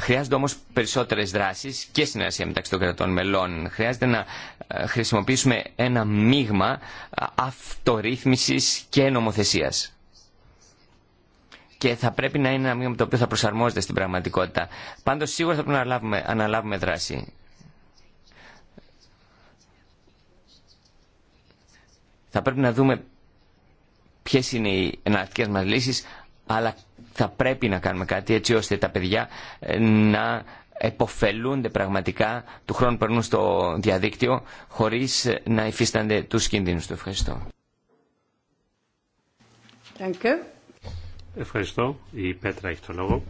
Χρειάζονται όμως περισσότερες δράσεις και συνεργασία μεταξύ των κρατών μελών. Χρειάζεται να ε, χρησιμοποιήσουμε ένα μείγμα ε, αυτορύθμισης και νομοθεσίας. Και θα πρέπει να είναι ένα μείγμα το οποίο θα προσαρμόζεται στην πραγματικότητα. Πάντως σίγουρα θα πρέπει να αναλάβουμε δράση. Θα πρέπει να δούμε ποιες είναι οι εναλλακτικές μας λύσεις, αλλά θα πρέπει να κάνουμε κάτι έτσι ώστε τα παιδιά ε, να εποφελούνται πραγματικά του χρόνου που περνούν στο διαδίκτυο χωρίς ε, να υφίστανται τους κινδύνους του. Ευχαριστώ. Ευχαριστώ. Η Πέτρα έχει το λόγο.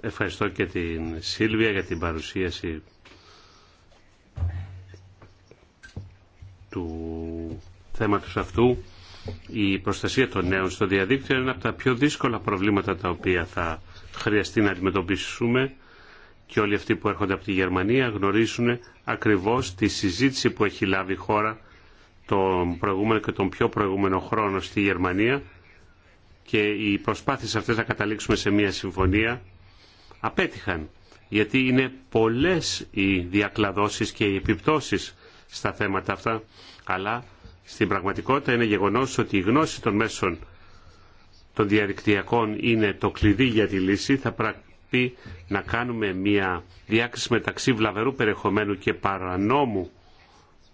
Ευχαριστώ και την Σίλβια για την παρουσίαση του θέματος αυτού η προστασία των νέων στο διαδίκτυο είναι από τα πιο δύσκολα προβλήματα τα οποία θα χρειαστεί να αντιμετωπίσουμε και όλοι αυτοί που έρχονται από τη Γερμανία γνωρίζουν ακριβώς τη συζήτηση που έχει λάβει η χώρα τον προηγούμενο και τον πιο προηγούμενο χρόνο στη Γερμανία και οι προσπάθειες αυτές να καταλήξουμε σε μια συμφωνία απέτυχαν γιατί είναι πολλές οι διακλαδώσεις και οι επιπτώσεις στα θέματα αυτά, αλλά στην πραγματικότητα είναι γεγονός ότι η γνώση των μέσων των διαδικτυακών είναι το κλειδί για τη λύση. Θα πρέπει να κάνουμε μια διάκριση μεταξύ βλαβερού περιεχομένου και παρανόμου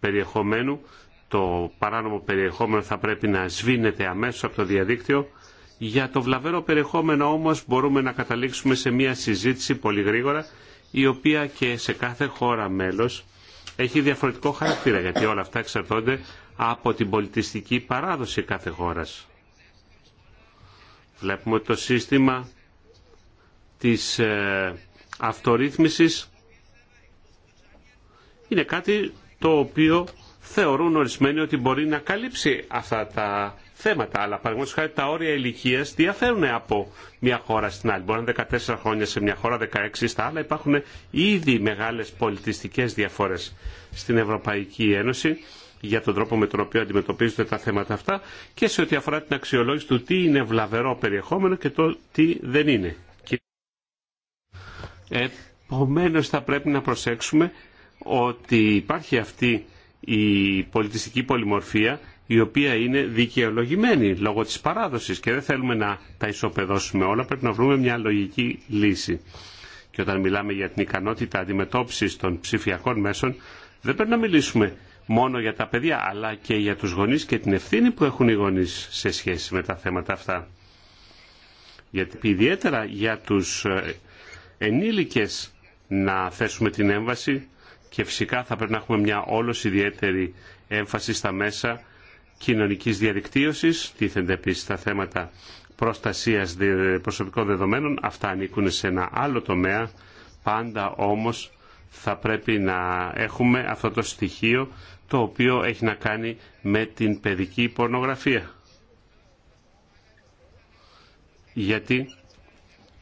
περιεχομένου. Το παράνομο περιεχόμενο θα πρέπει να σβήνεται αμέσως από το διαδίκτυο. Για το βλαβερό περιεχόμενο όμως μπορούμε να καταλήξουμε σε μια συζήτηση πολύ γρήγορα η οποία και σε κάθε χώρα μέλος έχει διαφορετικό χαρακτήρα γιατί όλα αυτά εξαρτώνται από την πολιτιστική παράδοση κάθε χώρας. Βλέπουμε ότι το σύστημα της ε, αυτορύθμισης είναι κάτι το οποίο θεωρούν ορισμένοι ότι μπορεί να καλύψει αυτά τα θέματα. Αλλά παραδείγματο χάρη τα όρια ηλικία διαφέρουν από μια χώρα στην άλλη. Μπορεί να είναι 14 χρόνια σε μια χώρα, 16 στα άλλα. Υπάρχουν ήδη μεγάλε πολιτιστικέ διαφορέ στην Ευρωπαϊκή Ένωση για τον τρόπο με τον οποίο αντιμετωπίζονται τα θέματα αυτά και σε ό,τι αφορά την αξιολόγηση του τι είναι βλαβερό περιεχόμενο και το τι δεν είναι. Επομένω θα πρέπει να προσέξουμε ότι υπάρχει αυτή η πολιτιστική πολυμορφία η οποία είναι δικαιολογημένη λόγω της παράδοσης και δεν θέλουμε να τα ισοπεδώσουμε όλα, πρέπει να βρούμε μια λογική λύση. Και όταν μιλάμε για την ικανότητα αντιμετώπισης των ψηφιακών μέσων, δεν πρέπει να μιλήσουμε μόνο για τα παιδιά, αλλά και για τους γονείς και την ευθύνη που έχουν οι γονείς σε σχέση με τα θέματα αυτά. Γιατί ιδιαίτερα για τους ε, ενήλικες να θέσουμε την έμβαση και φυσικά θα πρέπει να έχουμε μια όλος ιδιαίτερη έμφαση στα μέσα κοινωνικής διαδικτύωσης, τίθενται επίση τα θέματα προστασίας προσωπικών δεδομένων. Αυτά ανήκουν σε ένα άλλο τομέα. Πάντα όμως θα πρέπει να έχουμε αυτό το στοιχείο το οποίο έχει να κάνει με την παιδική πορνογραφία. Γιατί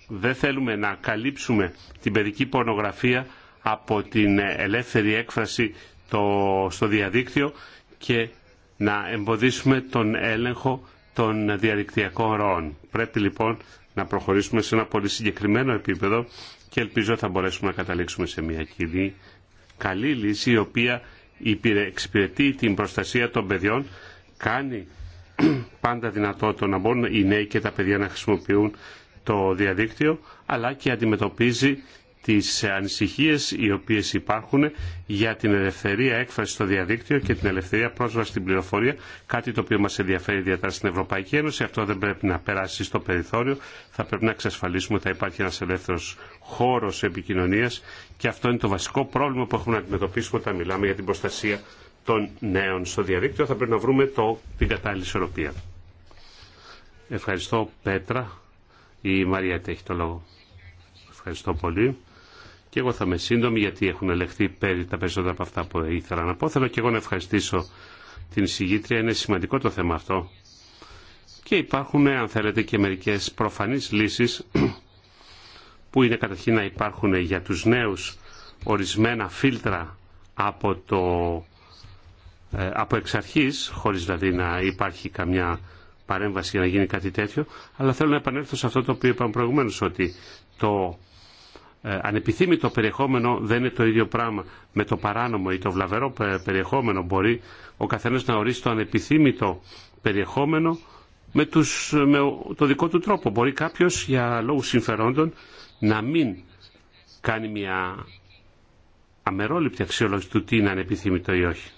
δεν θέλουμε να καλύψουμε την παιδική πορνογραφία από την ελεύθερη έκφραση στο διαδίκτυο και να εμποδίσουμε τον έλεγχο των διαδικτυακών ροών. Πρέπει λοιπόν να προχωρήσουμε σε ένα πολύ συγκεκριμένο επίπεδο και ελπίζω θα μπορέσουμε να καταλήξουμε σε μια κοινή καλή λύση η οποία εξυπηρετεί την προστασία των παιδιών, κάνει πάντα δυνατό το να μπορούν οι νέοι και τα παιδιά να χρησιμοποιούν το διαδίκτυο, αλλά και αντιμετωπίζει τις ανησυχίες οι οποίες υπάρχουν για την ελευθερία έκφραση στο διαδίκτυο και την ελευθερία πρόσβαση στην πληροφορία, κάτι το οποίο μας ενδιαφέρει ιδιαίτερα στην Ευρωπαϊκή Ένωση. Αυτό δεν πρέπει να περάσει στο περιθώριο. Θα πρέπει να εξασφαλίσουμε ότι θα υπάρχει ένας ελεύθερος χώρος επικοινωνίας και αυτό είναι το βασικό πρόβλημα που έχουμε να αντιμετωπίσουμε όταν μιλάμε για την προστασία των νέων στο διαδίκτυο. Θα πρέπει να βρούμε το, την κατάλληλη ισορροπία. Ευχαριστώ Πέτρα. Η Μαρία έχει το λόγο. Ευχαριστώ πολύ και εγώ θα είμαι σύντομη γιατί έχουν ελεχθεί περί τα περισσότερα από αυτά που ήθελα να πω. Θέλω και εγώ να ευχαριστήσω την συγγήτρια. Είναι σημαντικό το θέμα αυτό. Και υπάρχουν, αν θέλετε, και μερικές προφανείς λύσεις που είναι καταρχήν να υπάρχουν για τους νέους ορισμένα φίλτρα από, το, ε, από εξ αρχής, χωρίς δηλαδή να υπάρχει καμιά παρέμβαση για να γίνει κάτι τέτοιο, αλλά θέλω να επανέλθω σε αυτό το οποίο είπαμε προηγουμένως, ότι το ε, ανεπιθύμητο περιεχόμενο δεν είναι το ίδιο πράγμα με το παράνομο ή το βλαβερό περιεχόμενο. Μπορεί ο καθένας να ορίσει το ανεπιθύμητο περιεχόμενο με, τους, με το δικό του τρόπο. Μπορεί κάποιος για λόγους συμφερόντων να μην κάνει μια αμερόληπτη αξιολόγηση του τι είναι ανεπιθύμητο ή όχι.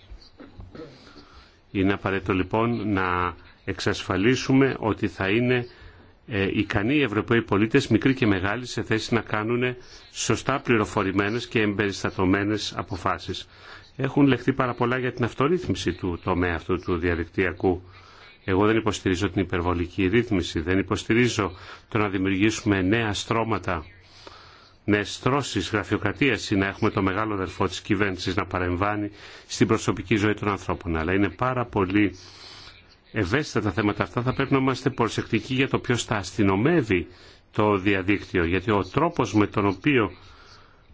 Είναι απαραίτητο λοιπόν να εξασφαλίσουμε ότι θα είναι ε, ικανοί οι Ευρωπαίοι πολίτες, μικροί και μεγάλοι, σε θέση να κάνουν σωστά πληροφορημένες και εμπεριστατωμένες αποφάσεις. Έχουν λεχθεί πάρα πολλά για την αυτορύθμιση του τομέα αυτού του διαδικτυακού. Εγώ δεν υποστηρίζω την υπερβολική ρύθμιση, δεν υποστηρίζω το να δημιουργήσουμε νέα στρώματα, νέες στρώσεις γραφειοκρατίας ή να έχουμε το μεγάλο αδερφό της κυβέρνησης να παρεμβάνει στην προσωπική ζωή των ανθρώπων. Αλλά είναι πάρα πολύ ευαίσθητα τα θέματα αυτά θα πρέπει να είμαστε προσεκτικοί για το ποιος θα αστυνομεύει το διαδίκτυο γιατί ο τρόπος με τον οποίο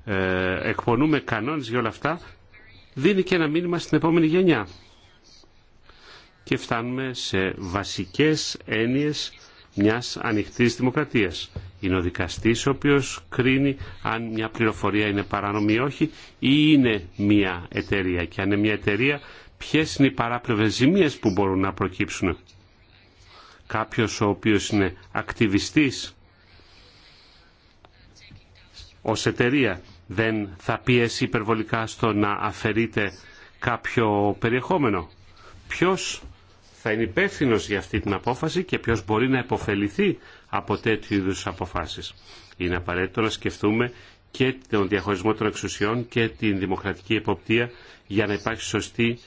ε, εκπονούμε κανόνες για όλα αυτά δίνει και ένα μήνυμα στην επόμενη γενιά. Και φτάνουμε σε βασικές έννοιες μιας ανοιχτής δημοκρατίας. Είναι ο δικαστής ο οποίος κρίνει αν μια πληροφορία είναι παράνομη ή όχι ή είναι μια εταιρεία. Και αν είναι μια εταιρεία ποιες είναι οι παράπλευρες ζημίες που μπορούν να προκύψουν. Κάποιος ο οποίος είναι ακτιβιστής ως εταιρεία δεν θα πιέσει υπερβολικά στο να αφαιρείται κάποιο περιεχόμενο. Ποιος θα είναι υπεύθυνο για αυτή την απόφαση και ποιος μπορεί να υποφεληθεί από τέτοιου είδου αποφάσεις. Είναι απαραίτητο να σκεφτούμε και τον διαχωρισμό των εξουσιών και την δημοκρατική εποπτεία για να υπάρχει σωστή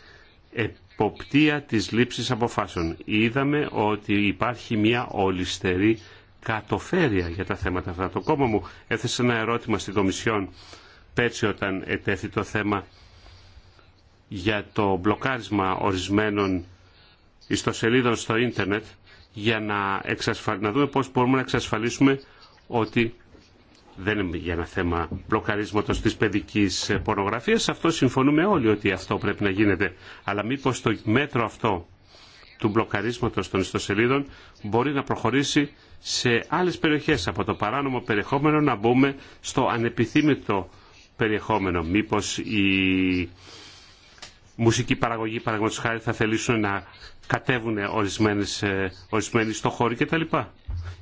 εποπτεία της λήψης αποφάσεων. Είδαμε ότι υπάρχει μια ολιστερή κατοφέρεια για τα θέματα αυτά. Το κόμμα μου έθεσε ένα ερώτημα στην Κομισιόν πέρσι όταν ετέθη το θέμα για το μπλοκάρισμα ορισμένων ιστοσελίδων στο ίντερνετ για να, να δούμε πώς μπορούμε να εξασφαλίσουμε ότι δεν είναι για ένα θέμα μπλοκαρίσματος της παιδικής πορνογραφίας. Αυτό συμφωνούμε όλοι ότι αυτό πρέπει να γίνεται. Αλλά μήπως το μέτρο αυτό του μπλοκαρίσματος των ιστοσελίδων μπορεί να προχωρήσει σε άλλες περιοχές από το παράνομο περιεχόμενο να μπούμε στο ανεπιθύμητο περιεχόμενο. Μήπως η μουσική παραγωγή, παραγωγή χάρη, θα θελήσουν να κατέβουν ορισμένες, ε, ορισμένοι στο χώρο κτλ.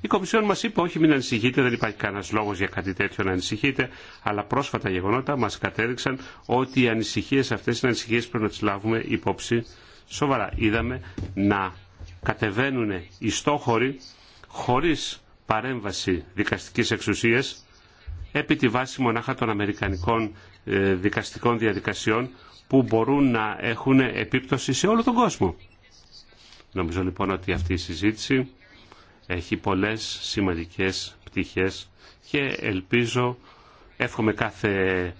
Η Κομισιόν μας είπε όχι μην ανησυχείτε, δεν υπάρχει κανένας λόγος για κάτι τέτοιο να ανησυχείτε, αλλά πρόσφατα γεγονότα μας κατέδειξαν ότι οι ανησυχίες αυτές είναι ανησυχίες που πρέπει να τις λάβουμε υπόψη σοβαρά. Είδαμε να κατεβαίνουν οι στόχοροι χωρίς παρέμβαση δικαστικής εξουσίας επί τη βάση μονάχα των Αμερικανικών ε, δικαστικών διαδικασιών που μπορούν να έχουν επίπτωση σε όλο τον κόσμο. Νομίζω λοιπόν ότι αυτή η συζήτηση έχει πολλές σημαντικές πτυχές και ελπίζω, εύχομαι κάθε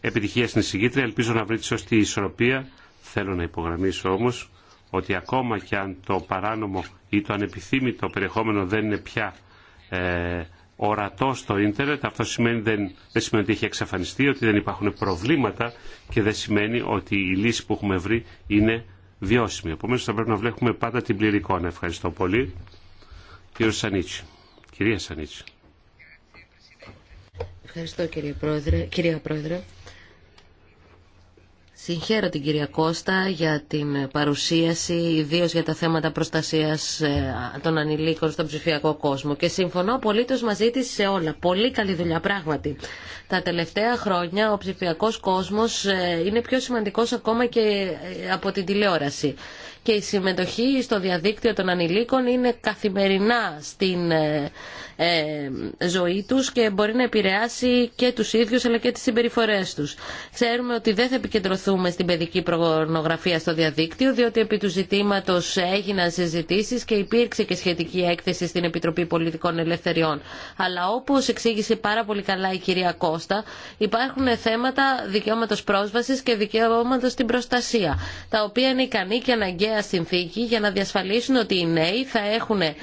επιτυχία στην εισηγήτρια, ελπίζω να βρει τη σωστή ισορροπία. Θέλω να υπογραμμίσω όμως ότι ακόμα και αν το παράνομο ή το ανεπιθύμητο περιεχόμενο δεν είναι πια ε, ορατό στο ίντερνετ, αυτό σημαίνει, δεν, δεν σημαίνει ότι έχει εξαφανιστεί, ότι δεν υπάρχουν προβλήματα και δεν σημαίνει ότι η λύση που έχουμε βρει είναι βιώσιμη. Επομένως θα πρέπει να βλέπουμε πάντα την πλήρη εικόνα. Ευχαριστώ πολύ. Κύριο Σανίτσι. Κυρία Σανίτσι. Ευχαριστώ κύριε Πρόεδρε. Κυρία Πρόεδρε. Συγχαίρω την κυρία Κώστα για την παρουσίαση, ιδίω για τα θέματα προστασία ε, των ανηλίκων στον ψηφιακό κόσμο. Και συμφωνώ απολύτω μαζί τη σε όλα. Πολύ καλή δουλειά, πράγματι. Τα τελευταία χρόνια ο ψηφιακό κόσμο ε, είναι πιο σημαντικό ακόμα και ε, από την τηλεόραση και η συμμετοχή στο διαδίκτυο των ανηλίκων είναι καθημερινά στην ε, ε, ζωή τους και μπορεί να επηρεάσει και τους ίδιους αλλά και τις συμπεριφορές τους. Ξέρουμε ότι δεν θα επικεντρωθούμε στην παιδική προγνωγραφία στο διαδίκτυο διότι επί του ζητήματος έγιναν συζητήσεις και υπήρξε και σχετική έκθεση στην Επιτροπή Πολιτικών Ελευθεριών. Αλλά όπως εξήγησε πάρα πολύ καλά η κυρία Κώστα υπάρχουν θέματα δικαιώματο πρόσβασης και δικαιώματος στην προστασία τα οποία είναι ικανή και αναγκαία συνθήκη για να διασφαλίσουν ότι οι νέοι θα έχουν ε,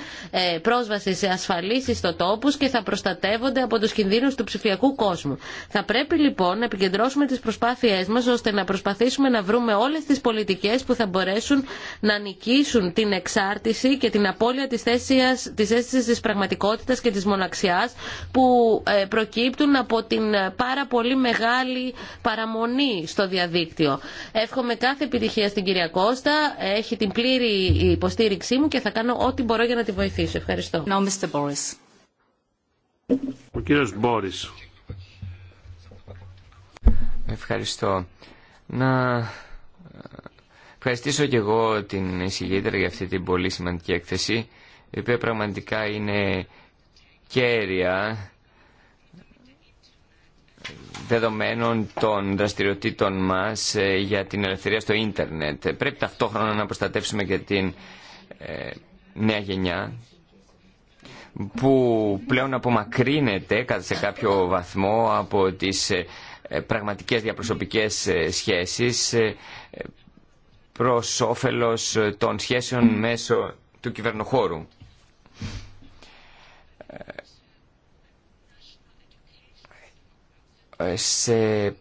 πρόσβαση σε ασφαλείς ιστοτόπους και θα προστατεύονται από τους κινδύνους του ψηφιακού κόσμου. Θα πρέπει λοιπόν να επικεντρώσουμε τις προσπάθειές μας ώστε να προσπαθήσουμε να βρούμε όλες τις πολιτικές που θα μπορέσουν να νικήσουν την εξάρτηση και την απώλεια της, αίσθηση της αίσθησης της πραγματικότητας και της μοναξιάς που ε, προκύπτουν από την πάρα πολύ μεγάλη παραμονή στο διαδίκτυο. Εύχομαι κάθε επιτυχία στην κυρία Κώστα. Ε, έχει την πλήρη υποστήριξή μου και θα κάνω ό,τι μπορώ για να τη βοηθήσω. Ευχαριστώ. Mr. Boris. Ο κύριος Μπόρις. Ευχαριστώ. Να ε, ευχαριστήσω και εγώ την εισηγήτρια για αυτή την πολύ σημαντική έκθεση, η οποία πραγματικά είναι κέρια δεδομένων των δραστηριοτήτων μας ε, για την ελευθερία στο ίντερνετ. Πρέπει ταυτόχρονα να προστατεύσουμε και την ε, νέα γενιά που πλέον απομακρύνεται κατά σε κάποιο βαθμό από τις ε, πραγματικές διαπροσωπικές σχέσεις προς όφελος των σχέσεων μέσω του κυβερνοχώρου. σε,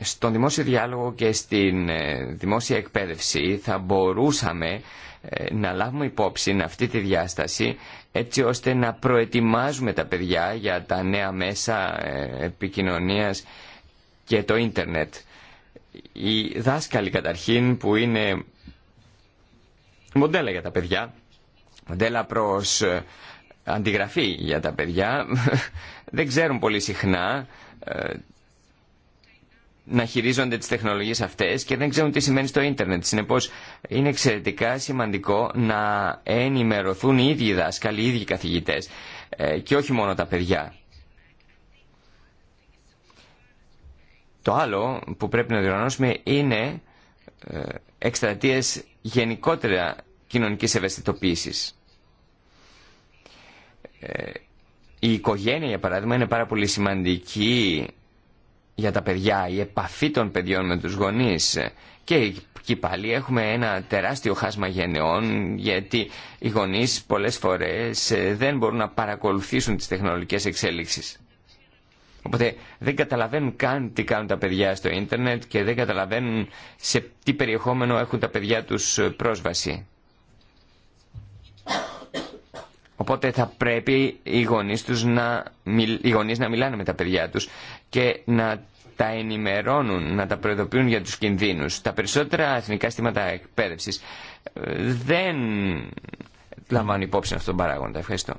στον δημόσιο διάλογο και στην ε, δημόσια εκπαίδευση θα μπορούσαμε ε, να λάβουμε υπόψη αυτή τη διάσταση έτσι ώστε να προετοιμάζουμε τα παιδιά για τα νέα μέσα ε, επικοινωνίας και το ίντερνετ. Οι δάσκαλοι καταρχήν που είναι μοντέλα για τα παιδιά, μοντέλα προς αντιγραφή για τα παιδιά, δεν ξέρουν πολύ συχνά ε, να χειρίζονται τις τεχνολογίες αυτές και δεν ξέρουν τι σημαίνει στο ίντερνετ. Συνεπώς είναι εξαιρετικά σημαντικό να ενημερωθούν οι ίδιοι δάσκαλοι, οι ίδιοι καθηγητές ε, και όχι μόνο τα παιδιά. Το άλλο που πρέπει να διοργανώσουμε είναι ε, εκστρατείες γενικότερα κοινωνικής ευαισθητοποίησης. Η οικογένεια, για παράδειγμα, είναι πάρα πολύ σημαντική για τα παιδιά, η επαφή των παιδιών με τους γονείς. Και εκεί πάλι έχουμε ένα τεράστιο χάσμα γενεών, γιατί οι γονείς πολλές φορές ε, δεν μπορούν να παρακολουθήσουν τις τεχνολογικές εξέλιξεις. Οπότε δεν καταλαβαίνουν καν τι κάνουν τα παιδιά στο ίντερνετ και δεν καταλαβαίνουν σε τι περιεχόμενο έχουν τα παιδιά τους πρόσβαση. Οπότε θα πρέπει οι γονείς, τους να, οι γονείς να μιλάνε με τα παιδιά τους και να τα ενημερώνουν, να τα προειδοποιούν για τους κινδύνους. Τα περισσότερα εθνικά στήματα εκπαίδευσης ε, δεν λαμβάνουν υπόψη αυτόν τον παράγοντα. Ευχαριστώ.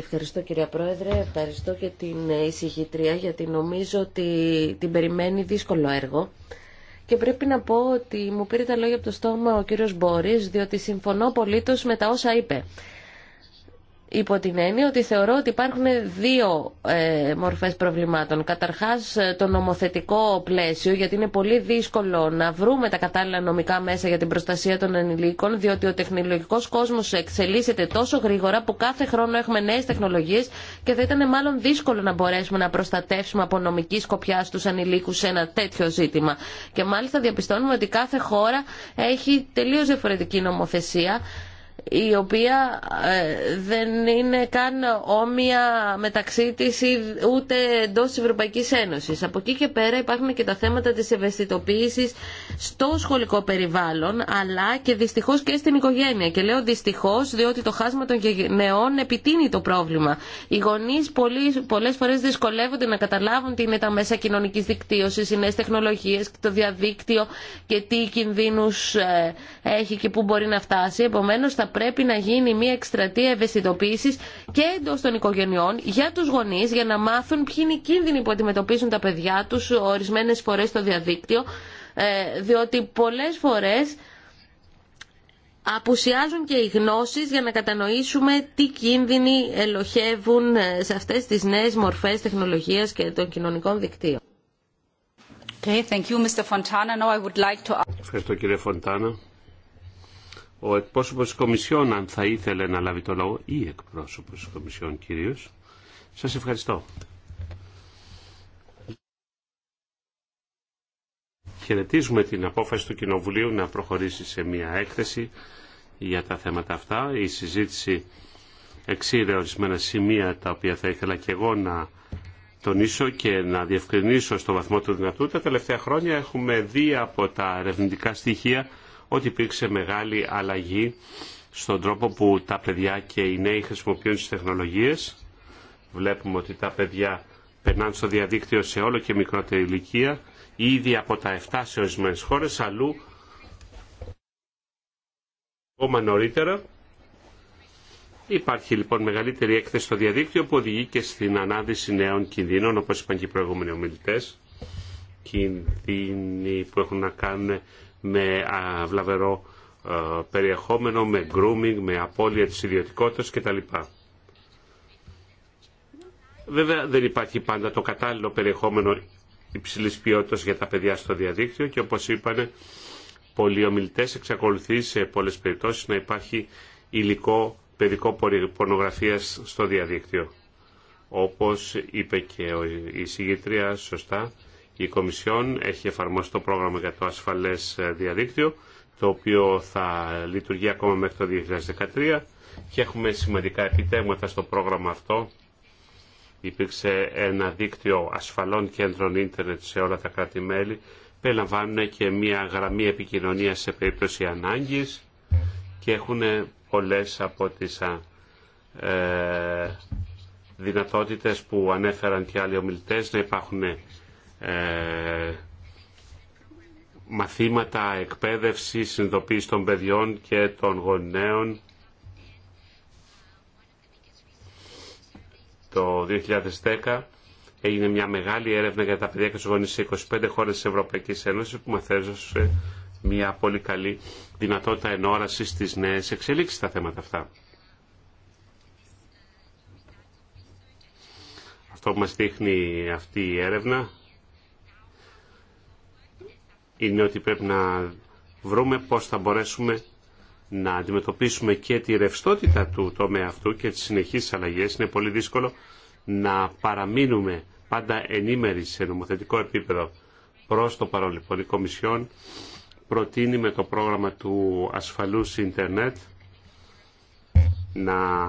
Ευχαριστώ κυρία Πρόεδρε, ευχαριστώ και την εισηγήτρια γιατί νομίζω ότι την περιμένει δύσκολο έργο και πρέπει να πω ότι μου πήρε τα λόγια από το στόμα ο κύριος Μπόρις, διότι συμφωνώ πολύ με τα όσα είπε υπό την έννοια ότι θεωρώ ότι υπάρχουν δύο ε, μορφές προβλημάτων. Καταρχάς ε, το νομοθετικό πλαίσιο, γιατί είναι πολύ δύσκολο να βρούμε τα κατάλληλα νομικά μέσα για την προστασία των ενηλίκων, διότι ο τεχνολογικός κόσμος εξελίσσεται τόσο γρήγορα που κάθε χρόνο έχουμε νέες τεχνολογίες και θα ήταν μάλλον δύσκολο να μπορέσουμε να προστατεύσουμε από νομική σκοπιά στους ανηλίκους σε ένα τέτοιο ζήτημα. Και μάλιστα διαπιστώνουμε ότι κάθε χώρα έχει τελείως διαφορετική νομοθεσία η οποία ε, δεν είναι καν όμοια μεταξύ της ούτε εντό της Ευρωπαϊκής Ένωσης. Από εκεί και πέρα υπάρχουν και τα θέματα της ευαισθητοποίησης στο σχολικό περιβάλλον αλλά και δυστυχώς και στην οικογένεια. Και λέω δυστυχώς διότι το χάσμα των γενεών επιτείνει το πρόβλημα. Οι γονείς πολλές φορές δυσκολεύονται να καταλάβουν τι είναι τα μέσα κοινωνικής δικτύωσης, οι νέες τεχνολογίες, το διαδίκτυο και τι κινδύνους ε, έχει και πού μπορεί να φτάσει. Επομένως θα πρέπει να γίνει μια εκστρατεία ευαισθητοποίησης και εντό των οικογενειών για τους γονείς για να μάθουν ποιοι είναι οι κίνδυνοι που αντιμετωπίζουν τα παιδιά τους ορισμένες φορές στο διαδίκτυο ε, διότι πολλέ φορές απουσιάζουν και οι γνώσεις για να κατανοήσουμε τι κίνδυνοι ελοχεύουν ε, σε αυτές τις νέες μορφές τεχνολογίας και των κοινωνικών δικτύων. thank you, Mr. Fontana. Now I would like to... Ευχαριστώ κύριε Φοντάνα ο εκπρόσωπος της Κομισιόν αν θα ήθελε να λάβει το λόγο ή εκπρόσωπος της Κομισιόν κυρίως. Σας ευχαριστώ. Χαιρετίζουμε την απόφαση του Κοινοβουλίου να προχωρήσει σε μια έκθεση για τα θέματα αυτά. Η συζήτηση εξήρε ορισμένα σημεία τα οποία θα ήθελα και εγώ να τονίσω και να διευκρινίσω στο βαθμό του δυνατού. Τα τελευταία χρόνια έχουμε δει από τα ερευνητικά στοιχεία ότι υπήρξε μεγάλη αλλαγή στον τρόπο που τα παιδιά και οι νέοι χρησιμοποιούν τις τεχνολογίες. Βλέπουμε ότι τα παιδιά περνάνε στο διαδίκτυο σε όλο και μικρότερη ηλικία, ήδη από τα 7 σε ορισμένε χώρες, αλλού ακόμα νωρίτερα. Υπάρχει λοιπόν μεγαλύτερη έκθεση στο διαδίκτυο που οδηγεί και στην ανάδυση νέων κινδύνων, όπως είπαν και οι προηγούμενοι ομιλητές, κινδύνοι που έχουν να κάνουν με βλαβερό ε, περιεχόμενο, με grooming, με απώλεια της ιδιωτικότητας κτλ. Βέβαια δεν υπάρχει πάντα το κατάλληλο περιεχόμενο υψηλής ποιότητας για τα παιδιά στο διαδίκτυο και όπως είπανε πολλοί ομιλητές εξακολουθεί σε πολλές περιπτώσεις να υπάρχει υλικό παιδικό πορνογραφίας στο διαδίκτυο. Όπως είπε και η συγγήτρια σωστά, η Κομισιόν έχει εφαρμόσει το πρόγραμμα για το ασφαλές ε, διαδίκτυο, το οποίο θα λειτουργεί ακόμα μέχρι το 2013 και έχουμε σημαντικά επιτέγματα στο πρόγραμμα αυτό. Υπήρξε ένα δίκτυο ασφαλών κέντρων ίντερνετ σε όλα τα κράτη-μέλη. Περιλαμβάνουν και μια γραμμή επικοινωνίας σε περίπτωση ανάγκης και έχουν πολλές από τις ε, δυνατότητες που ανέφεραν και άλλοι ομιλητές να υπάρχουν ε, μαθήματα, εκπαίδευση, συνειδητοποίηση των παιδιών και των γονέων. Το 2010 έγινε μια μεγάλη έρευνα για τα παιδιά και τους γονείς σε 25 χώρες της Ευρωπαϊκής Ένωσης που σε μια πολύ καλή δυνατότητα ενόρασης στις νέες εξελίξεις στα θέματα αυτά. Αυτό που μας δείχνει αυτή η έρευνα είναι ότι πρέπει να βρούμε πώς θα μπορέσουμε να αντιμετωπίσουμε και τη ρευστότητα του τομέα αυτού και τις συνεχείς αλλαγές. Είναι πολύ δύσκολο να παραμείνουμε πάντα ενήμεροι σε νομοθετικό επίπεδο. Προς το παρόν λοιπόν η Κομισιόν προτείνει με το πρόγραμμα του ασφαλούς ίντερνετ να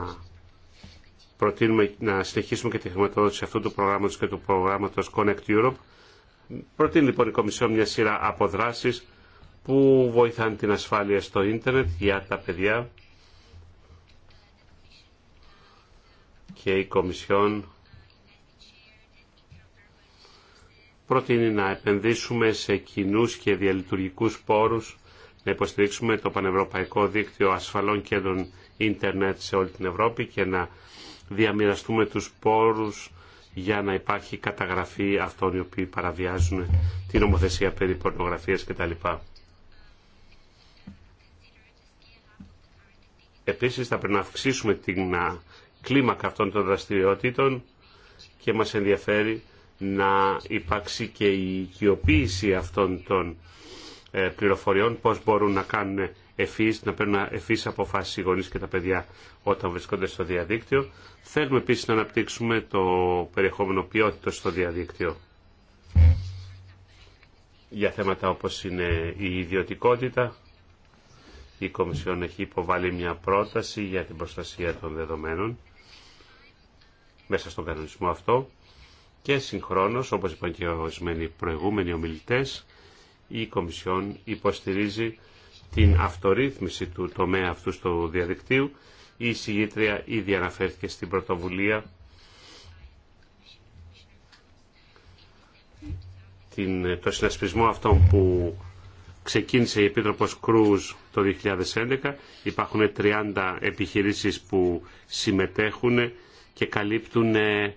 να συνεχίσουμε και τη χρηματοδότηση αυτού του προγράμματος και του προγράμματος Connect Europe Προτείνει λοιπόν η Κομισιόν μια σειρά αποδράσεις που βοηθάνε την ασφάλεια στο ίντερνετ για τα παιδιά και η Κομισιόν προτείνει να επενδύσουμε σε κοινού και διαλειτουργικούς πόρους να υποστηρίξουμε το Πανευρωπαϊκό Δίκτυο Ασφαλών Κέντρων Ιντερνετ σε όλη την Ευρώπη και να διαμοιραστούμε τους πόρους για να υπάρχει καταγραφή αυτών οι οποίοι παραβιάζουν την νομοθεσία περί πορνογραφίας κτλ. Επίσης θα πρέπει να αυξήσουμε την κλίμακα αυτών των δραστηριοτήτων και μας ενδιαφέρει να υπάρξει και η οικειοποίηση αυτών των ε, πληροφοριών, πώς μπορούν να κάνουν ευφύς, να παίρνουν ευφύς αποφάσεις οι γονείς και τα παιδιά όταν βρισκόνται στο διαδίκτυο. Θέλουμε επίσης να αναπτύξουμε το περιεχόμενο ποιότητα στο διαδίκτυο για θέματα όπως είναι η ιδιωτικότητα. Η Κομισιόν έχει υποβάλει μια πρόταση για την προστασία των δεδομένων μέσα στον κανονισμό αυτό και συγχρόνως, όπως είπαν και ορισμένοι προηγούμενοι ομιλητές, η Κομισιόν υποστηρίζει την αυτορύθμιση του τομέα αυτού στο διαδικτύου. Η συγγήτρια ήδη αναφέρθηκε στην πρωτοβουλία την, το συνασπισμό αυτών που ξεκίνησε η Επίτροπος Κρούζ το 2011. Υπάρχουν 30 επιχειρήσεις που συμμετέχουν και καλύπτουν ε,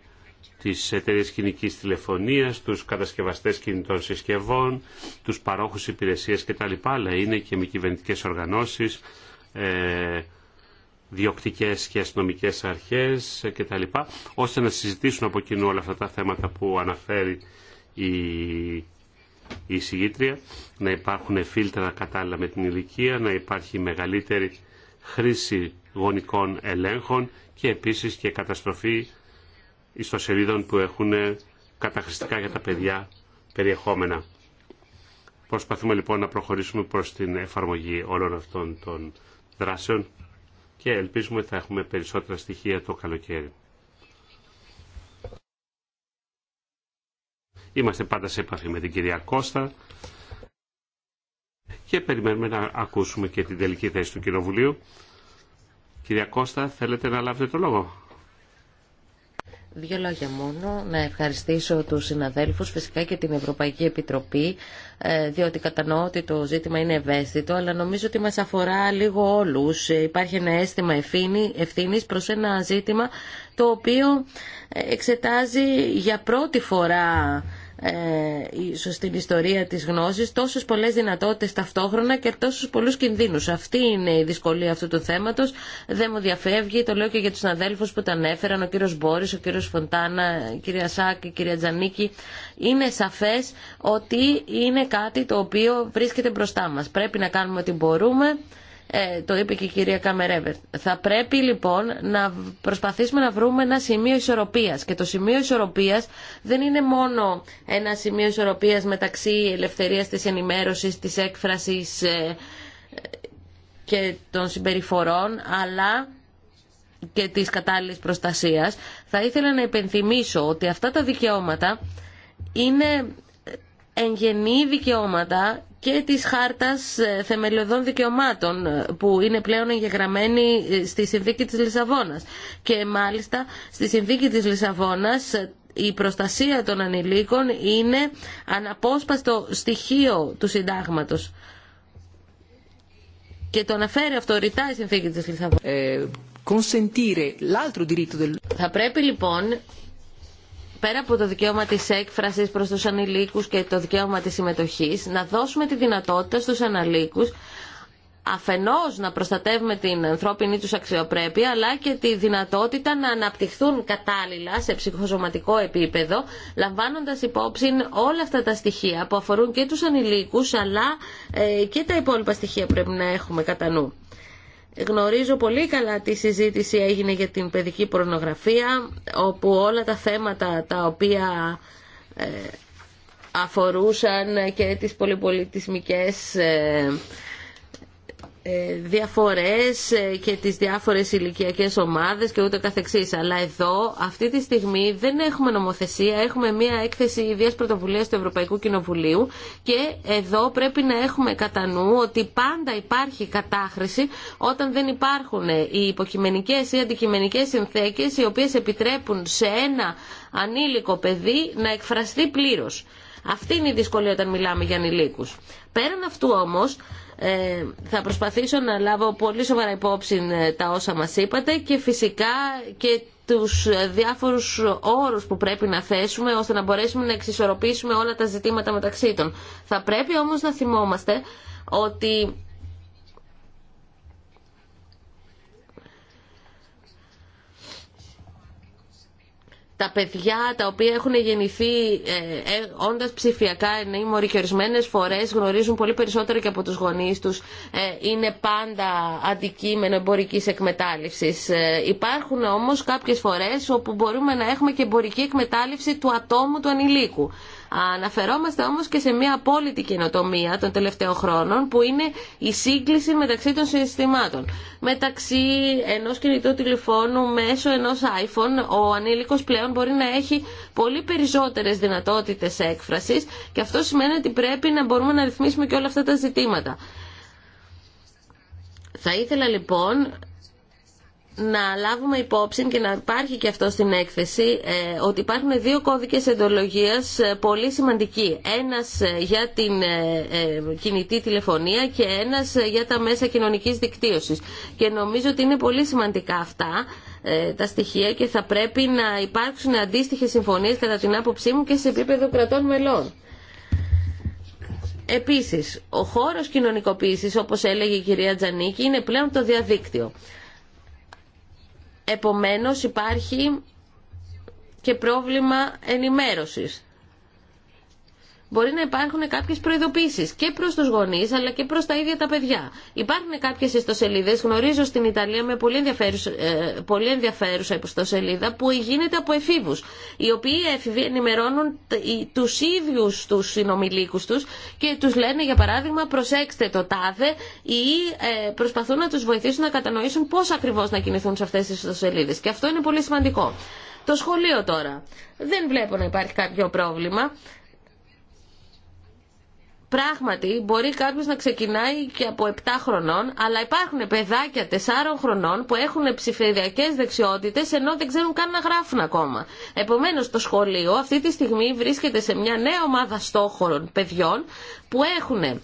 τις εταιρείες κοινικής τηλεφωνίας, τους κατασκευαστές κινητών συσκευών, τους παρόχους υπηρεσίες κτλ. Αλλά είναι και μη κυβερνητικέ οργανώσεις, ε, διοκτικές και αστυνομικέ αρχές ε, κτλ. ώστε να συζητήσουν από κοινού όλα αυτά τα θέματα που αναφέρει η, η συγγήτρια, να υπάρχουν φίλτρα κατάλληλα με την ηλικία, να υπάρχει μεγαλύτερη χρήση γονικών ελέγχων και επίσης και καταστροφή ιστοσελίδων που έχουν καταχρηστικά για τα παιδιά περιεχόμενα. Προσπαθούμε λοιπόν να προχωρήσουμε προς την εφαρμογή όλων αυτών των δράσεων και ελπίζουμε ότι θα έχουμε περισσότερα στοιχεία το καλοκαίρι. Είμαστε πάντα σε επαφή με την κυρία Κώστα και περιμένουμε να ακούσουμε και την τελική θέση του Κοινοβουλίου. Κυρία Κώστα, θέλετε να λάβετε το λόγο. Δύο λόγια μόνο. Να ευχαριστήσω τους συναδέλφους, φυσικά και την Ευρωπαϊκή Επιτροπή, ε, διότι κατανοώ ότι το ζήτημα είναι ευαίσθητο, αλλά νομίζω ότι μας αφορά λίγο όλους. Ε, υπάρχει ένα αίσθημα ευθύνη προς ένα ζήτημα το οποίο ε, εξετάζει για πρώτη φορά ε, στην ιστορία της γνώσης τόσες πολλές δυνατότητες ταυτόχρονα και τόσους πολλούς κινδύνους. Αυτή είναι η δυσκολία αυτού του θέματος. Δεν μου διαφεύγει, το λέω και για τους αδέλφους που τα ανέφεραν, ο κύριος Μπόρης, ο κύριος Φοντάνα, η κυρία Σάκη, η κυρία Τζανίκη. Είναι σαφές ότι είναι κάτι το οποίο βρίσκεται μπροστά μας. Πρέπει να κάνουμε ό,τι μπορούμε. Ε, το είπε και η κυρία Καμερέβερ. Θα πρέπει λοιπόν να προσπαθήσουμε να βρούμε ένα σημείο ισορροπίας και το σημείο ισορροπίας δεν είναι μόνο ένα σημείο ισορροπίας μεταξύ ελευθερίας της ενημέρωσης, της έκφρασης ε, και των συμπεριφορών αλλά και της κατάλληλης προστασίας. Θα ήθελα να υπενθυμίσω ότι αυτά τα δικαιώματα είναι εγγενή δικαιώματα και της Χάρτας ε, Θεμελιωδών Δικαιωμάτων ε, που είναι πλέον εγγεγραμμένη ε, στη Συνθήκη της Λισαβόνας. Και μάλιστα στη Συνθήκη της Λισαβόνας η προστασία των ανηλίκων είναι αναπόσπαστο στοιχείο του συντάγματος. Και το αναφέρει αυτό ρητά η συνθήκη της Λισαβόνας. θα πρέπει λοιπόν πέρα από το δικαίωμα της έκφρασης προς τους ανηλίκους και το δικαίωμα της συμμετοχής, να δώσουμε τη δυνατότητα στους ανηλίκους αφενός να προστατεύουμε την ανθρώπινη τους αξιοπρέπεια αλλά και τη δυνατότητα να αναπτυχθούν κατάλληλα σε ψυχοσωματικό επίπεδο λαμβάνοντας υπόψη όλα αυτά τα στοιχεία που αφορούν και τους ανηλίκους αλλά ε, και τα υπόλοιπα στοιχεία που πρέπει να έχουμε κατά νου. Γνωρίζω πολύ καλά τι συζήτηση έγινε για την παιδική πορνογραφία, όπου όλα τα θέματα τα οποία ε, αφορούσαν και τις πολυπολιτισμικές ε, ε, διαφορές ε, και τις διάφορες ηλικιακές ομάδες και ούτε καθεξής. Αλλά εδώ αυτή τη στιγμή δεν έχουμε νομοθεσία, έχουμε μία έκθεση ιδίας πρωτοβουλίας του Ευρωπαϊκού Κοινοβουλίου και εδώ πρέπει να έχουμε κατά νου ότι πάντα υπάρχει κατάχρηση όταν δεν υπάρχουν οι υποκειμενικές ή αντικειμενικές συνθήκες οι οποίες επιτρέπουν σε ένα ανήλικο παιδί να εκφραστεί πλήρως. Αυτή είναι η δυσκολία όταν μιλάμε για ανηλίκους. Πέραν αυτού όμως, ε, θα προσπαθήσω να λάβω πολύ σοβαρά υπόψη ε, τα όσα μας είπατε και φυσικά και τους ε, διάφορους όρους που πρέπει να θέσουμε ώστε να μπορέσουμε να εξισορροπήσουμε όλα τα ζητήματα μεταξύ των. Θα πρέπει όμως να θυμόμαστε ότι τα παιδιά τα οποία έχουν γεννηθεί ε, ε όντας ψηφιακά ενήμοροι και ορισμένε φορές γνωρίζουν πολύ περισσότερο και από τους γονείς τους ε, είναι πάντα αντικείμενο εμπορικής εκμετάλλευσης. Ε, υπάρχουν όμως κάποιες φορές όπου μπορούμε να έχουμε και εμπορική εκμετάλλευση του ατόμου του ανηλίκου. Αναφερόμαστε όμως και σε μια απόλυτη καινοτομία των τελευταίων χρόνων που είναι η σύγκληση μεταξύ των συστημάτων. Μεταξύ ενός κινητού τηλεφώνου μέσω ενός iPhone ο ανήλικος πλέον μπορεί να έχει πολύ περισσότερες δυνατότητες έκφρασης και αυτό σημαίνει ότι πρέπει να μπορούμε να ρυθμίσουμε και όλα αυτά τα ζητήματα. Θα ήθελα λοιπόν να λάβουμε υπόψη και να υπάρχει και αυτό στην έκθεση ε, ότι υπάρχουν δύο κώδικες εντολογίας ε, πολύ σημαντικοί. Ένας ε, για την κινητή τηλεφωνία και ένας για τα μέσα κοινωνικής δικτύωσης. Και νομίζω ότι είναι πολύ σημαντικά αυτά τα στοιχεία και θα πρέπει να υπάρξουν αντίστοιχες συμφωνίες κατά την άποψή μου και σε επίπεδο κρατών μελών. Επίσης, ο χώρος κοινωνικοποίησης, όπως έλεγε η κυρία Τζανίκη, είναι πλέον το διαδίκτυο. Επομένως υπάρχει και πρόβλημα ενημέρωσης μπορεί να υπάρχουν κάποιε προειδοποίησει και προ του γονεί, αλλά και προ τα ίδια τα παιδιά. Υπάρχουν κάποιε ιστοσελίδε, γνωρίζω στην Ιταλία με πολύ ενδιαφέρουσα, ε, πολύ ενδιαφέρουσα ιστοσελίδα που γίνεται από εφήβου. οι οποίοι εφήβοι ενημερώνουν του ίδιου του συνομιλίκου του και του λένε για παράδειγμα προσέξτε το τάδε ή ε, προσπαθούν να του βοηθήσουν να κατανοήσουν πώ ακριβώ να κινηθούν σε αυτέ τι ιστοσελίδε. Και αυτό είναι πολύ σημαντικό. Το σχολείο τώρα. Δεν βλέπω να υπάρχει κάποιο πρόβλημα. Πράγματι, μπορεί κάποιο να ξεκινάει και από 7 χρονών, αλλά υπάρχουν παιδάκια 4 χρονών που έχουν ψηφιακέ δεξιότητε ενώ δεν ξέρουν καν να γράφουν ακόμα. Επομένω, το σχολείο αυτή τη στιγμή βρίσκεται σε μια νέα ομάδα στόχων παιδιών που έχουν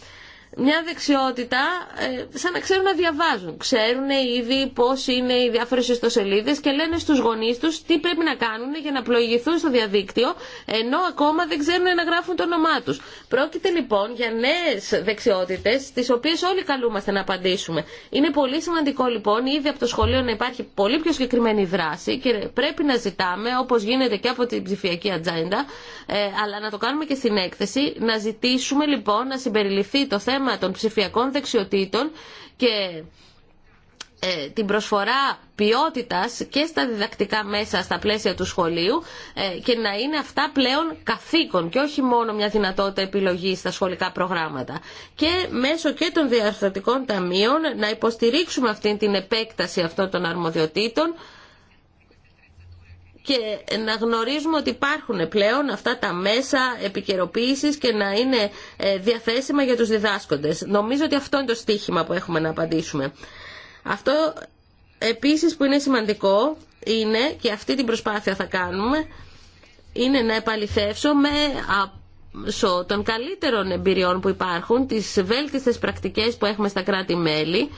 μια δεξιότητα ε, σαν να ξέρουν να διαβάζουν. Ξέρουν ήδη πώ είναι οι διάφορε ιστοσελίδε και λένε στου γονεί του τι πρέπει να κάνουν για να πλοηγηθούν στο διαδίκτυο ενώ ακόμα δεν ξέρουν να γράφουν το όνομά του. Πρόκειται λοιπόν για νέε δεξιότητε, τι οποίε όλοι καλούμαστε να απαντήσουμε. Είναι πολύ σημαντικό λοιπόν ήδη από το σχολείο να υπάρχει πολύ πιο συγκεκριμένη δράση και πρέπει να ζητάμε όπω γίνεται και από την ψηφιακή ατζέντα ε, αλλά να το κάνουμε και στην έκθεση να ζητήσουμε λοιπόν να συμπεριληφθεί το θέμα θέμα των ψηφιακών δεξιοτήτων και ε, την προσφορά ποιότητας και στα διδακτικά μέσα στα πλαίσια του σχολείου ε, και να είναι αυτά πλέον καθήκον και όχι μόνο μια δυνατότητα επιλογής στα σχολικά προγράμματα. Και μέσω και των διαρθρωτικών ταμείων να υποστηρίξουμε αυτή την επέκταση αυτών των αρμοδιοτήτων και να γνωρίζουμε ότι υπάρχουν πλέον αυτά τα μέσα επικαιροποίησης και να είναι ε, διαθέσιμα για τους διδάσκοντες. Νομίζω ότι αυτό είναι το στίχημα που έχουμε να απαντήσουμε. Αυτό επίσης που είναι σημαντικό είναι, και αυτή την προσπάθεια θα κάνουμε, είναι να επαληθεύσω με των καλύτερων εμπειριών που υπάρχουν, τις βέλτιστες πρακτικές που έχουμε στα κράτη-μέλη,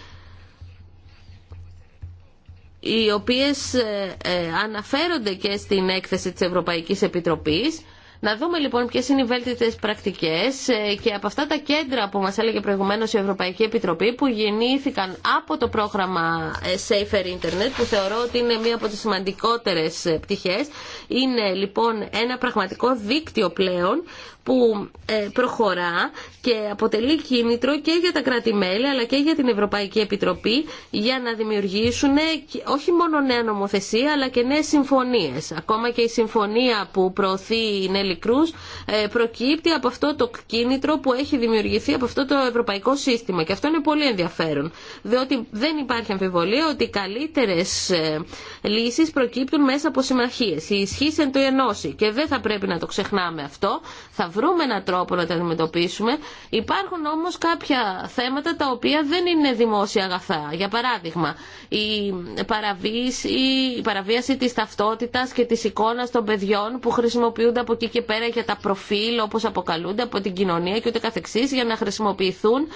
οι οποίες ε, ε, αναφέρονται και στην έκθεση της Ευρωπαϊκής Επιτροπής. Να δούμε λοιπόν ποιες είναι οι βέλτιτες πρακτικές ε, και από αυτά τα κέντρα που μας έλεγε προηγουμένως η Ευρωπαϊκή Επιτροπή που γεννήθηκαν από το πρόγραμμα Safer Internet που θεωρώ ότι είναι μία από τις σημαντικότερες πτυχές είναι λοιπόν ένα πραγματικό δίκτυο πλέον που ε, προχωρά και αποτελεί κίνητρο και για τα κράτη-μέλη αλλά και για την Ευρωπαϊκή Επιτροπή για να δημιουργήσουν όχι μόνο νέα νομοθεσία αλλά και νέες συμφωνίες. Ακόμα και η συμφωνία που προωθεί η Νέλη Κρούς ε, προκύπτει από αυτό το κίνητρο που έχει δημιουργηθεί από αυτό το ευρωπαϊκό σύστημα και αυτό είναι πολύ ενδιαφέρον διότι δεν υπάρχει αμφιβολία ότι οι καλύτερες ε, λύσεις προκύπτουν μέσα από συμμαχίες. Η ισχύς εν το και δεν θα πρέπει να το ξεχνάμε αυτό θα βρούμε έναν τρόπο να τα αντιμετωπίσουμε. Υπάρχουν όμως κάποια θέματα τα οποία δεν είναι δημόσια αγαθά. Για παράδειγμα, η παραβίαση, η παραβίαση της ταυτότητας και της εικόνας των παιδιών που χρησιμοποιούνται από εκεί και πέρα για τα προφίλ όπως αποκαλούνται από την κοινωνία και ούτε καθεξής για να χρησιμοποιηθούν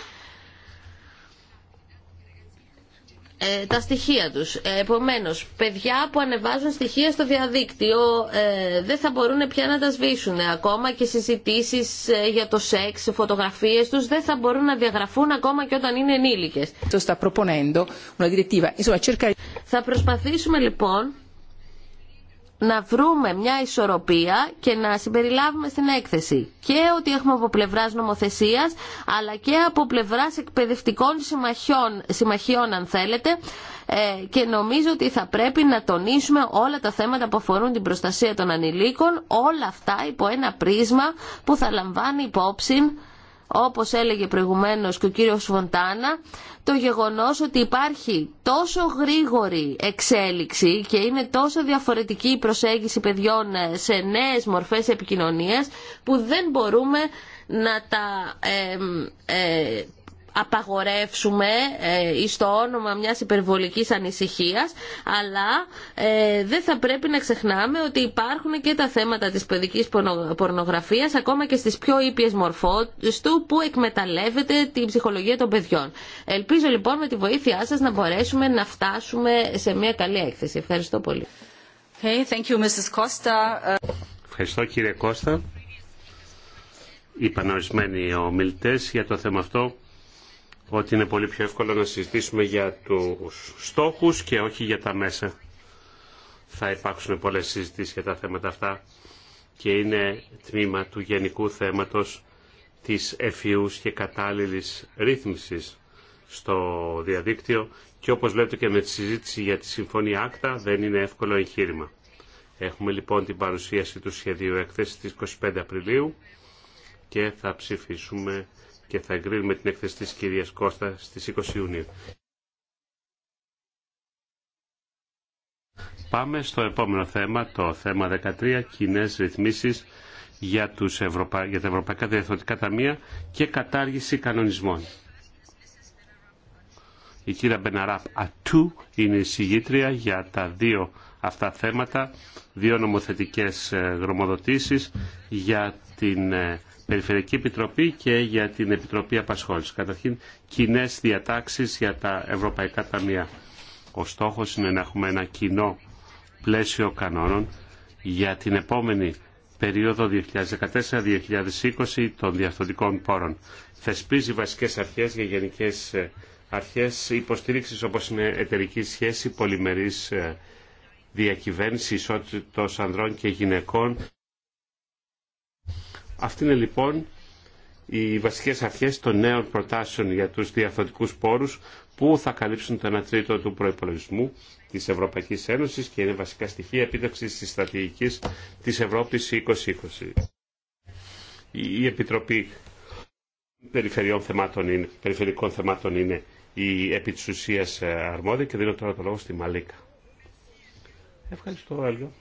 Ε, τα στοιχεία τους. Ε, επομένως, παιδιά που ανεβάζουν στοιχεία στο διαδίκτυο ε, δεν θα μπορούν πια να τα σβήσουν. Ακόμα και συζητήσεις για το σεξ, φωτογραφίες τους δεν θα μπορούν να διαγραφούν ακόμα και όταν είναι ενήλικες. Θα προσπαθήσουμε λοιπόν να βρούμε μια ισορροπία και να συμπεριλάβουμε στην έκθεση και ότι έχουμε από πλευράς νομοθεσίας αλλά και από πλευράς εκπαιδευτικών συμμαχιών, συμμαχιών αν θέλετε ε, και νομίζω ότι θα πρέπει να τονίσουμε όλα τα θέματα που αφορούν την προστασία των ανηλίκων όλα αυτά υπό ένα πρίσμα που θα λαμβάνει υπόψη όπως έλεγε προηγουμένως και ο κύριος Φοντάνα, το γεγονός ότι υπάρχει τόσο γρήγορη εξέλιξη και είναι τόσο διαφορετική η προσέγγιση παιδιών ε, σε νέες μορφές επικοινωνίας που δεν μπορούμε να τα ε, ε, απαγορεύσουμε ε, στο όνομα μιας υπερβολικής ανησυχίας, αλλά ε, δεν θα πρέπει να ξεχνάμε ότι υπάρχουν και τα θέματα της παιδικής πορνογραφίας, ακόμα και στις πιο ήπιες μορφές του, που εκμεταλλεύεται την ψυχολογία των παιδιών. Ελπίζω λοιπόν με τη βοήθειά σας να μπορέσουμε να φτάσουμε σε μια καλή έκθεση. Ευχαριστώ πολύ. Hey, thank you, Mrs. Costa. Ευχαριστώ κύριε Κώστα. Υπανορισμένοι για το θέμα αυτό ότι είναι πολύ πιο εύκολο να συζητήσουμε για τους στόχους και όχι για τα μέσα. Θα υπάρξουν πολλές συζητήσεις για τα θέματα αυτά και είναι τμήμα του γενικού θέματος της εφιούς και κατάλληλης ρύθμισης στο διαδίκτυο και όπως βλέπετε και με τη συζήτηση για τη Συμφωνία Άκτα δεν είναι εύκολο εγχείρημα. Έχουμε λοιπόν την παρουσίαση του σχεδίου έκθεση της 25 Απριλίου και θα ψηφίσουμε και θα εγκρίνουμε την έκθεση της κυρίας Κώστα στις 20 Ιουνίου. Πάμε στο επόμενο θέμα, το θέμα 13, κοινέ ρυθμίσεις για, τους Ευρωπα... για τα Ευρωπαϊκά Διεθνωτικά Ταμεία και κατάργηση κανονισμών. Η κυρία Μπεναράπ Ατού είναι η συγγήτρια για τα δύο αυτά θέματα, δύο νομοθετικές ε, γνωμοδοτήσεις για την ε, Περιφερειακή Επιτροπή και για την Επιτροπή Απασχόληση. Καταρχήν, κοινέ διατάξει για τα Ευρωπαϊκά Ταμεία. Ο στόχο είναι να έχουμε ένα κοινό πλαίσιο κανόνων για την επόμενη περίοδο 2014-2020 των διαφθορτικών πόρων. Θεσπίζει βασικές αρχές για γενικές ε, αρχές υποστήριξης όπω είναι εταιρική σχέση, πολυμερής ε, διακυβέρνηση, ισότητα ανδρών και γυναικών, αυτή είναι λοιπόν οι βασικές αρχές των νέων προτάσεων για τους διαφορετικούς πόρους που θα καλύψουν το 1 τρίτο του προϋπολογισμού της Ευρωπαϊκής Ένωσης και είναι βασικά στοιχεία επίδοξης της στρατηγικής της Ευρώπης 2020. Η Επιτροπή Περιφερειών θεμάτων είναι, Περιφερικών Θεμάτων είναι η επί της ε, αρμόδια και δίνω τώρα το λόγο στη Μαλίκα. Ευχαριστώ, Άλιο.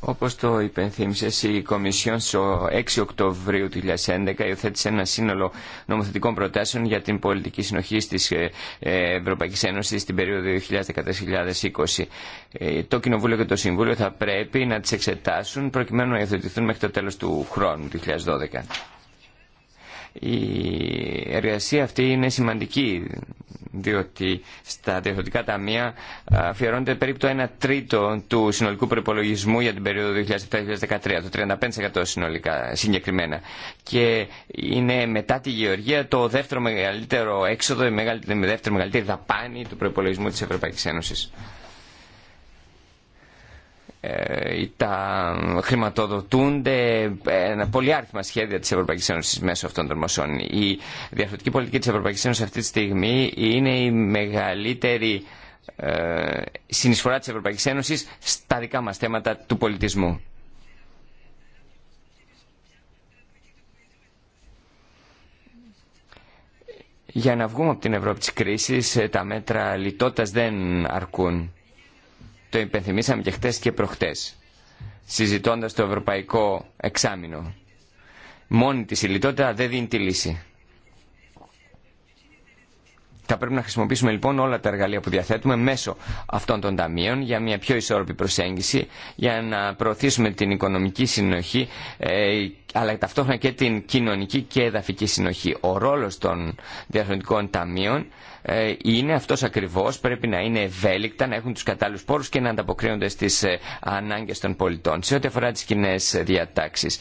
Όπως το υπενθύμισες, η Κομισιόν στο 6 Οκτωβρίου του 2011 υιοθέτησε ένα σύνολο νομοθετικών προτάσεων για την πολιτική συνοχή της ε, ε, Ευρωπαϊκής Ένωσης στην περίοδο 2014-2020. Ε, το Κοινοβούλιο και το Συμβούλιο θα πρέπει να τις εξετάσουν προκειμένου να υιοθετηθούν μέχρι το τέλος του χρόνου του 2012. Η εργασία αυτή είναι σημαντική διότι στα διευθυντικά ταμεία αφιερώνεται περίπου το 1 τρίτο του συνολικού προπολογισμού για την περίοδο 2007-2013, το 35% συνολικά συγκεκριμένα. Και είναι μετά τη Γεωργία το δεύτερο μεγαλύτερο έξοδο, η δεύτερη μεγαλύτερη δαπάνη του προπολογισμού της Ευρωπαϊκής Ένωσης. Ε, τα χρηματοδοτούνται ε, πολύ άριθμα σχέδια της Ευρωπαϊκής Ένωσης μέσω αυτών των μοσών. Η διαφορετική πολιτική της Ευρωπαϊκής Ένωσης αυτή τη στιγμή είναι η μεγαλύτερη ε, συνεισφορά της Ευρωπαϊκής Ένωσης στα δικά μας θέματα του πολιτισμού. Για να βγούμε από την Ευρώπη της κρίσης, τα μέτρα λιτότητας δεν αρκούν το υπενθυμίσαμε και χτες και προχτές, συζητώντας το ευρωπαϊκό εξάμεινο. Μόνη τη η δεν δίνει τη λύση. Θα πρέπει να χρησιμοποιήσουμε λοιπόν όλα τα εργαλεία που διαθέτουμε μέσω αυτών των ταμείων για μια πιο ισόρροπη προσέγγιση, για να προωθήσουμε την οικονομική συνοχή, ε, αλλά ταυτόχρονα και την κοινωνική και εδαφική συνοχή. Ο ρόλος των διαχρονικών ταμείων ε, είναι αυτός ακριβώς, πρέπει να είναι ευέλικτα, να έχουν τους κατάλληλους πόρους και να ανταποκρίνονται στις ε, ανάγκες των πολιτών. Σε ό,τι αφορά τις κοινέ διατάξεις,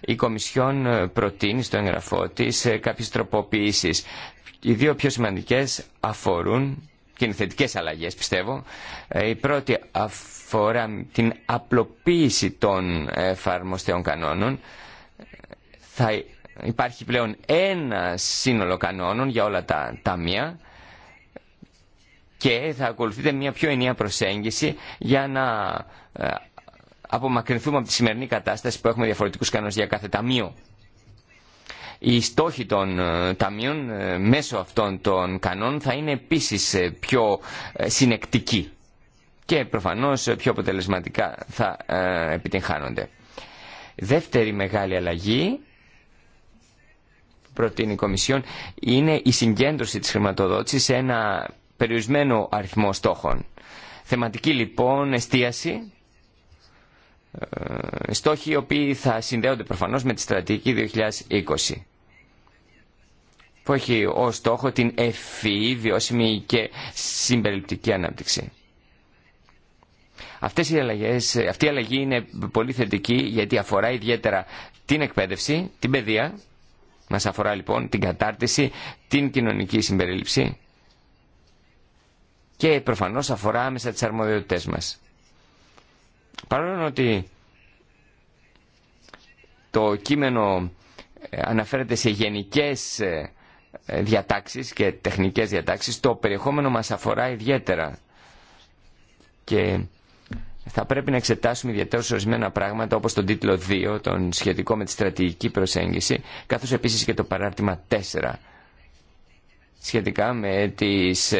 η Κομισιόν ε, προτείνει στο εγγραφό της κάποιες τροποποιήσεις. Οι δύο πιο σημαντικές αφορούν και είναι θετικέ αλλαγές πιστεύω. Η πρώτη αφορά την απλοποίηση των εφαρμοστέων κανόνων. Θα υπάρχει πλέον ένα σύνολο κανόνων για όλα τα ταμεία και θα ακολουθείτε μια πιο ενιαία προσέγγιση για να ε, απομακρυνθούμε από τη σημερινή κατάσταση που έχουμε διαφορετικούς κανόνες για κάθε ταμείο. Οι στόχοι των ε, ταμείων ε, μέσω αυτών των κανόνων θα είναι επίσης πιο συνεκτικοί και προφανώς πιο αποτελεσματικά θα επιτυγχάνονται. Δεύτερη μεγάλη αλλαγή προτείνει η Κομισιόν είναι η συγκέντρωση της χρηματοδότησης σε ένα περιορισμένο αριθμό στόχων. Θεματική λοιπόν εστίαση, ε, στόχοι οι οποίοι θα συνδέονται προφανώς με τη στρατηγική 2020 που έχει ως στόχο την ευφυή, βιώσιμη και συμπεριληπτική ανάπτυξη. Αυτές οι αλλαγές, αυτή η αλλαγή είναι πολύ θετική γιατί αφορά ιδιαίτερα την εκπαίδευση, την παιδεία, μας αφορά λοιπόν την κατάρτιση, την κοινωνική συμπερίληψη και προφανώς αφορά άμεσα τις αρμοδιότητές μας. Παρόλο ότι το κείμενο ε, αναφέρεται σε γενικές ε, ε, διατάξεις και τεχνικές διατάξεις, το περιεχόμενο μας αφορά ιδιαίτερα και θα πρέπει να εξετάσουμε ιδιαίτερα ορισμένα πράγματα όπως τον τίτλο 2, τον σχετικό με τη στρατηγική προσέγγιση, καθώς επίσης και το παράρτημα 4 σχετικά με τις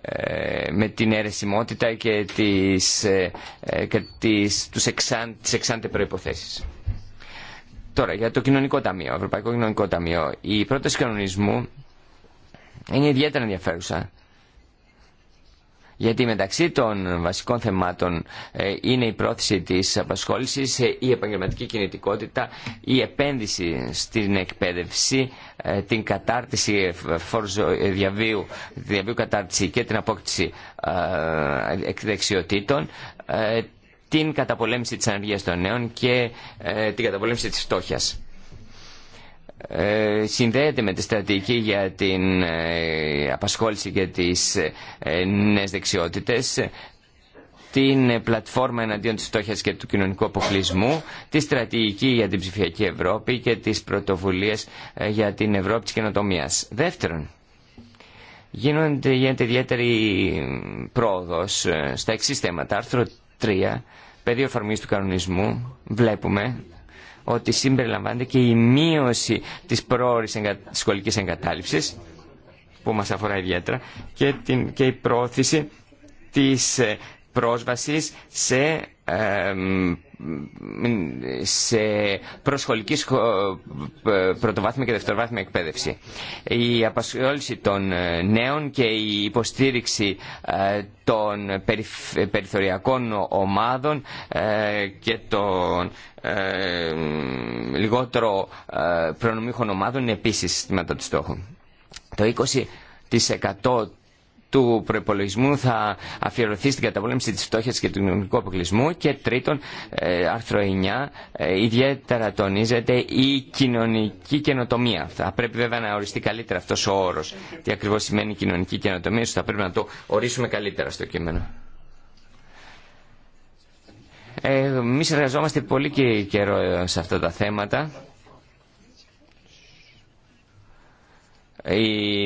ε, με την αιρεσιμότητα και, τις, ε, ε, τις, τους εξάν, εξάντε προϋποθέσεις. Τώρα, για το κοινωνικό ταμείο, Ευρωπαϊκό Κοινωνικό Ταμείο, η πρόταση κανονισμού είναι ιδιαίτερα ενδιαφέρουσα γιατί μεταξύ των βασικών θεμάτων ε, είναι η πρόθεση της απασχόλησης, ε, η επαγγελματική κινητικότητα, η επένδυση στην εκπαίδευση, ε, την κατάρτιση διαβίου, διαβίου κατάρτιση και την απόκτηση δεξιοτήτων, την καταπολέμηση της ανεργίας των νέων και την καταπολέμηση της φτώχειας. Ε, συνδέεται με τη στρατηγική για την ε, απασχόληση και τις ε, νέες δεξιότητες, την πλατφόρμα εναντίον της φτώχειας και του κοινωνικού αποκλεισμού, τη στρατηγική για την ψηφιακή Ευρώπη και τις πρωτοβουλίες για την Ευρώπη της καινοτομίας. Δεύτερον, γίνονται, γίνεται ιδιαίτερη πρόοδος στα εξής θέματα. Άρθρο 3, πεδίο εφαρμογής του κανονισμού, βλέπουμε ότι συμπεριλαμβάνεται και η μείωση της πρόορης εγκα... σχολικής εγκατάλειψης που μας αφορά ιδιαίτερα και, την... και η πρόθεση της ε, πρόσβασης σε σε προσχολική ε, πρωτοβάθμια και δευτεροβάθμια εκπαίδευση. Η απασχόληση των ε, νέων και η υποστήριξη ε, των περιθωριακών ομάδων και των λιγότερο προνομίχων ομάδων είναι επίσης συστήματα του στόχου. Το 20% του προπολογισμού θα αφιερωθεί στην καταπολέμηση της φτώχεια και του κοινωνικού αποκλεισμού και τρίτον, ε, άρθρο 9, ε, ιδιαίτερα τονίζεται η κοινωνική καινοτομία. Θα πρέπει βέβαια να οριστεί καλύτερα αυτό ο όρο. Τι ακριβώ σημαίνει κοινωνική καινοτομία, Σω θα πρέπει να το ορίσουμε καλύτερα στο κείμενο. Ε, Εμεί εργαζόμαστε πολύ καιρό σε αυτά τα θέματα Ε,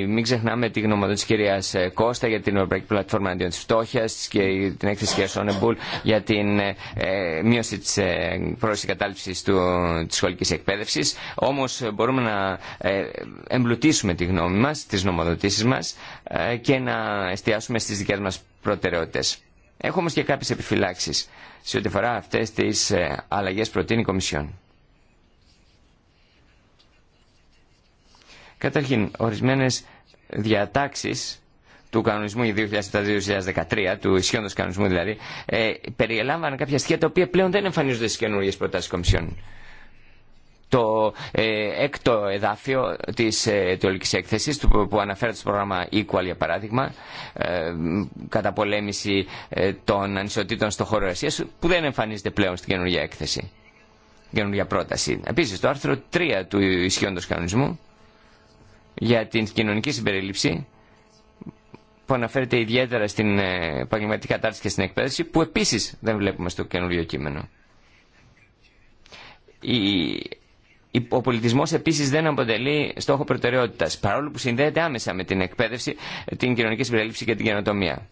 μην ξεχνάμε τη γνωμοδότηση τη κυρία ε, Κώστα για την Ευρωπαϊκή Πλατφόρμα Αντίον τη Φτώχεια και την έκθεση τη κυρία Σόνεμπουλ για την ε, μείωση τη ε, πρόορη κατάληψη τη σχολική εκπαίδευση. Όμω μπορούμε να εμπλουτίσουμε τη γνώμη μα, τι νομοδοτήσει μα και να εστιάσουμε στι δικέ μα προτεραιότητε. Έχω όμω και κάποιε επιφυλάξει σε ό,τι αφορά αυτέ τι αλλαγέ προτείνει η Κομισιόν. Καταρχήν, ορισμένε διατάξει του κανονισμού 2007-2013, του ισχύοντος κανονισμού δηλαδή, ε, περιελάμβαναν κάποια στοιχεία τα οποία πλέον δεν εμφανίζονται στι καινούργιε προτάσει κομισιών. Το ε, έκτο εδάφιο τη ε, έκθεση, που αναφέρεται στο πρόγραμμα Equal για παράδειγμα ε, πολέμηση ε, των ανισοτήτων στο χώρο εργασίας που δεν εμφανίζεται πλέον στην καινούργια έκθεση, καινούργια πρόταση. Επίση, το άρθρο 3 του ισχύοντο κανονισμού για την κοινωνική συμπερίληψη που αναφέρεται ιδιαίτερα στην ε, επαγγελματική κατάρτιση και στην εκπαίδευση που επίσης δεν βλέπουμε στο καινούριο κείμενο. Ο πολιτισμό επίση δεν αποτελεί στόχο προτεραιότητα, παρόλο που συνδέεται άμεσα με την εκπαίδευση, την κοινωνική συμπερίληψη και την καινοτομία.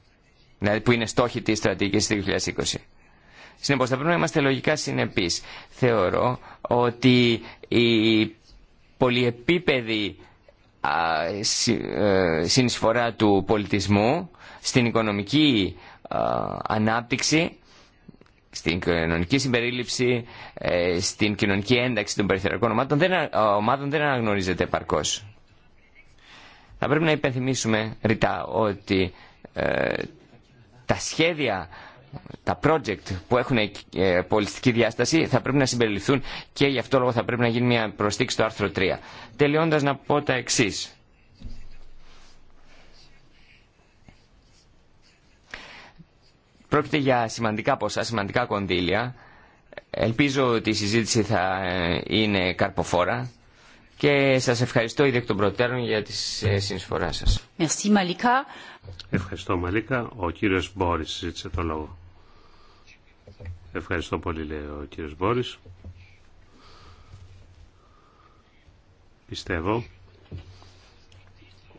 Δηλαδή, που είναι στόχοι τη στρατηγική 2020. Συνεπώ, θα πρέπει να είμαστε λογικά συνεπεί. Θεωρώ ότι η πολυεπίπεδη ε, συνεισφορά του πολιτισμού στην οικονομική ανάπτυξη, στην κοινωνική συμπερίληψη, ε, στην κοινωνική ένταξη των περιφερειακών ομάδων δεν, ε, ομάδων δεν αναγνωρίζεται επαρκώς. Θα πρέπει να υπενθυμίσουμε ρητά ότι τα σχέδια τα project που έχουν ε, πολιτιστική διάσταση θα πρέπει να συμπεριληφθούν και γι' αυτό λόγο θα πρέπει να γίνει μια προσθήκη στο άρθρο 3. Τελειώντας να πω τα εξής. Πρόκειται για σημαντικά ποσά, σημαντικά κονδύλια. Ελπίζω ότι η συζήτηση θα ε, είναι καρποφόρα και σας ευχαριστώ ήδη εκ των προτέρων για τη ε, συνεισφορά σας. Ευχαριστώ Μαλίκα. Ο κύριος Μπόρις ζήτησε το λόγο. Ευχαριστώ πολύ, λέει ο κύριος Μπόρης. Πιστεύω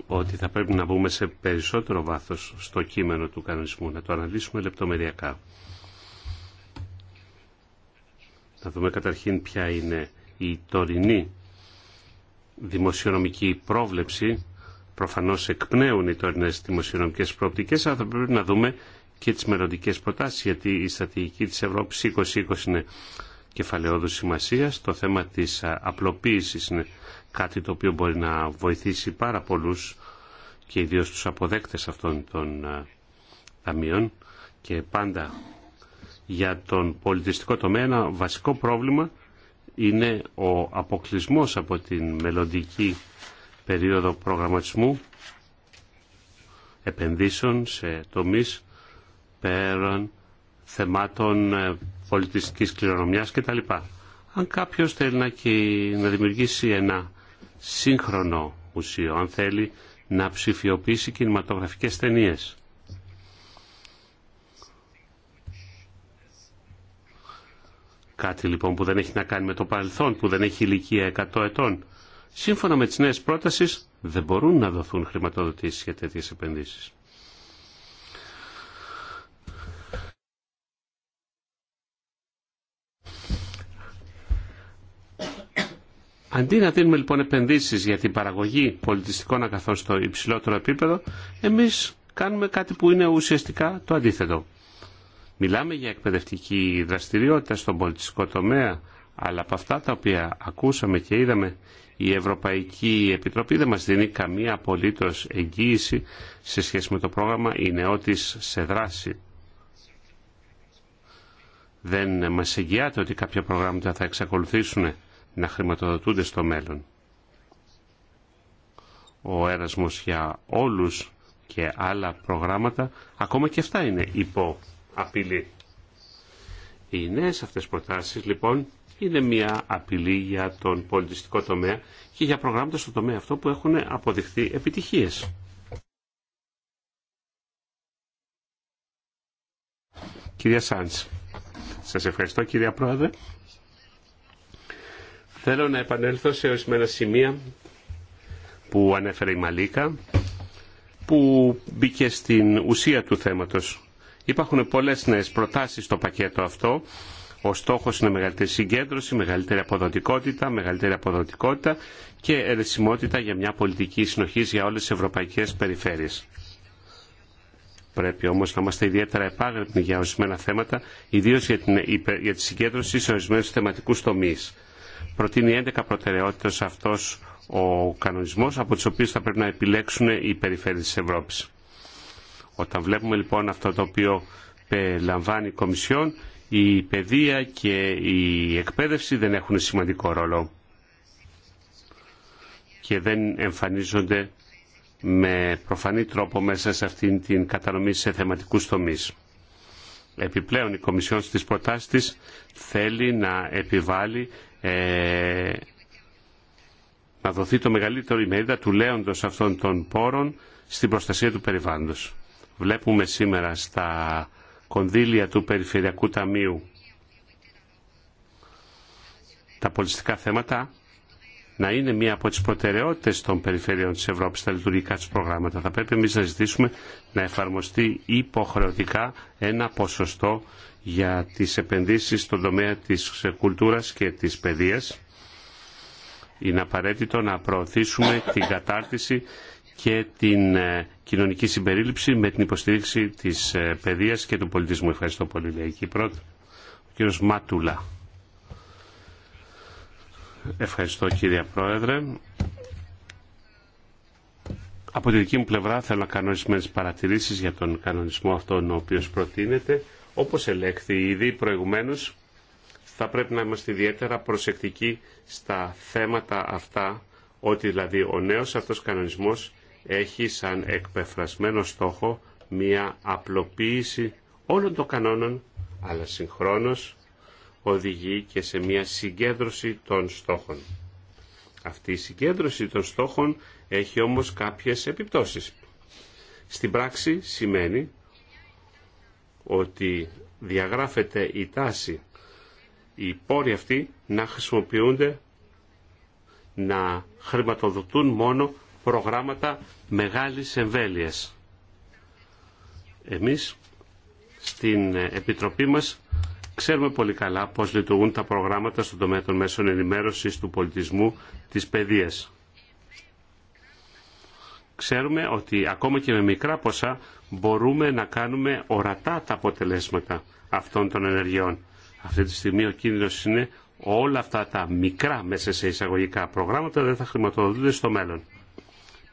ότι θα πρέπει να μπούμε σε περισσότερο βάθος στο κείμενο του κανονισμού, να το αναλύσουμε λεπτομεριακά. Να δούμε καταρχήν ποια είναι η τωρινή δημοσιονομική πρόβλεψη. Προφανώς εκπνέουν οι τωρινές δημοσιονομικές προοπτικές, αλλά θα πρέπει να δούμε και τις μελλοντικέ προτάσεις, γιατί η στρατηγική της Ευρώπης 2020 είναι κεφαλαιόδου σημασία. Το θέμα της απλοποίησης είναι κάτι το οποίο μπορεί να βοηθήσει πάρα πολλούς και ιδίως τους αποδέκτες αυτών των ταμείων και πάντα για τον πολιτιστικό τομέα ένα βασικό πρόβλημα είναι ο αποκλισμός από την μελλοντική περίοδο προγραμματισμού επενδύσεων σε τομείς πέραν θεμάτων ε, πολιτιστικής κληρονομιάς κτλ. Αν κάποιος θέλει να, δημιουργήσει ένα σύγχρονο μουσείο, αν θέλει να ψηφιοποιήσει κινηματογραφικές ταινίες, Κάτι λοιπόν που δεν έχει να κάνει με το παρελθόν, που δεν έχει ηλικία 100 ετών. Σύμφωνα με τις νέες πρότασεις δεν μπορούν να δοθούν χρηματοδοτήσεις για τέτοιες επενδύσεις. Αντί να δίνουμε λοιπόν επενδύσεις για την παραγωγή πολιτιστικών αγαθών στο υψηλότερο επίπεδο, εμείς κάνουμε κάτι που είναι ουσιαστικά το αντίθετο. Μιλάμε για εκπαιδευτική δραστηριότητα στον πολιτιστικό τομέα, αλλά από αυτά τα οποία ακούσαμε και είδαμε, η Ευρωπαϊκή Επιτροπή δεν μας δίνει καμία απολύτως εγγύηση σε σχέση με το πρόγραμμα «Η νεότης σε δράση». Δεν μας εγγυάται ότι κάποια προγράμματα θα εξακολουθήσουν να χρηματοδοτούνται στο μέλλον. Ο έρασμος για όλους και άλλα προγράμματα, ακόμα και αυτά είναι υπό απειλή. Οι νέες αυτές προτάσεις λοιπόν είναι μια απειλή για τον πολιτιστικό τομέα και για προγράμματα στο τομέα αυτό που έχουν αποδειχθεί επιτυχίες. Κυρία Σάντς, σας ευχαριστώ κυρία Πρόεδρε. Θέλω να επανέλθω σε ορισμένα σημεία που ανέφερε η Μαλίκα, που μπήκε στην ουσία του θέματος. Υπάρχουν πολλές νέες προτάσεις στο πακέτο αυτό. Ο στόχος είναι μεγαλύτερη συγκέντρωση, μεγαλύτερη αποδοτικότητα, μεγαλύτερη αποδοτικότητα και ερεσιμότητα για μια πολιτική συνοχή για όλες τις ευρωπαϊκές περιφέρειες. Πρέπει όμως να είμαστε ιδιαίτερα επάγρυπνοι για ορισμένα θέματα, ιδίως για, για τη συγκέντρωση σε ορισμένους θεματικούς τομείς προτείνει 11 προτεραιότητες αυτός ο κανονισμός από τις οποίες θα πρέπει να επιλέξουν οι περιφέρειες της Ευρώπης. Όταν βλέπουμε λοιπόν αυτό το οποίο λαμβάνει η Κομισιόν, η παιδεία και η εκπαίδευση δεν έχουν σημαντικό ρόλο και δεν εμφανίζονται με προφανή τρόπο μέσα σε αυτήν την κατανομή σε θεματικούς τομείς. Επιπλέον η Κομισιόν στις προτάσεις της θέλει να επιβάλλει ε, να δοθεί το μεγαλύτερο ημερίδα του λέοντος αυτών των πόρων στην προστασία του περιβάλλοντος. Βλέπουμε σήμερα στα κονδύλια του Περιφερειακού Ταμείου τα πολιτιστικά θέματα να είναι μία από τις προτεραιότητες των περιφερειών της Ευρώπης στα λειτουργικά τους προγράμματα. Θα πρέπει εμείς να ζητήσουμε να εφαρμοστεί υποχρεωτικά ένα ποσοστό για τις επενδύσεις στον τομέα της κουλτούρας και της παιδείας. Είναι απαραίτητο να προωθήσουμε την κατάρτιση και την ε, κοινωνική συμπερίληψη με την υποστήριξη της ε, παιδείας και του πολιτισμού. Ευχαριστώ πολύ, λέει Ο κύριος Μάτουλα. Ευχαριστώ κύριε Πρόεδρε. Από τη δική μου πλευρά θέλω να κάνω ορισμένε παρατηρήσεις για τον κανονισμό αυτόν ο οποίος προτείνεται. Όπως ελέγχθη ήδη προηγουμένως, θα πρέπει να είμαστε ιδιαίτερα προσεκτικοί στα θέματα αυτά, ότι δηλαδή ο νέος αυτός κανονισμός έχει σαν εκπεφρασμένο στόχο μία απλοποίηση όλων των κανόνων, αλλά συγχρόνως οδηγεί και σε μια συγκέντρωση των στόχων. Αυτή η συγκέντρωση των στόχων έχει όμως κάποιες επιπτώσεις. Στην πράξη σημαίνει ότι διαγράφεται η τάση, οι πόροι αυτοί να χρησιμοποιούνται, να χρηματοδοτούν μόνο προγράμματα μεγάλης εμβέλειας. Εμείς στην Επιτροπή μας Ξέρουμε πολύ καλά πώς λειτουργούν τα προγράμματα στον τομέα των μέσων ενημέρωσης, του πολιτισμού, της παιδείας. Ξέρουμε ότι ακόμα και με μικρά ποσά μπορούμε να κάνουμε ορατά τα αποτελέσματα αυτών των ενεργειών. Αυτή τη στιγμή ο κίνδυνος είναι όλα αυτά τα μικρά μέσα σε εισαγωγικά προγράμματα δεν θα χρηματοδοτούνται στο μέλλον.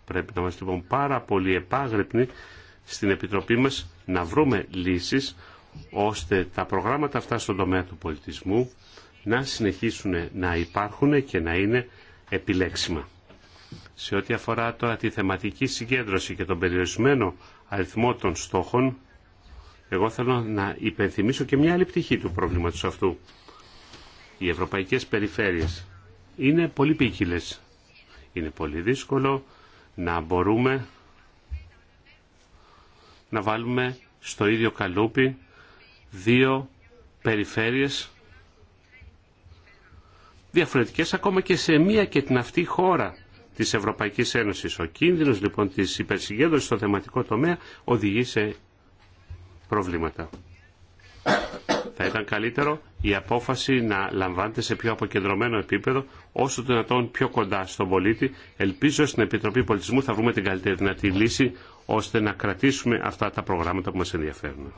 Πρέπει να είμαστε λοιπόν πάρα πολύ επάγρυπνοι στην Επιτροπή μας να βρούμε λύσεις ώστε τα προγράμματα αυτά στον τομέα του πολιτισμού να συνεχίσουν να υπάρχουν και να είναι επιλέξιμα. Σε ό,τι αφορά τώρα τη θεματική συγκέντρωση και τον περιορισμένο αριθμό των στόχων, εγώ θέλω να υπενθυμίσω και μια άλλη πτυχή του προβλήματος αυτού. Οι ευρωπαϊκές περιφέρειες είναι πολύ Είναι πολύ δύσκολο να μπορούμε να βάλουμε στο ίδιο καλούπι δύο περιφέρειες διαφορετικές ακόμα και σε μία και την αυτή χώρα της Ευρωπαϊκής Ένωσης. Ο κίνδυνος λοιπόν της υπερσυγκέντρωσης στο θεματικό τομέα οδηγεί σε προβλήματα. Θα ήταν καλύτερο η απόφαση να λαμβάνεται σε πιο αποκεντρωμένο επίπεδο, όσο το δυνατόν πιο κοντά στον πολίτη. Ελπίζω στην Επιτροπή Πολιτισμού θα βρούμε την καλύτερη δυνατή λύση, ώστε να κρατήσουμε αυτά τα προγράμματα που μας ενδιαφέρουν.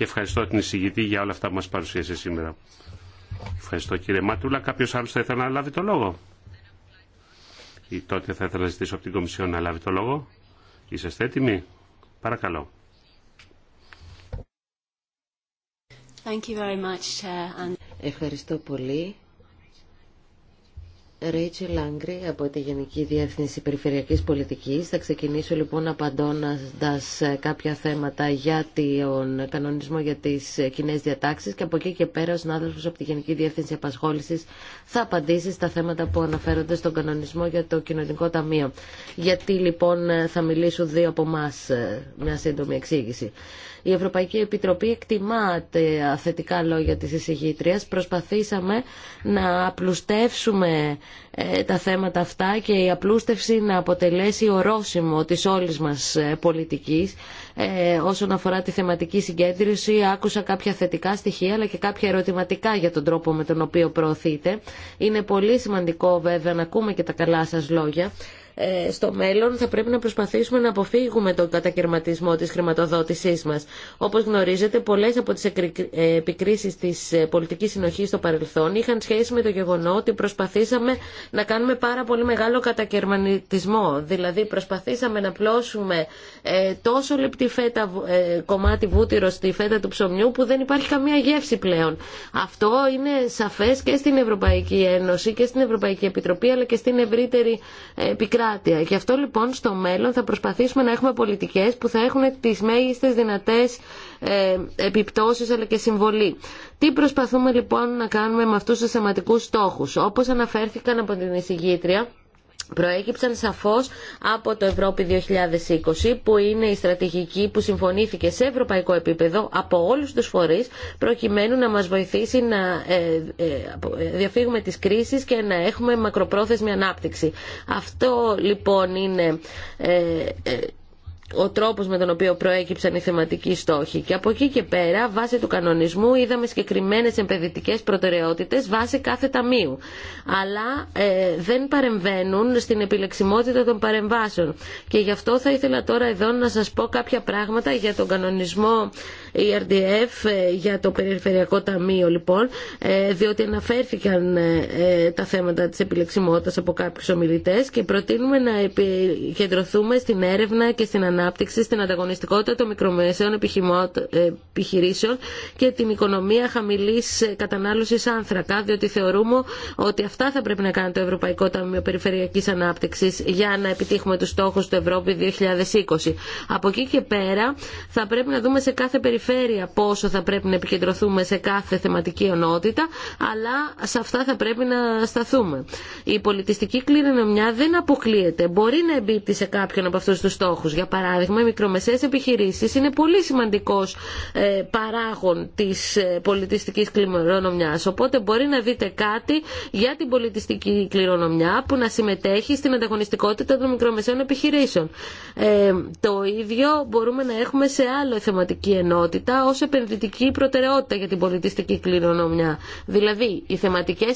και ευχαριστώ την εισηγητή για όλα αυτά που μας παρουσίασε σήμερα. Ευχαριστώ κύριε Μάτουλα. Κάποιος άλλος θα ήθελε να λάβει το λόγο. Ή τότε θα ήθελα να ζητήσω από την Κομισιόν να λάβει το λόγο. Είσαστε έτοιμοι. Παρακαλώ. Thank you very much, Ευχαριστώ πολύ. Ρέιτσι Λάγκρι από τη Γενική Διεύθυνση Περιφερειακή Πολιτική, Θα ξεκινήσω λοιπόν απαντώντα κάποια θέματα για τον κανονισμό για τι κοινέ διατάξει, και από εκεί και πέρα ο συνάδελφο από τη Γενική Διεύθυνση Απασχόληση, θα απαντήσει στα θέματα που αναφέρονται στον κανονισμό για το Κοινωνικό Ταμείο. Γιατί λοιπόν θα μιλήσουν δύο από εμά ε, μια σύντομη εξήγηση. Η Ευρωπαϊκή Επιτροπή εκτιμά τα θετικά λόγια της εισηγήτριας. Προσπαθήσαμε να απλουστεύσουμε ε, τα θέματα αυτά και η απλούστευση να αποτελέσει ορόσημο της όλης μας ε, πολιτικής. Ε, όσον αφορά τη θεματική συγκέντρωση άκουσα κάποια θετικά στοιχεία αλλά και κάποια ερωτηματικά για τον τρόπο με τον οποίο προωθείτε. Είναι πολύ σημαντικό βέβαια να ακούμε και τα καλά σας λόγια ε, στο μέλλον θα πρέπει να προσπαθήσουμε να αποφύγουμε τον κατακαιρματισμό της χρηματοδότησής μας. Όπως γνωρίζετε, πολλές από τις ε, επικρίσεις της ε, πολιτικής συνοχής στο παρελθόν είχαν σχέση με το γεγονό ότι προσπαθήσαμε να κάνουμε πάρα πολύ μεγάλο κατακαιρματισμό. Δηλαδή, προσπαθήσαμε να πλώσουμε τόσο λεπτή φέτα, κομμάτι βούτυρο στη φέτα του ψωμιού που δεν υπάρχει καμία γεύση πλέον. Αυτό είναι σαφές και στην Ευρωπαϊκή Ένωση και στην Ευρωπαϊκή Επιτροπή αλλά και στην ευρύτερη επικράτεια. Γι' αυτό λοιπόν στο μέλλον θα προσπαθήσουμε να έχουμε πολιτικές που θα έχουν τις μέγιστες δυνατές ε, επιπτώσεις αλλά και συμβολή. Τι προσπαθούμε λοιπόν να κάνουμε με αυτούς τους θεματικούς στόχους. Όπως αναφέρθηκαν από την εισηγήτρια, προέκυψαν σαφώς από το Ευρώπη 2020 που είναι η στρατηγική που συμφωνήθηκε σε ευρωπαϊκό επίπεδο από όλους τους φορείς προκειμένου να μας βοηθήσει να ε, ε, ε, διαφύγουμε τις κρίσεις και να έχουμε μακροπρόθεσμη ανάπτυξη. Αυτό λοιπόν είναι ο τρόπος με τον οποίο προέκυψαν οι θεματικοί στόχοι. Και από εκεί και πέρα, βάσει του κανονισμού, είδαμε συγκεκριμένε επενδυτικέ προτεραιότητες βάσει κάθε ταμείου. Αλλά ε, δεν παρεμβαίνουν στην επιλεξιμότητα των παρεμβάσεων. Και γι' αυτό θα ήθελα τώρα εδώ να σας πω κάποια πράγματα για τον κανονισμό η e ERDF ε, για το Περιφερειακό Ταμείο λοιπόν, ε, διότι αναφέρθηκαν ε, τα θέματα της επιλεξιμότητας από κάποιους ομιλητές και προτείνουμε να επικεντρωθούμε στην έρευνα και στην ανάπτυξη, στην ανταγωνιστικότητα των μικρομεσαίων επιχειρήσεων και την οικονομία χαμηλής κατανάλωσης άνθρακα, διότι θεωρούμε ότι αυτά θα πρέπει να κάνει το Ευρωπαϊκό Ταμείο Περιφερειακής Ανάπτυξης για να επιτύχουμε τους στόχους του Ευρώπη 2020. Από εκεί και πέρα θα πρέπει να δούμε σε κάθε περιφερειακή περιφέρεια πόσο θα πρέπει να επικεντρωθούμε σε κάθε θεματική ενότητα, αλλά σε αυτά θα πρέπει να σταθούμε. Η πολιτιστική κληρονομιά δεν αποκλείεται. Μπορεί να εμπίπτει σε κάποιον από αυτού του στόχου. Για παράδειγμα, οι μικρομεσαίε επιχειρήσει είναι πολύ σημαντικό ε, παράγον τη ε, πολιτιστική κληρονομιά. Οπότε μπορεί να δείτε κάτι για την πολιτιστική κληρονομιά που να συμμετέχει στην ανταγωνιστικότητα των μικρομεσαίων επιχειρήσεων. Ε, το ίδιο μπορούμε να έχουμε σε άλλο θεματική ενότητα Ω ως επενδυτική προτεραιότητα για την πολιτιστική κληρονομιά. Δηλαδή, οι θεματικέ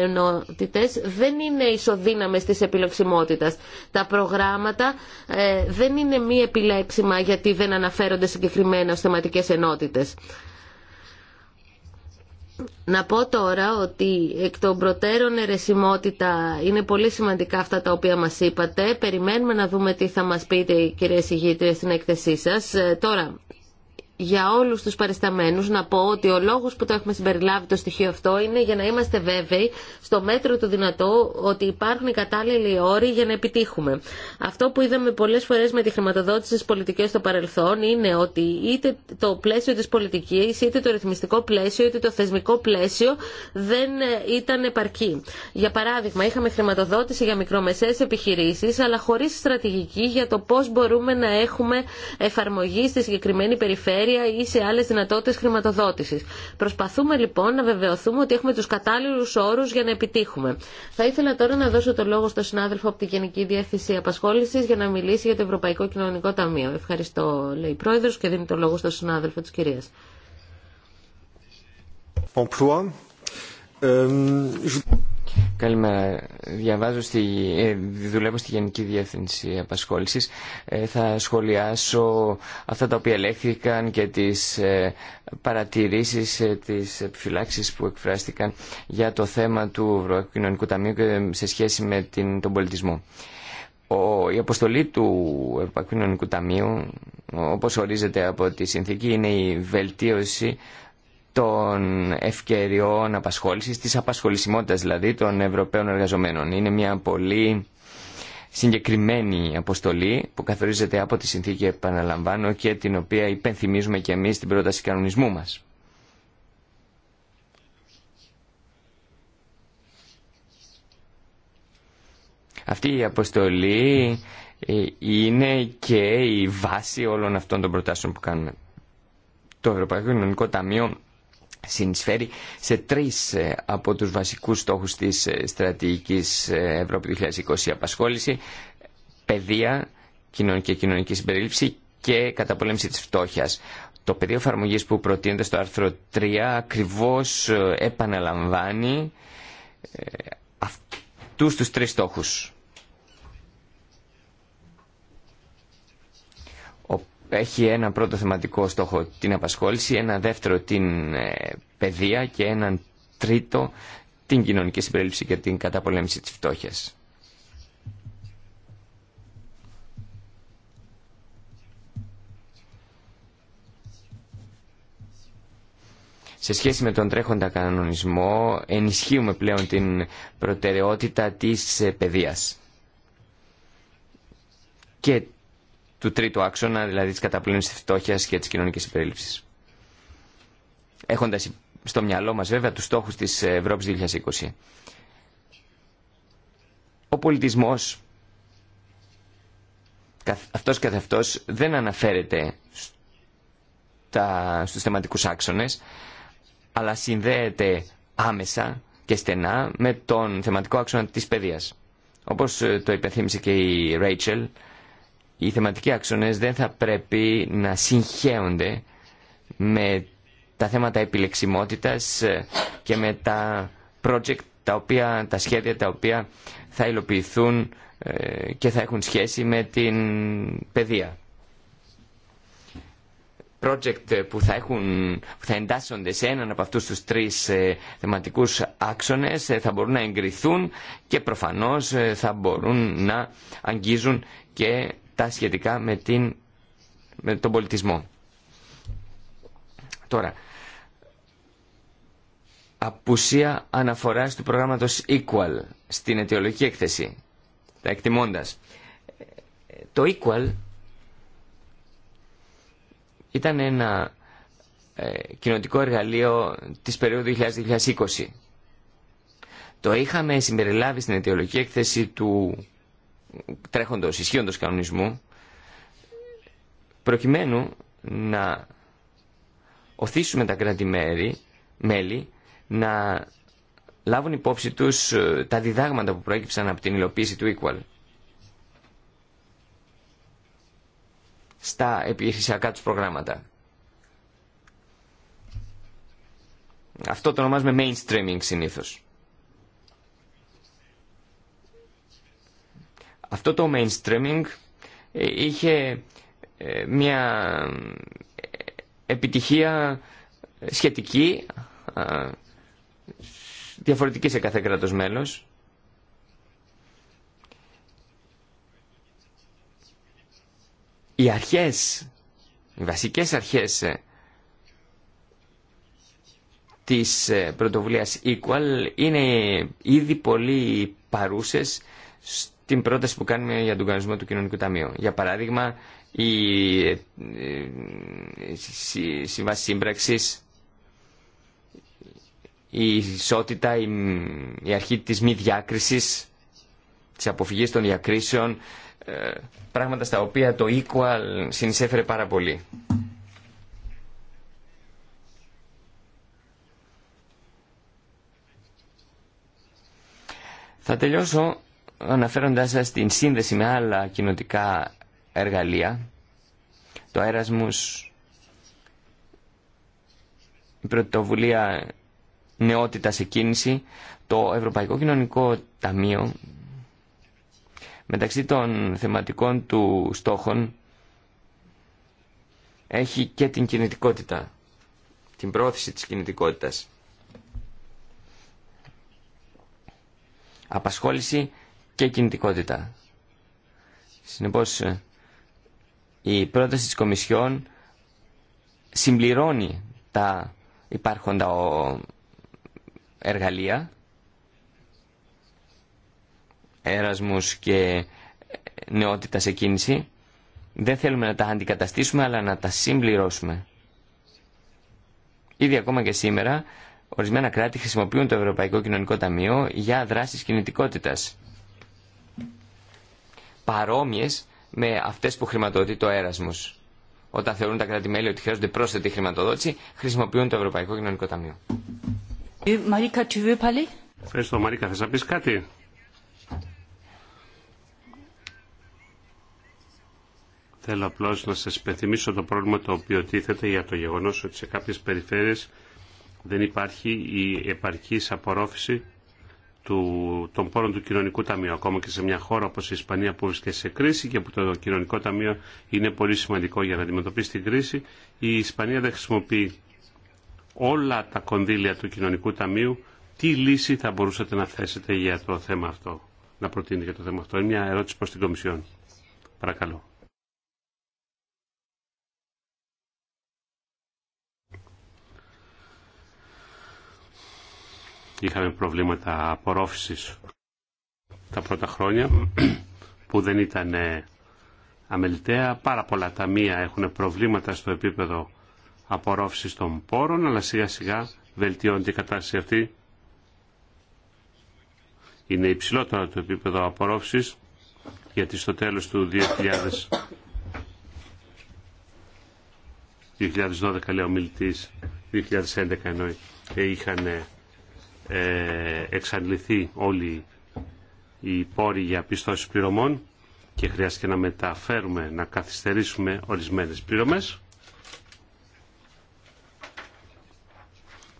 ενότητε δεν είναι ισοδύναμε τη επιλεξιμότητα. Τα προγράμματα ε, δεν είναι μη επιλέξιμα γιατί δεν αναφέρονται συγκεκριμένα ω θεματικέ ενότητε. Να πω τώρα ότι εκ των προτέρων ερεσιμότητα είναι πολύ σημαντικά αυτά τα οποία μας είπατε. Περιμένουμε να δούμε τι θα μας πείτε κυρία Συγήτρια στην έκθεσή σας. Ε, τώρα, για όλους τους παρισταμένους να πω ότι ο λόγος που το έχουμε συμπεριλάβει το στοιχείο αυτό είναι για να είμαστε βέβαιοι στο μέτρο του δυνατό ότι υπάρχουν οι κατάλληλοι όροι για να επιτύχουμε. Αυτό που είδαμε πολλές φορές με τη χρηματοδότηση στις πολιτικές στο παρελθόν είναι ότι είτε το πλαίσιο της πολιτικής, είτε το ρυθμιστικό πλαίσιο, είτε το θεσμικό πλαίσιο δεν ε, ήταν επαρκή. Για παράδειγμα, είχαμε χρηματοδότηση για μικρομεσαίες επιχειρήσεις, αλλά χωρίς στρατηγική για το πώς μπορούμε να έχουμε εφαρμογή στη συγκεκριμένη περιφέρεια περιφέρεια ή σε άλλες δυνατότητε χρηματοδότησης. Προσπαθούμε λοιπόν να βεβαιωθούμε ότι έχουμε τους κατάλληλου όρου για να επιτύχουμε. Θα ήθελα τώρα να δώσω το λόγο στον συνάδελφο από τη Γενική Διεύθυνση Απασχόλησης για να μιλήσει για το Ευρωπαϊκό Κοινωνικό Ταμείο. Ευχαριστώ, λέει η Πρόεδρος και δίνει το λόγο στον συνάδελφο της κυρίας. Καλημέρα. Διαβάζω στη, ε, δουλεύω στη Γενική Διεύθυνση Απασχόλησης. Ε, θα σχολιάσω αυτά τα οποία ελέγχθηκαν και τις ε, παρατηρήσεις, τις επιφυλάξει που εκφράστηκαν για το θέμα του Ευρωκοινωνικού Ταμείου και σε σχέση με την, τον πολιτισμό. Ο, η αποστολή του Ευρωπαϊκού Ταμείου, όπως ορίζεται από τη συνθήκη, είναι η βελτίωση των ευκαιριών απασχόλησης, της απασχολησιμότητας δηλαδή των Ευρωπαίων εργαζομένων. Είναι μια πολύ συγκεκριμένη αποστολή που καθορίζεται από τη συνθήκη επαναλαμβάνω και την οποία υπενθυμίζουμε και εμείς στην πρόταση κανονισμού μας. Αυτή η αποστολή ε, είναι και η βάση όλων αυτών των προτάσεων που κάνουμε. Το Ευρωπαϊκό Κοινωνικό Ταμείο συνεισφέρει σε τρεις ε, από τους βασικούς στόχους της ε, στρατηγικής ε, Ευρώπη 2020 απασχόληση, παιδεία και κοινωνική συμπερίληψη και καταπολέμηση της φτώχειας. Το πεδίο εφαρμογή που προτείνεται στο άρθρο 3 ακριβώς επαναλαμβάνει αυτούς τους τρεις στόχους. έχει ένα πρώτο θεματικό στόχο την απασχόληση, ένα δεύτερο την ε, παιδεία και έναν τρίτο την κοινωνική συμπερίληψη και την καταπολέμηση της φτώχειας. Σε σχέση με τον τρέχοντα κανονισμό ενισχύουμε πλέον την προτεραιότητα της ε, παιδείας και του τρίτου άξονα, δηλαδή της καταπλήνωσης της φτώχειας και της κοινωνικής υπερήλυψης... Έχοντας στο μυαλό μας βέβαια τους στόχους της Ευρώπης 2020. Ο πολιτισμός αυτός καθ' αυτός δεν αναφέρεται στου στους θεματικούς άξονες αλλά συνδέεται άμεσα και στενά με τον θεματικό άξονα της παιδείας. Όπως το υπενθύμησε και η Ρέιτσελ, οι θεματικοί άξονες δεν θα πρέπει να συγχέονται με τα θέματα επιλεξιμότητας και με τα project, τα, οποία, τα σχέδια τα οποία θα υλοποιηθούν ε, και θα έχουν σχέση με την παιδεία. Project που θα, έχουν, που θα εντάσσονται σε έναν από αυτούς τους τρεις ε, θεματικούς άξονες ε, θα μπορούν να εγκριθούν και προφανώς θα μπορούν να αγγίζουν και τα σχετικά με, την, με τον πολιτισμό. Τώρα, απουσία αναφοράς του προγράμματος Equal στην αιτιολογική έκθεση, τα εκτιμώντας. Το Equal ήταν ένα ε, κοινοτικό εργαλείο της περίοδου 2020. Το είχαμε συμπεριλάβει στην αιτιολογική έκθεση του τρέχοντος, ισχύοντος κανονισμού προκειμένου να οθήσουμε τα κράτη-μέλη να λάβουν υπόψη τους ε, τα διδάγματα που προέκυψαν από την υλοποίηση του Equal στα επιχειρησιακά τους προγράμματα. Αυτό το ονομάζουμε mainstreaming συνήθως. Αυτό το mainstreaming ε, είχε ε, μια ε, επιτυχία σχετική, διαφορετική σε κάθε κράτος μέλος. Οι αρχές, οι βασικές αρχές της πρωτοβουλίας Equal είναι ήδη πολύ παρούσες την πρόταση που κάνουμε για τον κανονισμό του Κοινωνικού Ταμείου. Για παράδειγμα, η ε, σύμβαση σύμπραξη, η ισότητα, η αρχή της μη διάκρισης, της αποφυγής των διακρίσεων, ε, πράγματα στα οποία το equal συνεισέφερε πάρα πολύ. Θα τελειώσω αναφέροντάς σας την σύνδεση με άλλα κοινωτικά εργαλεία, το Erasmus, η πρωτοβουλία νεότητα σε κίνηση, το Ευρωπαϊκό Κοινωνικό Ταμείο, μεταξύ των θεματικών του στόχων, έχει και την κινητικότητα, την πρόθεση της κινητικότητας. Απασχόληση και κινητικότητα. Συνεπώς, η πρόταση της Κομισιόν συμπληρώνει τα υπάρχοντα εργαλεία, έρασμους και νεότητα σε κίνηση. Δεν θέλουμε να τα αντικαταστήσουμε, αλλά να τα συμπληρώσουμε. Ήδη ακόμα και σήμερα, ορισμένα κράτη χρησιμοποιούν το Ευρωπαϊκό Κοινωνικό Ταμείο για δράσεις κινητικότητας παρόμοιες με αυτές που χρηματοδοτεί το έρασμος. Όταν θεωρούν τα κράτη-μέλη ότι χρειάζονται πρόσθετη χρηματοδότηση, χρησιμοποιούν το Ευρωπαϊκό Κοινωνικό Ταμείο. Ε, Μαρίκα, Ευχαριστώ, Μαρίκα. Θες να πεις κάτι? Θέλω απλώ να σα υπενθυμίσω το πρόβλημα το οποίο τίθεται για το γεγονό ότι σε κάποιε περιφέρειες δεν υπάρχει η επαρκή απορρόφηση του, των πόρων του κοινωνικού ταμείου, ακόμα και σε μια χώρα όπως η Ισπανία που βρίσκεται σε κρίση και που το κοινωνικό ταμείο είναι πολύ σημαντικό για να αντιμετωπίσει την κρίση, η Ισπανία δεν χρησιμοποιεί όλα τα κονδύλια του κοινωνικού ταμείου. Τι λύση θα μπορούσατε να θέσετε για το θέμα αυτό, να προτείνετε για το θέμα αυτό. Είναι μια ερώτηση προς την Κομισιόν. Παρακαλώ. Είχαμε προβλήματα απορρόφησης τα πρώτα χρόνια που δεν ήταν ε, αμεληταία. Πάρα πολλά ταμεία έχουν προβλήματα στο επίπεδο απορρόφησης των πόρων, αλλά σιγά σιγά βελτιώνεται η κατάσταση αυτή. Είναι υψηλότερο το επίπεδο απορρόφησης, γιατί στο τέλος του 2000... 2012 λέει ο μιλητής, 2011 εννοεί, ε, είχαν ε, ε, εξαντληθεί όλοι οι πόροι για πιστώσεις πληρωμών και χρειάστηκε να μεταφέρουμε, να καθυστερήσουμε ορισμένες πληρωμές.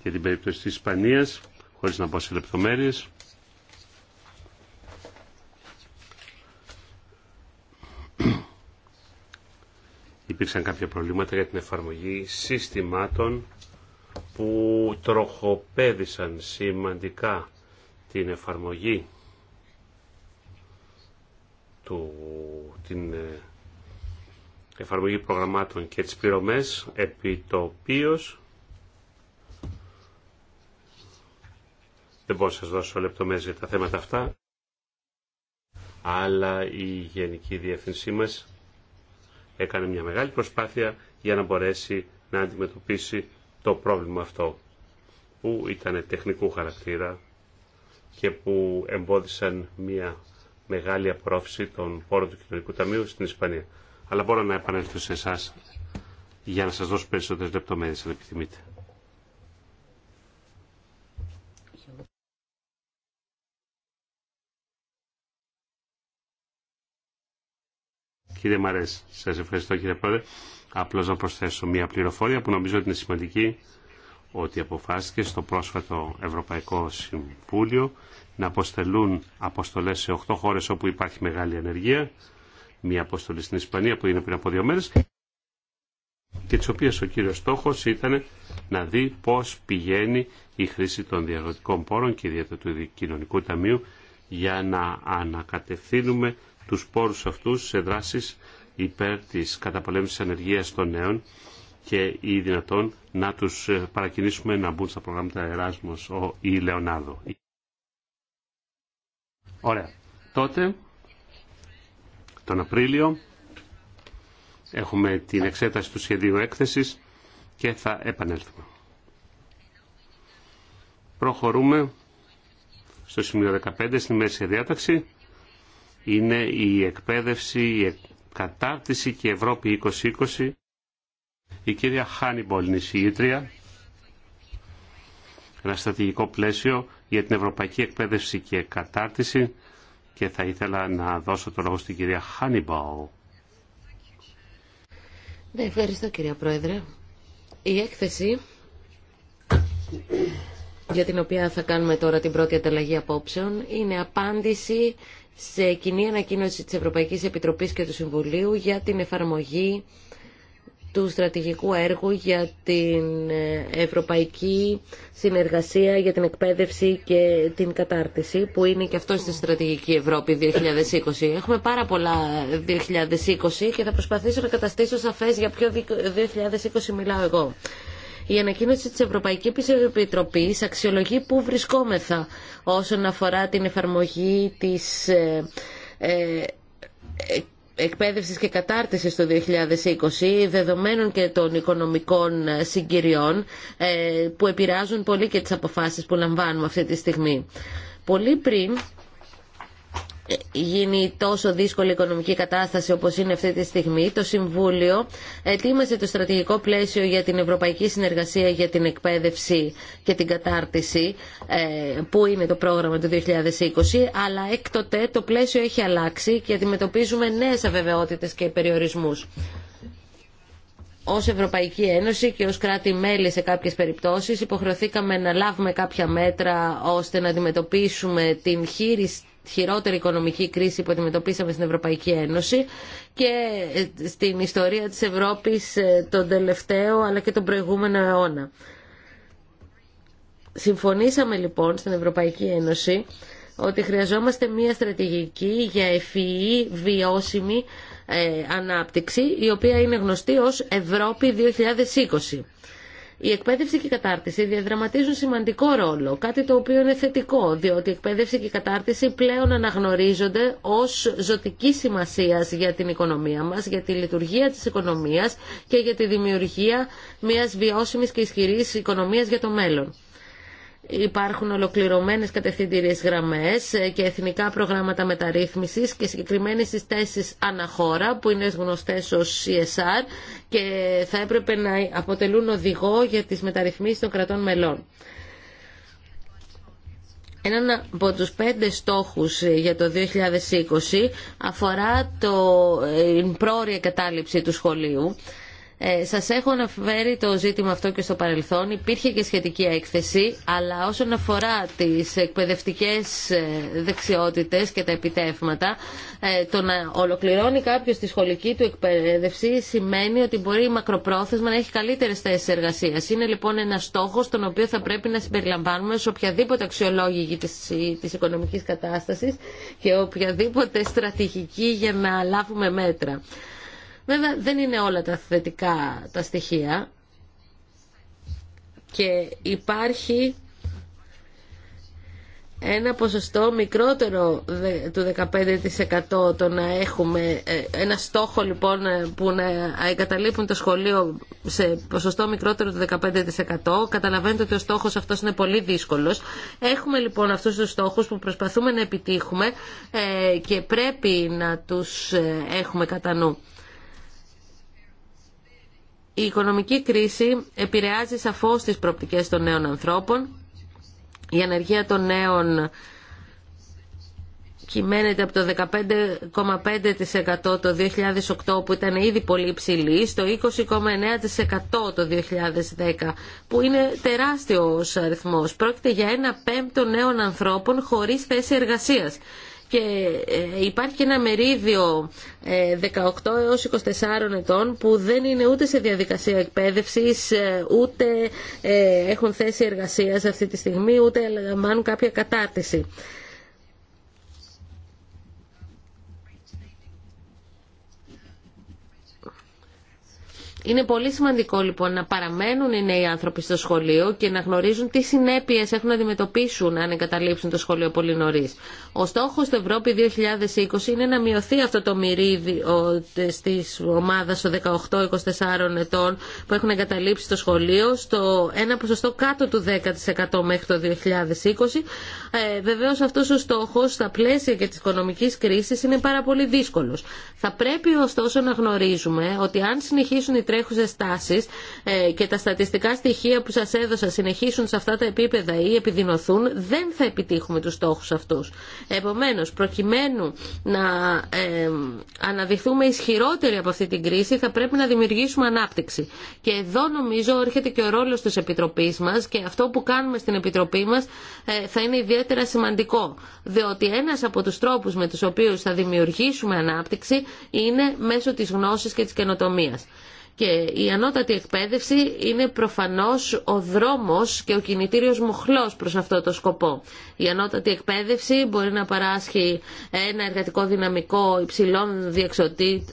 Για την περίπτωση της Ισπανίας, χωρίς να πω σε λεπτομέρειες, υπήρξαν κάποια προβλήματα για την εφαρμογή συστημάτων που τροχοπέδησαν σημαντικά την εφαρμογή του, την ε, εφαρμογή προγραμμάτων και τις πληρωμές επί το οποίο δεν μπορώ να σας δώσω λεπτομέρειες για τα θέματα αυτά αλλά η Γενική Διεύθυνσή μας έκανε μια μεγάλη προσπάθεια για να μπορέσει να αντιμετωπίσει το πρόβλημα αυτό που ήταν τεχνικού χαρακτήρα και που εμπόδισαν μια μεγάλη απορρόφηση των πόρων του Κοινωνικού Ταμείου στην Ισπανία. Αλλά μπορώ να επανέλθω σε εσά για να σας δώσω περισσότερες λεπτομέρειες αν επιθυμείτε. Κύριε Μαρές, σας ευχαριστώ κύριε Πρόεδρε. Απλώς να προσθέσω μια πληροφορία που νομίζω ότι είναι σημαντική ότι αποφάσισε στο πρόσφατο Ευρωπαϊκό Συμβούλιο να αποστελούν αποστολές σε 8 χώρες όπου υπάρχει μεγάλη ανεργία. Μια αποστολή στην Ισπανία που είναι πριν από δύο μέρες και τις οποία ο κύριος στόχος ήταν να δει πώς πηγαίνει η χρήση των διαδοτικών πόρων και ιδιαίτερα του Κοινωνικού Ταμείου για να ανακατευθύνουμε τους πόρους αυτούς σε δράσεις υπέρ της καταπολέμησης ανεργίας των νέων και ή δυνατόν να τους ε, παρακινήσουμε να μπουν στα προγράμματα Εράσμος ή Λεωνάδο. Ωραία. Τότε, τον Απρίλιο, έχουμε την εξέταση του σχεδίου έκθεσης και θα επανέλθουμε. Προχωρούμε στο σημείο 15 στη μέση διάταξη. Είναι η εκπαίδευση, κατάρτιση και Ευρώπη 2020. Η κυρία Χάνιμπολ είναι συγήτρια. Ένα στρατηγικό πλαίσιο για την ευρωπαϊκή εκπαίδευση και κατάρτιση και θα ήθελα να δώσω το λόγο στην κυρία Χάνιμπολ. Ναι, ευχαριστώ κυρία Πρόεδρε. Η έκθεση για την οποία θα κάνουμε τώρα την πρώτη ανταλλαγή απόψεων είναι απάντηση σε κοινή ανακοίνωση της Ευρωπαϊκής Επιτροπής και του Συμβουλίου για την εφαρμογή του στρατηγικού έργου για την ε, ευρωπαϊκή συνεργασία για την εκπαίδευση και την κατάρτιση που είναι και αυτό στην στρατηγική Ευρώπη 2020. Έχουμε πάρα πολλά 2020 και θα προσπαθήσω να καταστήσω σαφές για ποιο 2020 μιλάω εγώ. Η ανακοίνωση της Ευρωπαϊκής Επιτροπής αξιολογεί πού βρισκόμεθα όσον αφορά την εφαρμογή της ε, ε και κατάρτισης το 2020 δεδομένων και των οικονομικών συγκυριών ε, που επηρεάζουν πολύ και τις αποφάσεις που λαμβάνουμε αυτή τη στιγμή. Πολύ πριν γίνει τόσο δύσκολη οικονομική κατάσταση όπως είναι αυτή τη στιγμή, το Συμβούλιο ετοίμασε το στρατηγικό πλαίσιο για την Ευρωπαϊκή Συνεργασία για την Εκπαίδευση και την Κατάρτιση, ε, που είναι το πρόγραμμα του 2020, αλλά έκτοτε το πλαίσιο έχει αλλάξει και αντιμετωπίζουμε νέες αβεβαιότητες και περιορισμούς ως Ευρωπαϊκή Ένωση και ως κράτη-μέλη σε κάποιες περιπτώσεις υποχρεωθήκαμε να λάβουμε κάποια μέτρα ώστε να αντιμετωπίσουμε την χείριση χειρότερη οικονομική κρίση που αντιμετωπίσαμε στην Ευρωπαϊκή Ένωση και ε, στην ιστορία της Ευρώπης ε, τον τελευταίο αλλά και τον προηγούμενο αιώνα. Συμφωνήσαμε λοιπόν στην Ευρωπαϊκή Ένωση ότι χρειαζόμαστε μία στρατηγική για ευφυή, βιώσιμη ε, ανάπτυξη η οποία είναι γνωστή ως Ευρώπη 2020. Η εκπαίδευση και η κατάρτιση διαδραματίζουν σημαντικό ρόλο, κάτι το οποίο είναι θετικό, διότι η εκπαίδευση και η κατάρτιση πλέον αναγνωρίζονται ως ζωτική σημασία για την οικονομία μας, για τη λειτουργία της οικονομίας και για τη δημιουργία μιας βιώσιμης και ισχυρής οικονομίας για το μέλλον. Υπάρχουν ολοκληρωμένες κατευθυντήριες γραμμές και εθνικά προγράμματα μεταρρύθμισης και συγκεκριμένες συστάσεις αναχώρα που είναι γνωστές ως CSR και θα έπρεπε να αποτελούν οδηγό για τις μεταρρυθμίσεις των κρατών μελών. Έναν από τους πέντε στόχους για το 2020 αφορά ε, την πρόορια κατάληψη του σχολείου ε, σας έχω αναφέρει το ζήτημα αυτό και στο παρελθόν. Υπήρχε και σχετική έκθεση, αλλά όσον αφορά τις εκπαιδευτικές ε, δεξιότητες και τα επιτεύγματα, ε, το να ολοκληρώνει κάποιος τη σχολική του εκπαίδευση σημαίνει ότι μπορεί μακροπρόθεσμα να έχει καλύτερες θέσεις εργασίας. Είναι λοιπόν ένας στόχος τον οποίο θα πρέπει να συμπεριλαμβάνουμε σε οποιαδήποτε αξιολόγηση της, της οικονομικής κατάστασης και οποιαδήποτε στρατηγική για να λάβουμε μέτρα. Βέβαια δεν είναι όλα τα θετικά τα στοιχεία και υπάρχει ένα ποσοστό μικρότερο του 15% το να έχουμε ε, ένα στόχο λοιπόν ε, που να εγκαταλείπουν το σχολείο σε ποσοστό μικρότερο του 15% καταλαβαίνετε ότι ο στόχος αυτός είναι πολύ δύσκολος έχουμε λοιπόν αυτούς τους στόχους που προσπαθούμε να επιτύχουμε ε, και πρέπει να τους έχουμε κατά νου η οικονομική κρίση επηρεάζει σαφώς τις προοπτικές των νέων ανθρώπων. Η ανεργία των νέων κυμαίνεται από το 15,5% το 2008 που ήταν ήδη πολύ ψηλή στο 20,9% το 2010 που είναι τεράστιος αριθμός. Πρόκειται για ένα πέμπτο νέων ανθρώπων χωρίς θέση εργασίας και ε, υπάρχει ένα μερίδιο 18 ε, έως 24 ετών που δεν είναι ούτε σε διαδικασία εκπαίδευσης, ε, ούτε έχουν θέση εργασίας αυτή τη στιγμή, ούτε λαμβάνουν κάποια κατάρτιση. Είναι πολύ σημαντικό λοιπόν να παραμένουν οι νέοι άνθρωποι στο σχολείο και να γνωρίζουν τι συνέπειε έχουν να αντιμετωπίσουν αν εγκαταλείψουν το σχολείο πολύ νωρί. Ο στόχο του Ευρώπη 2020 είναι να μειωθεί αυτό το μυρίδι τη ομάδα των 18-24 ετών που έχουν εγκαταλείψει το σχολείο στο ένα ποσοστό κάτω του 10% μέχρι το 2020. Ε, Βεβαίω αυτό ο στόχο στα πλαίσια και τη οικονομική κρίση είναι πάρα πολύ δύσκολο. Θα πρέπει ωστόσο να γνωρίζουμε ότι αν συνεχίσουν οι τάσει τάσεις ε, και τα στατιστικά στοιχεία που σα έδωσα συνεχίσουν σε αυτά τα επίπεδα ή επιδεινωθούν, δεν θα επιτύχουμε του στόχου αυτού. Επομένω, προκειμένου να ε, αναδειχθούμε ισχυρότεροι από αυτή την κρίση, θα πρέπει να δημιουργήσουμε ανάπτυξη. Και εδώ νομίζω έρχεται και ο ρόλο τη επιτροπή μα και αυτό που κάνουμε στην Επιτροπή μας ε, θα είναι ιδιαίτερα σημαντικό. Διότι ένα από του τρόπου με του οποίου θα δημιουργήσουμε ανάπτυξη είναι μέσω τη γνώση και τη καινοτομία. Και η ανώτατη εκπαίδευση είναι προφανώς ο δρόμος και ο κινητήριος μοχλός προς αυτό το σκοπό. Η ανώτατη εκπαίδευση μπορεί να παράσχει ένα εργατικό δυναμικό υψηλών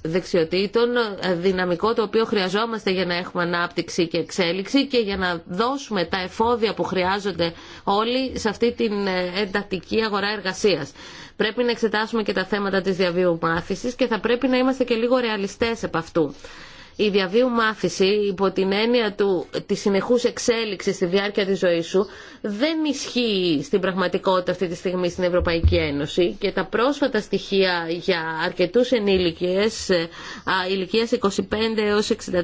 δεξιοτήτων, δυναμικό το οποίο χρειαζόμαστε για να έχουμε ανάπτυξη και εξέλιξη και για να δώσουμε τα εφόδια που χρειάζονται όλοι σε αυτή την ε, εντατική αγορά εργασίας. Πρέπει να εξετάσουμε και τα θέματα της διαβίου μάθησης και θα πρέπει να είμαστε και λίγο ρεαλιστές επ' αυτού η διαβίου μάθηση υπό την έννοια του, της συνεχούς εξέλιξης στη διάρκεια της ζωής σου δεν ισχύει στην πραγματικότητα αυτή τη στιγμή στην Ευρωπαϊκή Ένωση και τα πρόσφατα στοιχεία για αρκετούς ενήλικες ε, ηλικίας 25 έως 64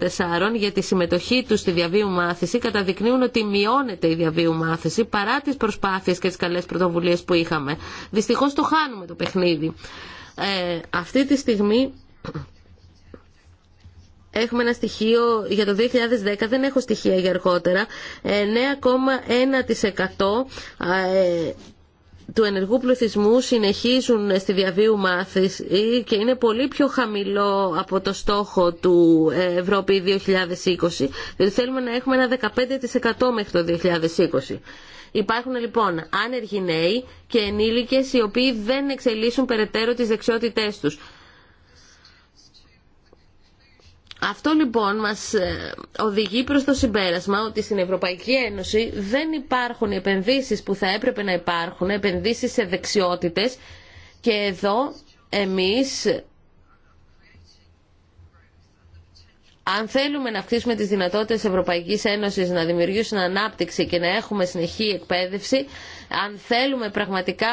για τη συμμετοχή του στη διαβίου μάθηση καταδεικνύουν ότι μειώνεται η διαβίου μάθηση παρά τις προσπάθειες και τις καλές πρωτοβουλίες που είχαμε. Δυστυχώς το χάνουμε το παιχνίδι. Ε, αυτή τη στιγμή Έχουμε ένα στοιχείο για το 2010, δεν έχω στοιχεία για αργότερα, 9,1% ε, ε, του ενεργού πληθυσμού συνεχίζουν στη διαβίου μάθηση και είναι πολύ πιο χαμηλό από το στόχο του ε, Ευρώπη 2020, διότι δηλαδή θέλουμε να έχουμε ένα 15% μέχρι το 2020. Υπάρχουν λοιπόν άνεργοι νέοι και ενήλικες οι οποίοι δεν εξελίσσουν περαιτέρω τις δεξιότητές τους. Αυτό λοιπόν μας ε, οδηγεί προς το συμπέρασμα ότι στην Ευρωπαϊκή Ένωση δεν υπάρχουν οι επενδύσεις που θα έπρεπε να υπάρχουν, επενδύσεις σε δεξιότητες και εδώ εμείς αν θέλουμε να αυξήσουμε τις δυνατότητες Ευρωπαϊκής Ένωσης να δημιουργήσουν ανάπτυξη και να έχουμε συνεχή εκπαίδευση αν θέλουμε πραγματικά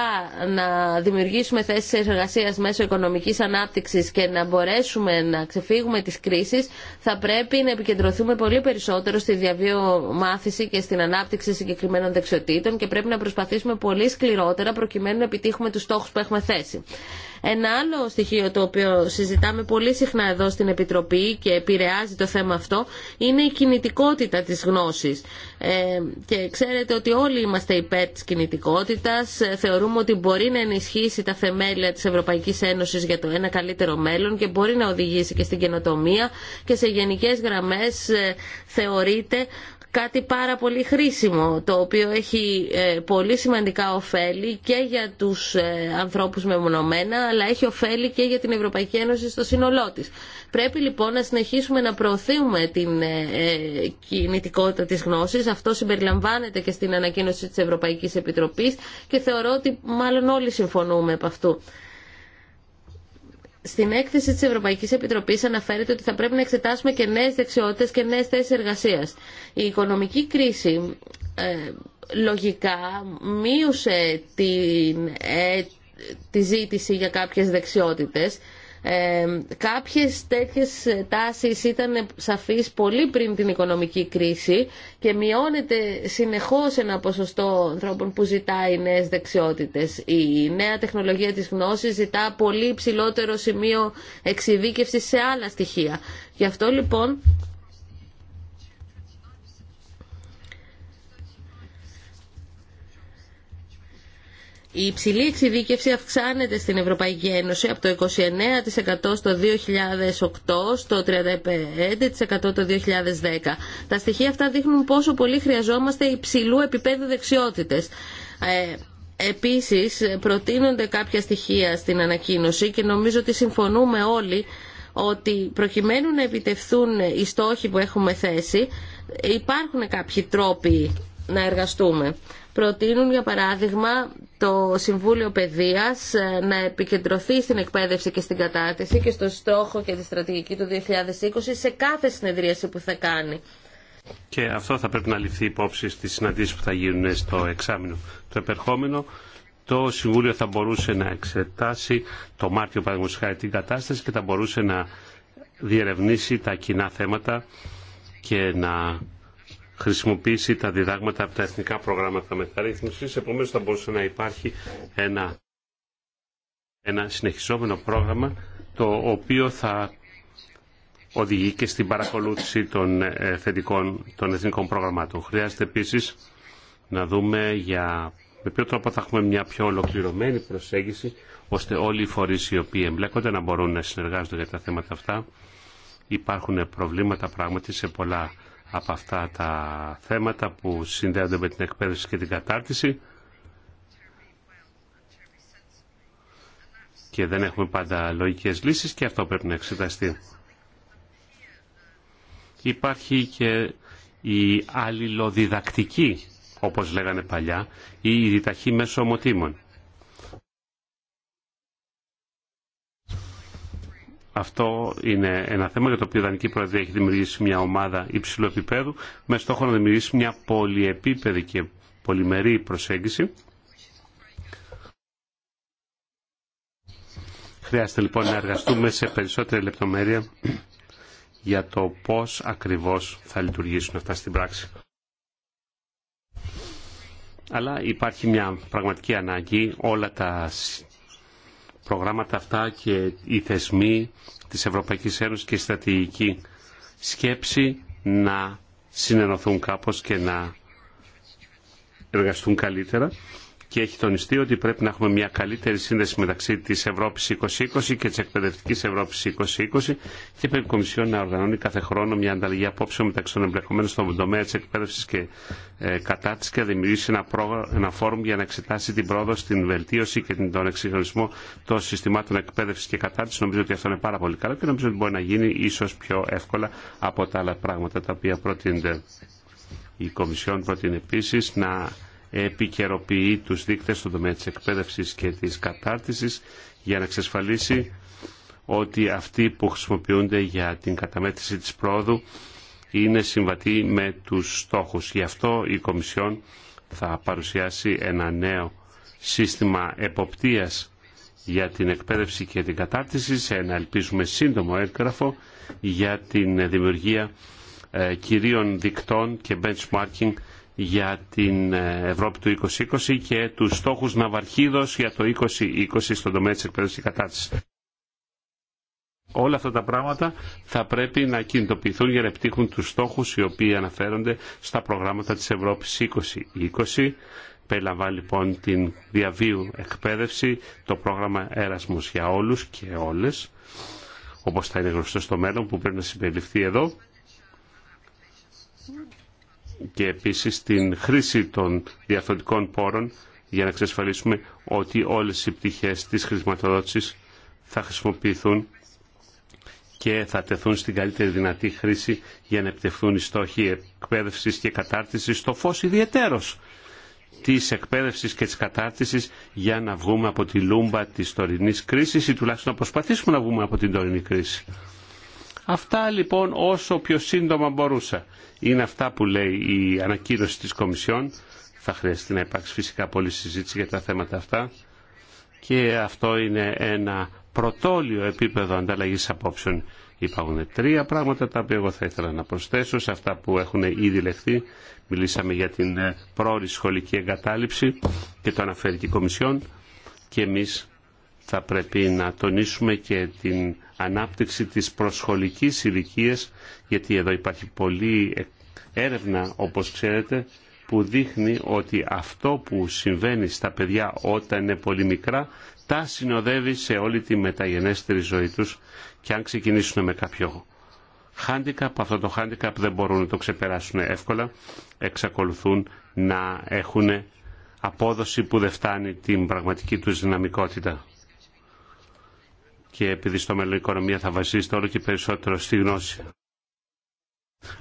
να δημιουργήσουμε θέσεις εργασία μέσω οικονομικής ανάπτυξης και να μπορέσουμε να ξεφύγουμε τη κρίση, θα πρέπει να επικεντρωθούμε πολύ περισσότερο στη διαβίωμαθηση και στην ανάπτυξη συγκεκριμένων δεξιοτήτων και πρέπει να προσπαθήσουμε πολύ σκληρότερα προκειμένου να επιτύχουμε του στόχου που έχουμε θέσει. Ένα άλλο στοιχείο το οποίο συζητάμε πολύ συχνά εδώ στην Επιτροπή και επηρεάζει το θέμα αυτό είναι η κινητικότητα της γνώσης. Ε, και ξέρετε ότι όλοι είμαστε υπέρ της κινητικότητας. Ε, θεωρούμε ότι μπορεί να ενισχύσει τα θεμέλια της Ευρωπαϊκής Ένωσης για το ένα καλύτερο μέλλον και μπορεί να οδηγήσει και στην καινοτομία και σε γενικές γραμμές ε, θεωρείται κάτι πάρα πολύ χρήσιμο, το οποίο έχει ε, πολύ σημαντικά ωφέλη και για τους ε, ανθρώπους μεμονωμένα, αλλά έχει ωφέλη και για την Ευρωπαϊκή Ένωση στο σύνολό της. Πρέπει λοιπόν να συνεχίσουμε να προωθούμε την ε, κινητικότητα της γνώσης. Αυτό συμπεριλαμβάνεται και στην ανακοίνωση της Ευρωπαϊκής Επιτροπής και θεωρώ ότι μάλλον όλοι συμφωνούμε από αυτού. Στην έκθεση της Ευρωπαϊκής Επιτροπής αναφέρεται ότι θα πρέπει να εξετάσουμε και νέες δεξιότητες και νέες θέσεις εργασίας. Η οικονομική κρίση ε, λογικά μείωσε την, ε, τη ζήτηση για κάποιες δεξιότητες ε, κάποιες τέτοιες τάσεις ήταν σαφείς πολύ πριν την οικονομική κρίση και μειώνεται συνεχώς ένα ποσοστό ανθρώπων που ζητάει νέες δεξιότητες. Η νέα τεχνολογία της γνώσης ζητά πολύ ψηλότερο σημείο εξειδίκευσης σε άλλα στοιχεία. Γι' αυτό λοιπόν Η υψηλή εξειδίκευση αυξάνεται στην Ευρωπαϊκή Ένωση από το 29% στο 2008 στο 35% το 2010. Τα στοιχεία αυτά δείχνουν πόσο πολύ χρειαζόμαστε υψηλού επίπεδου δεξιότητες. Ε, επίσης, προτείνονται κάποια στοιχεία στην ανακοίνωση και νομίζω ότι συμφωνούμε όλοι ότι προκειμένου να επιτευθούν οι στόχοι που έχουμε θέσει, υπάρχουν κάποιοι τρόποι να εργαστούμε προτείνουν για παράδειγμα το Συμβούλιο Παιδείας ε, να επικεντρωθεί στην εκπαίδευση και στην κατάρτιση και στο στόχο και τη στρατηγική του 2020 σε κάθε συνεδρίαση που θα κάνει. Και αυτό θα πρέπει να ληφθεί υπόψη στις συναντήσεις που θα γίνουν στο εξάμεινο το επερχόμενο. Το Συμβούλιο θα μπορούσε να εξετάσει το Μάρτιο παραδείγματος την κατάσταση και θα μπορούσε να διερευνήσει τα κοινά θέματα και να χρησιμοποιήσει τα διδάγματα από τα εθνικά προγράμματα μεταρρύθμισης. Επομένως θα μπορούσε να υπάρχει ένα, ένα συνεχιζόμενο πρόγραμμα το οποίο θα οδηγεί και στην παρακολούθηση των, ε, θετικών, των εθνικών προγραμμάτων. Χρειάζεται επίσης να δούμε για με ποιο τρόπο θα έχουμε μια πιο ολοκληρωμένη προσέγγιση ώστε όλοι οι φορείς οι οποίοι εμπλέκονται να μπορούν να συνεργάζονται για τα θέματα αυτά. Υπάρχουν προβλήματα πράγματι σε πολλά από αυτά τα θέματα που συνδέονται με την εκπαίδευση και την κατάρτιση και δεν έχουμε πάντα λογικές λύσεις και αυτό πρέπει να εξεταστεί. Υπάρχει και η αλληλοδιδακτική, όπως λέγανε παλιά, ή η διταχή μέσω ομοτήμων. Αυτό είναι ένα θέμα για το οποίο η Δανική Προεδρία έχει δημιουργήσει μια ομάδα υψηλού επίπεδου με στόχο να δημιουργήσει μια πολυεπίπεδη και πολυμερή προσέγγιση. Χρειάζεται λοιπόν να εργαστούμε σε περισσότερη λεπτομέρεια για το πώς ακριβώς θα λειτουργήσουν αυτά στην πράξη. Αλλά υπάρχει μια πραγματική ανάγκη όλα τα προγράμματα αυτά και οι θεσμοί της Ευρωπαϊκής Ένωσης και η στρατηγική σκέψη να συνενωθούν κάπως και να εργαστούν καλύτερα και έχει τονιστεί ότι πρέπει να έχουμε μια καλύτερη σύνδεση μεταξύ της Ευρώπης 2020 και της εκπαιδευτικής Ευρώπης 2020 και πρέπει η Κομισιόν να οργανώνει κάθε χρόνο μια ανταλλαγή απόψεων μεταξύ των εμπλεκομένων στον τομέα της εκπαίδευσης και ε, κατά της και να δημιουργήσει ένα, προ, ένα φόρουμ για να εξετάσει την πρόοδο στην βελτίωση και τον εξυγχρονισμό των συστημάτων εκπαίδευσης και κατά της. Νομίζω ότι αυτό είναι πάρα πολύ καλό και νομίζω ότι μπορεί να γίνει ίσως πιο εύκολα από τα άλλα πράγματα τα οποία προτείνεται. Η Κομισιόν προτείνει επίσης να επικαιροποιεί τους δείκτες στον τομέα της εκπαίδευσης και της κατάρτισης για να εξασφαλίσει ότι αυτοί που χρησιμοποιούνται για την καταμέτρηση της πρόοδου είναι συμβατοί με τους στόχους. Γι' αυτό η Κομισιόν θα παρουσιάσει ένα νέο σύστημα εποπτείας για την εκπαίδευση και την κατάρτιση σε ένα ελπίζουμε σύντομο έγγραφο για την δημιουργία ε, κυρίων δικτών και benchmarking για την ε, Ευρώπη του 2020 και τους στόχους Ναυαρχίδος για το 2020 στον τομέα της εκπαίδευσης και κατάρτισης. Όλα αυτά τα πράγματα θα πρέπει να κινητοποιηθούν για να επιτύχουν τους στόχους οι οποίοι αναφέρονται στα προγράμματα της Ευρώπης 2020. Περιλαμβάνει λοιπόν την διαβίου εκπαίδευση, το πρόγραμμα Έρασμος για όλους και όλες, όπως θα είναι γνωστό στο μέλλον που πρέπει να συμπεριληφθεί εδώ και επίσης την χρήση των διαφορετικών πόρων για να εξασφαλίσουμε ότι όλες οι πτυχές της χρηματοδότησης θα χρησιμοποιηθούν και θα τεθούν στην καλύτερη δυνατή χρήση για να επιτευχθούν οι στόχοι εκπαίδευση και κατάρτιση στο φω ιδιαίτερος τη εκπαίδευση και τη κατάρτιση για να βγούμε από τη λούμπα τη τωρινή κρίση ή τουλάχιστον να προσπαθήσουμε να βγούμε από την τωρινή κρίση. Αυτά λοιπόν όσο πιο σύντομα μπορούσα. Είναι αυτά που λέει η ανακοίνωση της Κομισιόν. Θα χρειαστεί να υπάρξει φυσικά πολλή συζήτηση για τα θέματα αυτά. Και αυτό είναι ένα πρωτόλιο επίπεδο ανταλλαγής απόψεων. Υπάρχουν τρία πράγματα τα οποία εγώ θα ήθελα να προσθέσω σε αυτά που έχουν ήδη λεχθεί. Μιλήσαμε για την ε, πρόορη σχολική εγκατάλειψη και το αναφέρει και η Κομισιόν και εμείς θα πρέπει να τονίσουμε και την ανάπτυξη της προσχολικής ηλικία, γιατί εδώ υπάρχει πολλή έρευνα όπως ξέρετε που δείχνει ότι αυτό που συμβαίνει στα παιδιά όταν είναι πολύ μικρά τα συνοδεύει σε όλη τη μεταγενέστερη ζωή τους και αν ξεκινήσουν με κάποιο χάντικαπ, αυτό το χάντικαπ δεν μπορούν να το ξεπεράσουν εύκολα, εξακολουθούν να έχουν απόδοση που δεν φτάνει την πραγματική τους δυναμικότητα και επειδή στο μέλλον η οικονομία θα βασίζεται όλο και περισσότερο στη γνώση.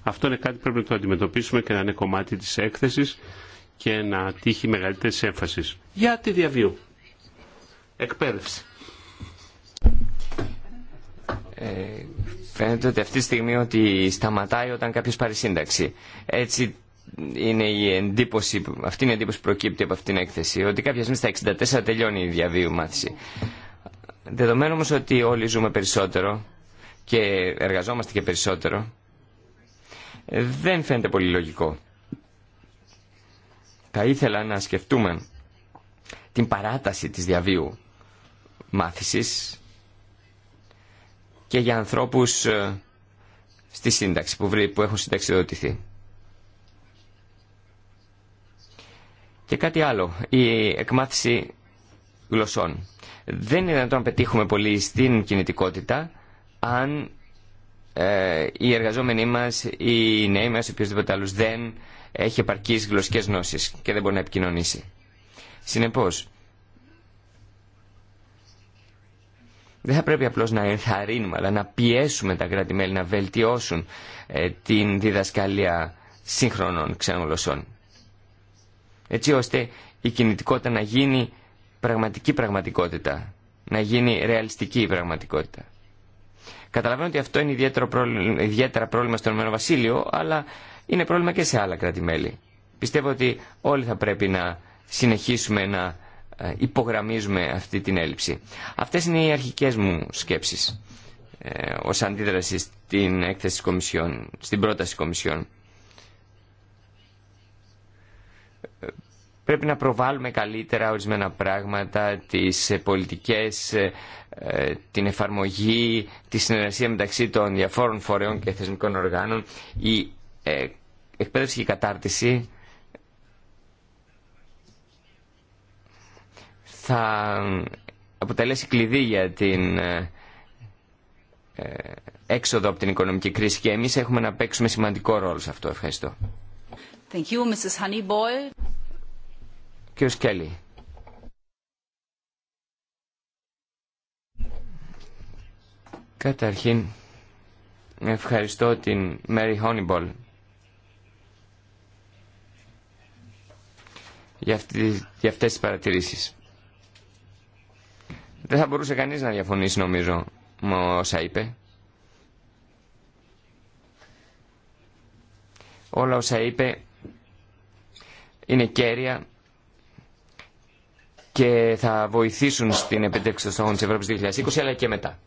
Αυτό είναι κάτι που πρέπει να το αντιμετωπίσουμε και να είναι κομμάτι τη έκθεση και να τύχει μεγαλύτερη έμφασης. Για τη διαβίου. Εκπαίδευση. Ε, φαίνεται ότι αυτή τη στιγμή ότι σταματάει όταν κάποιο πάρει σύνταξη. Έτσι είναι η εντύπωση, αυτή είναι η εντύπωση που προκύπτει από αυτή την έκθεση, ότι κάποια στιγμή στα 64 τελειώνει η διαβίου μάθηση. Δεδομένου όμως ότι όλοι ζούμε περισσότερο και εργαζόμαστε και περισσότερο, δεν φαίνεται πολύ λογικό. Θα ήθελα να σκεφτούμε την παράταση της διαβίου μάθησης και για ανθρώπους ε, στη σύνταξη, που έχουν συνταξιδοτηθεί. Και κάτι άλλο, η εκμάθηση γλωσσών. Δεν είναι δυνατόν να πετύχουμε πολύ στην κινητικότητα αν ε, οι εργαζόμενοι μας, οι νέοι μας, οποιοδήποτε άλλους δεν έχει επαρκείς γλωσσικές γνώσεις και δεν μπορεί να επικοινωνήσει. Συνεπώς, δεν θα πρέπει απλώς να ενθαρρύνουμε, αλλά να πιέσουμε τα κράτη-μέλη να βελτιώσουν ε, την διδασκαλία σύγχρονων ξένων γλωσσών. Έτσι ώστε η κινητικότητα να γίνει πραγματική πραγματικότητα, να γίνει ρεαλιστική η πραγματικότητα. Καταλαβαίνω ότι αυτό είναι ιδιαίτερο πρόβλημα, ιδιαίτερα πρόβλημα στον Ηνωμένο αλλά είναι πρόβλημα και σε άλλα κράτη-μέλη. Πιστεύω ότι όλοι θα πρέπει να συνεχίσουμε να ε, υπογραμμίζουμε αυτή την έλλειψη. Αυτές είναι οι αρχικές μου σκέψεις ε, ως αντίδραση στην έκθεση της στην πρόταση της Κομισιόν. Πρέπει να προβάλλουμε καλύτερα ορισμένα πράγματα, τις ε, πολιτικές, ε, ε, την εφαρμογή, τη συνεργασία μεταξύ των διαφόρων φορεών και θεσμικών οργάνων, η εκπαίδευση και η κατάρτιση θα αποτελέσει κλειδί για την έξοδο από την οικονομική κρίση και εμείς έχουμε να παίξουμε σημαντικό ρόλο σε αυτό. Ευχαριστώ. Thank you, Mrs. Κύριος Κέλλη. Καταρχήν, ευχαριστώ την Μέρι Χόνιμπολ για, για αυτές τις παρατηρήσεις. Δεν θα μπορούσε κανείς να διαφωνήσει νομίζω με όσα είπε. Όλα όσα είπε είναι κέρια και θα βοηθήσουν στην επίτευξη των στόχων της Ευρώπης 2020 αλλά και μετά.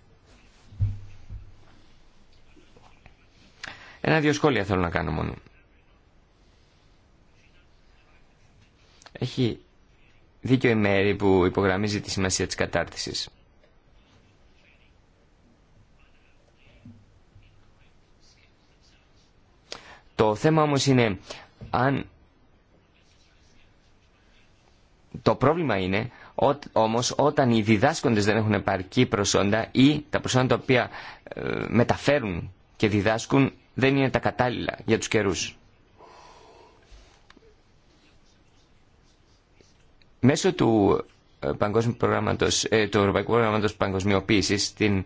Ένα-δύο σχόλια θέλω να κάνω μόνο. Έχει δίκιο η μέρη που υπογραμμίζει τη σημασία της κατάρτισης. Το θέμα όμως είναι αν το πρόβλημα είναι όμως όταν οι διδάσκοντες δεν έχουν επαρκή προσόντα ή τα προσόντα τα οποία ε, μεταφέρουν και διδάσκουν δεν είναι τα κατάλληλα για τους καιρούς. Μέσω του, ε, παγκόσμιου προγράμματος, ε, του Ευρωπαϊκού Προγράμματος Παγκοσμιοποίησης στην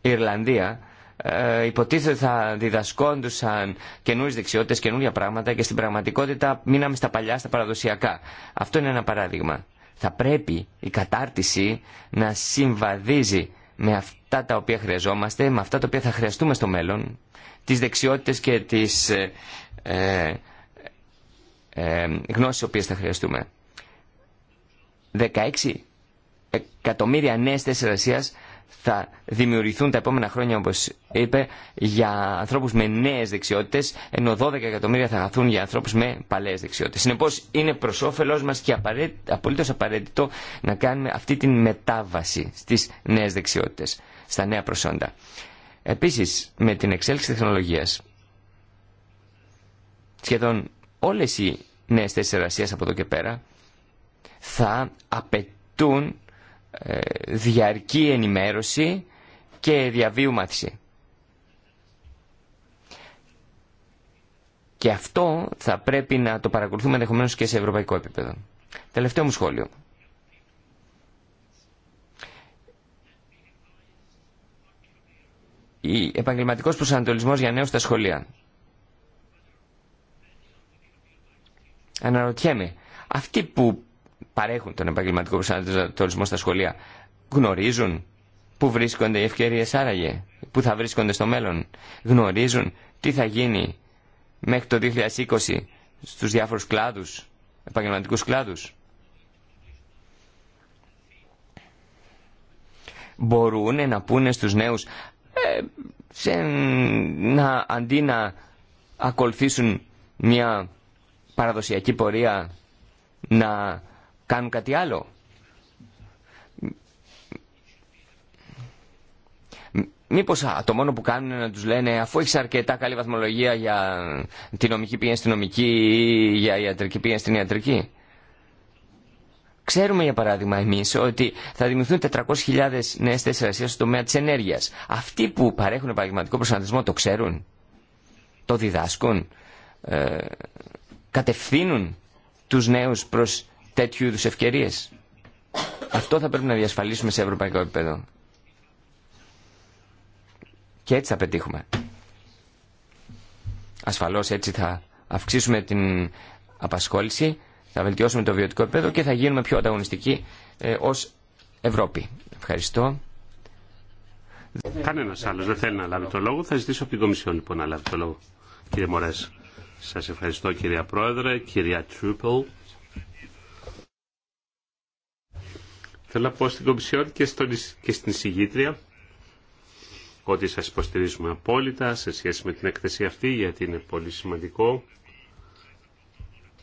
Ιρλανδία ε, υποτίθεται θα διδασκόντουσαν καινούριε δεξιότητε, καινούρια πράγματα και στην πραγματικότητα μείναμε στα παλιά, στα παραδοσιακά. Αυτό είναι ένα παράδειγμα. Θα πρέπει η κατάρτιση να συμβαδίζει με αυτά τα οποία χρειαζόμαστε, με αυτά τα οποία θα χρειαστούμε στο μέλλον, τις δεξιότητες και τις ε, ε, ε, θα χρειαστούμε. 16 εκατομμύρια νέε θέσει εργασία θα δημιουργηθούν τα επόμενα χρόνια, όπω είπε, για ανθρώπους με νέες δεξιότητες, ενώ 12 εκατομμύρια θα χαθούν για ανθρώπους με παλαιές δεξιότητες. Συνεπώς είναι προ όφελο μας και απολύτω απαραίτητο να κάνουμε αυτή τη μετάβαση στις νέες δεξιότητες, στα νέα προσόντα. Επίσης, με την εξέλιξη τεχνολογίας, σχεδόν όλε οι νέε θέσει εργασία από εδώ και πέρα θα απαιτούν ε, διαρκή ενημέρωση και διαβίου Και αυτό θα πρέπει να το παρακολουθούμε ενδεχομένω και σε ευρωπαϊκό επίπεδο. Τελευταίο μου σχόλιο. Η επαγγελματικός προσανατολισμός για νέους στα σχολεία. Αναρωτιέμαι, αυτοί που παρέχουν τον επαγγελματικό προσανατολισμό στα σχολεία γνωρίζουν πού βρίσκονται οι ευκαιρίε άραγε, πού θα βρίσκονται στο μέλλον. Γνωρίζουν τι θα γίνει μέχρι το 2020 στους διάφορους κλάδους, επαγγελματικούς κλάδους. Μπορούν να πούνε στους νέους «Ε, σε, να, αντί να ακολουθήσουν μια παραδοσιακή πορεία να κάνουν κάτι άλλο. Μήπω το μόνο που κάνουν είναι να του λένε αφού έχει αρκετά καλή βαθμολογία για την νομική πήγαινε στη νομική ή για ιατρική πήγαινε στην ιατρική. Ξέρουμε για παράδειγμα εμεί ότι θα δημιουργηθούν 400.000 νέε θέσει ...στο στον τομέα τη ενέργεια. Αυτοί που παρέχουν επαγγελματικό προσανατολισμό το ξέρουν, το διδάσκουν, ε, κατευθύνουν του νέου προ τέτοιου είδου ευκαιρίε. Αυτό θα πρέπει να διασφαλίσουμε σε ευρωπαϊκό επίπεδο. Και έτσι θα πετύχουμε. Ασφαλώς έτσι θα αυξήσουμε την απασχόληση, θα βελτιώσουμε το βιωτικό επίπεδο και θα γίνουμε πιο ανταγωνιστικοί ε, ως Ευρώπη. Ευχαριστώ. Κανένα άλλο δεν θέλει να λάβει το λόγο. Θα ζητήσω από την Κομισιόν λοιπόν να λάβει το λόγο. Κύριε σα ευχαριστώ κυρία Πρόεδρε, κυρία Τρούπελ. Θέλω να πω στην Κομισιόν και, και στην Συγήτρια ότι σας υποστηρίζουμε απόλυτα σε σχέση με την εκθεσία αυτή γιατί είναι πολύ σημαντικό,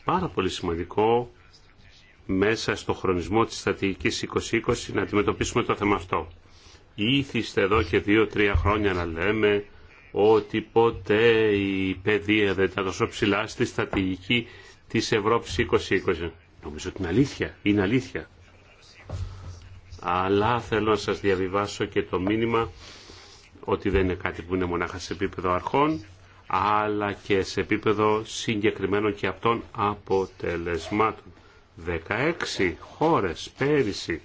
πάρα πολύ σημαντικό μέσα στο χρονισμό της στρατηγικής 2020 να αντιμετωπίσουμε το θέμα αυτό. Ήθιστε εδώ και δύο-τρία χρόνια να λέμε ότι ποτέ η παιδεία δεν ήταν τόσο ψηλά στη στρατηγική της Ευρώπης 2020. Νομίζω ότι είναι αλήθεια. Είναι αλήθεια αλλά θέλω να σας διαβιβάσω και το μήνυμα ότι δεν είναι κάτι που είναι μονάχα σε επίπεδο αρχών, αλλά και σε επίπεδο συγκεκριμένων και αυτών αποτελεσμάτων. 16 χώρες πέρυσι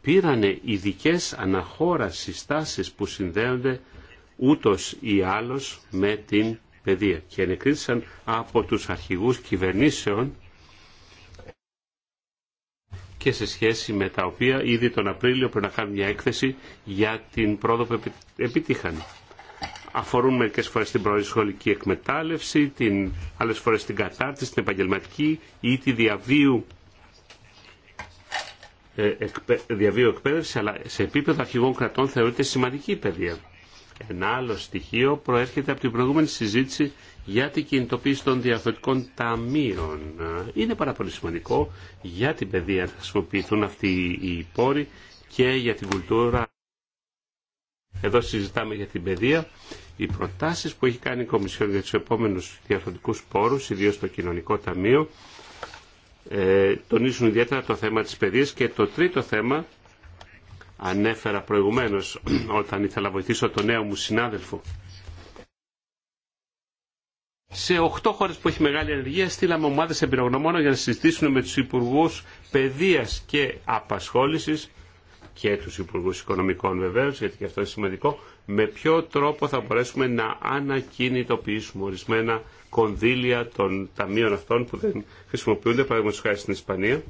πήρανε ειδικέ αναχώρα συστάσεις που συνδέονται ούτως ή άλλως με την παιδεία και ενεκρίθησαν από τους αρχηγούς κυβερνήσεων και σε σχέση με τα οποία ήδη τον Απρίλιο πρέπει να κάνουν μια έκθεση για την πρόοδο που επιτύχαν. Αφορούν μερικέ φορέ την προορισχολική εκμετάλλευση, την, άλλες φορές την κατάρτιση, την επαγγελματική ή τη διαβίου, ε, εκπαίδευση, αλλά σε επίπεδο αρχηγών κρατών θεωρείται σημαντική η τη διαβιου εκπαιδευση αλλα σε επιπεδο αρχηγων κρατων θεωρειται σημαντικη η παιδεια ένα άλλο στοιχείο προέρχεται από την προηγούμενη συζήτηση για την κινητοποίηση των διαφθορτικών ταμείων. Είναι πάρα πολύ σημαντικό για την παιδεία να χρησιμοποιηθούν αυτοί οι πόροι και για την κουλτούρα. Εδώ συζητάμε για την παιδεία. Οι προτάσεις που έχει κάνει η Κομισιόν για τους επόμενους διαρθρωτικούς πόρους, ιδίως το Κοινωνικό Ταμείο, ε, τονίζουν ιδιαίτερα το θέμα της παιδείας και το τρίτο θέμα ανέφερα προηγουμένως όταν ήθελα να βοηθήσω τον νέο μου συνάδελφο. Σε 8 χώρε που έχει μεγάλη ενεργεία στείλαμε ομάδε εμπειρογνωμόνων για να συζητήσουν με του υπουργού παιδεία και απασχόληση και του υπουργού οικονομικών βεβαίω, γιατί και αυτό είναι σημαντικό, με ποιο τρόπο θα μπορέσουμε να ανακινητοποιήσουμε ορισμένα κονδύλια των ταμείων αυτών που δεν χρησιμοποιούνται, παραδείγματο χάρη στην Ισπανία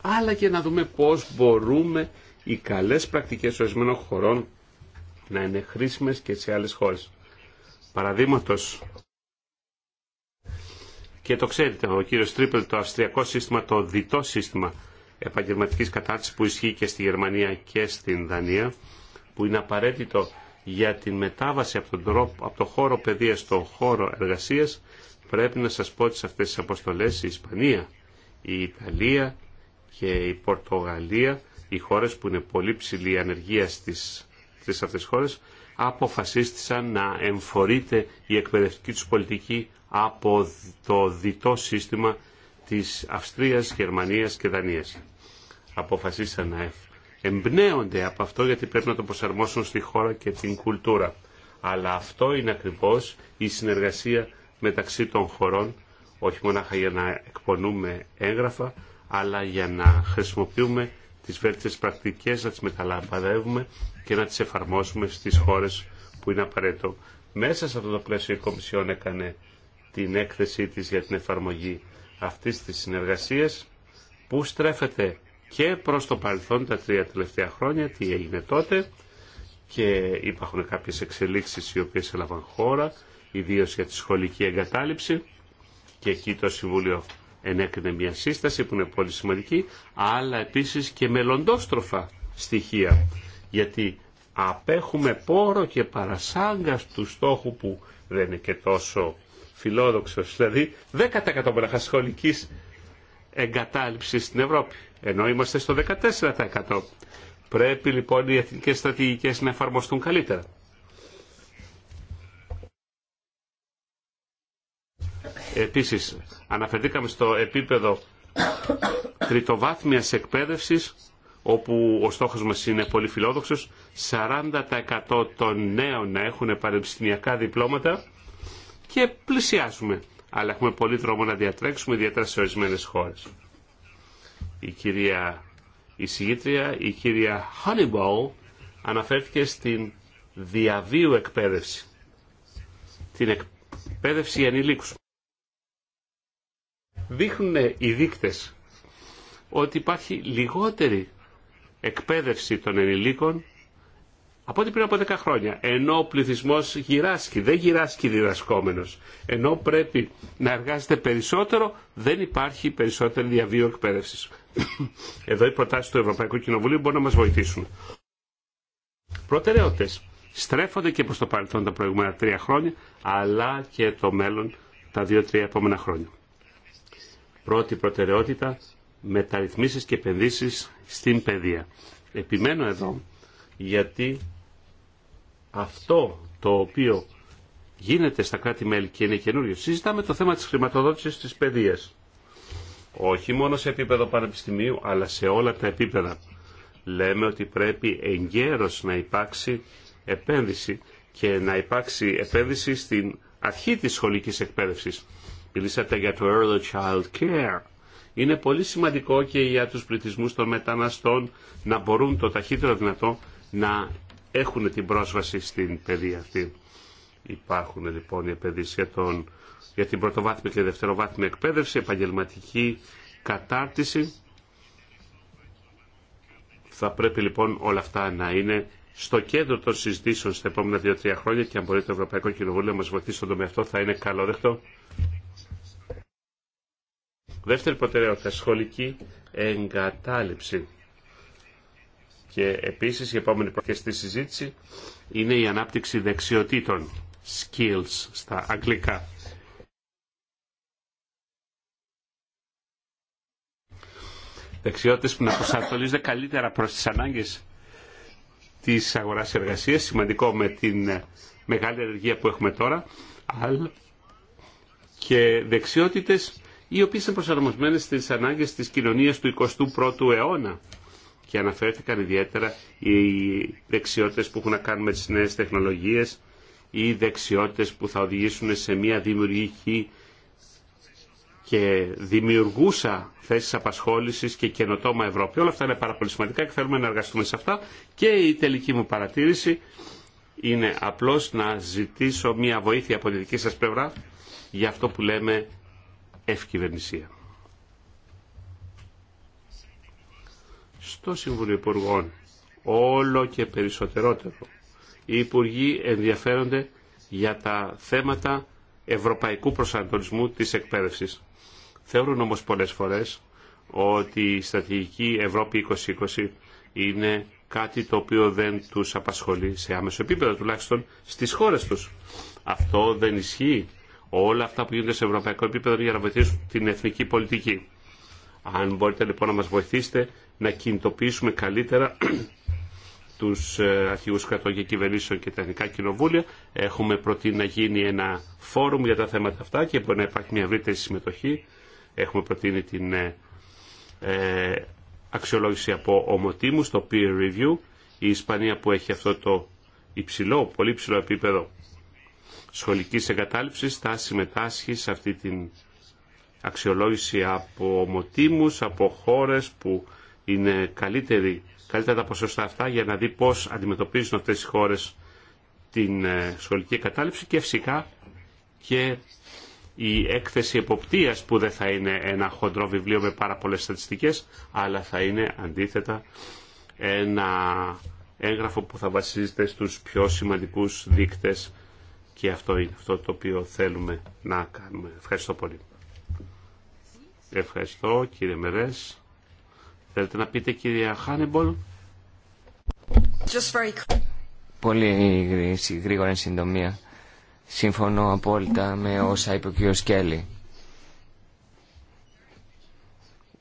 αλλά και να δούμε πώς μπορούμε οι καλές πρακτικές ορισμένων χωρών να είναι χρήσιμες και σε άλλες χώρες. Παραδείγματος, και το ξέρετε ο κύριο Τρίπελ, το αυστριακό σύστημα, το διτό σύστημα επαγγελματικής κατάρτισης που ισχύει και στη Γερμανία και στην Δανία, που είναι απαραίτητο για την μετάβαση από τον, χώρο παιδεία στο χώρο εργασία πρέπει να σα πω ότι σε αυτές τις αποστολές η Ισπανία, η Ιταλία και η Πορτογαλία, οι χώρες που είναι πολύ ψηλή η ανεργία στις, στις αυτές τις χώρες, αποφασίστησαν να εμφορείται η εκπαιδευτική τους πολιτική από το διτό σύστημα της Αυστρίας, Γερμανίας και Δανίας. Αποφασίσαν να εμπνέονται από αυτό γιατί πρέπει να το προσαρμόσουν στη χώρα και την κουλτούρα. Αλλά αυτό είναι ακριβώς η συνεργασία μεταξύ των χωρών, όχι μόνο για να εκπονούμε έγγραφα, αλλά για να χρησιμοποιούμε τις βέλτιστες πρακτικές, να τις μεταλαμπαδεύουμε και να τις εφαρμόσουμε στις χώρες που είναι απαραίτητο. Μέσα σε αυτό το πλαίσιο η Κομισιόν έκανε την έκθεσή της για την εφαρμογή αυτής της συνεργασίας που στρέφεται και προς το παρελθόν τα τρία τελευταία χρόνια, τι έγινε τότε και υπάρχουν κάποιες εξελίξεις οι οποίες έλαβαν χώρα, ιδίως για τη σχολική εγκατάλειψη και εκεί το Συμβούλιο ενέκρινε μια σύσταση που είναι πολύ σημαντική, αλλά επίσης και μελλοντόστροφα στοιχεία. Γιατί απέχουμε πόρο και παρασάγκα του στόχου που δεν είναι και τόσο φιλόδοξος, δηλαδή 10% μοναχασχολικής εγκατάλειψης στην Ευρώπη, ενώ είμαστε στο 14%. Πρέπει λοιπόν οι εθνικές στρατηγικές να εφαρμοστούν καλύτερα. Επίσης, Αναφερθήκαμε στο επίπεδο τριτοβάθμιας εκπαίδευσης, όπου ο στόχος μας είναι πολύ φιλόδοξος, 40% των νέων να έχουν πανεπιστημιακά διπλώματα και πλησιάζουμε. Αλλά έχουμε πολύ δρόμο να διατρέξουμε, ιδιαίτερα σε ορισμένε χώρες. Η κυρία η η κυρία Honeyball, αναφέρθηκε στην διαβίου εκπαίδευση. Την εκπαίδευση ενηλίκους δείχνουν οι δείκτες ότι υπάρχει λιγότερη εκπαίδευση των ενηλίκων από ό,τι πριν από 10 χρόνια. Ενώ ο πληθυσμό γυράσκει, δεν γυράσκει διδασκόμενο. Ενώ πρέπει να εργάζεται περισσότερο, δεν υπάρχει περισσότερη διαβίω εκπαίδευση. Εδώ οι προτάσει του Ευρωπαϊκού Κοινοβουλίου μπορούν να μα βοηθήσουν. Προτεραιότητε. Στρέφονται και προ το παρελθόν τα προηγούμενα τρία χρόνια, αλλά και το μέλλον τα δύο-τρία επόμενα χρόνια πρώτη προτεραιότητα μεταρρυθμίσεις και επενδύσεις στην παιδεία. Επιμένω εδώ γιατί αυτό το οποίο γίνεται στα κράτη-μέλη και είναι καινούριο. Συζητάμε το θέμα της χρηματοδότησης της παιδείας. Όχι μόνο σε επίπεδο πανεπιστημίου, αλλά σε όλα τα επίπεδα. Λέμε ότι πρέπει εγκαίρως να υπάρξει επένδυση και να υπάρξει επένδυση στην αρχή της σχολικής εκπαίδευσης. Μιλήσατε για το early child care. Είναι πολύ σημαντικό και για τους πληθυσμούς των μεταναστών να μπορούν το ταχύτερο δυνατό να έχουν την πρόσβαση στην παιδεία αυτή. Υπάρχουν λοιπόν οι επενδύσεις για, τον, για την πρωτοβάθμια και δευτεροβάθμια εκπαίδευση, επαγγελματική κατάρτιση. Θα πρέπει λοιπόν όλα αυτά να είναι στο κέντρο των συζητήσεων στα επόμενα 2-3 χρόνια και αν μπορεί το Ευρωπαϊκό Κοινοβούλιο να μας βοηθήσει στον τομέα αυτό θα είναι καλό δεχτό. Δεύτερη προτεραιότητα, σχολική εγκατάλειψη. Και επίσης η επόμενη προτεραιότητα στη συζήτηση είναι η ανάπτυξη δεξιοτήτων, skills στα αγγλικά. Δεξιότητες που να προσαρτολίζονται καλύτερα προς τις ανάγκες της αγοράς εργασίας, σημαντικό με την ε, μεγάλη ενεργεία που έχουμε τώρα, αλλά και δεξιότητες οι οποίες είναι προσαρμοσμένες στις ανάγκες της κοινωνίας του 21ου αιώνα. Και αναφέρθηκαν ιδιαίτερα οι δεξιότητες που έχουν να κάνουν με τις νέες τεχνολογίες ή δεξιότητες που θα οδηγήσουν σε μια δημιουργική και δημιουργούσα θέσεις απασχόλησης και καινοτόμα Ευρώπη. Όλα αυτά είναι πάρα πολύ σημαντικά και θέλουμε να εργαστούμε σε αυτά. Και η τελική μου παρατήρηση είναι απλώς να ζητήσω μια βοήθεια από τη δική σας πλευρά για αυτό που λέμε ευκυβερνησία. Στο Συμβουλίο Υπουργών όλο και περισσότερο οι Υπουργοί ενδιαφέρονται για τα θέματα ευρωπαϊκού προσανατολισμού της εκπαίδευσης. Θεωρούν όμως πολλές φορές ότι η στρατηγική Ευρώπη 2020 είναι κάτι το οποίο δεν τους απασχολεί σε άμεσο επίπεδο τουλάχιστον στις χώρες τους. Αυτό δεν ισχύει όλα αυτά που γίνονται σε ευρωπαϊκό επίπεδο για να βοηθήσουν την εθνική πολιτική. Αν μπορείτε λοιπόν να μας βοηθήσετε να κινητοποιήσουμε καλύτερα τους ε, αρχηγούς κρατών και κυβερνήσεων και τα εθνικά κοινοβούλια. Έχουμε προτείνει να γίνει ένα φόρουμ για τα θέματα αυτά και μπορεί να υπάρχει μια ευρύτερη συμμετοχή. Έχουμε προτείνει την ε, ε αξιολόγηση από ομοτήμους, το peer review. Η Ισπανία που έχει αυτό το υψηλό, πολύ υψηλό επίπεδο σχολικής εγκατάλειψης θα συμμετάσχει σε αυτή την αξιολόγηση από ομοτήμους, από χώρες που είναι καλύτεροι, καλύτερα τα ποσοστά αυτά για να δει πώς αντιμετωπίζουν αυτές οι χώρες την ε, σχολική εγκατάλειψη και φυσικά και η έκθεση εποπτείας που δεν θα είναι ένα χοντρό βιβλίο με πάρα πολλές στατιστικές αλλά θα είναι αντίθετα ένα έγγραφο που θα βασίζεται στους πιο σημαντικούς δείκτες και αυτό είναι αυτό το οποίο θέλουμε να κάνουμε. Ευχαριστώ πολύ. Ευχαριστώ κύριε Μερές. Θέλετε να πείτε κύριε Χάνεμπολ. Πολύ γρήγορα συντομία. Σύμφωνο απόλυτα με όσα είπε ο κύριο Σκέλη.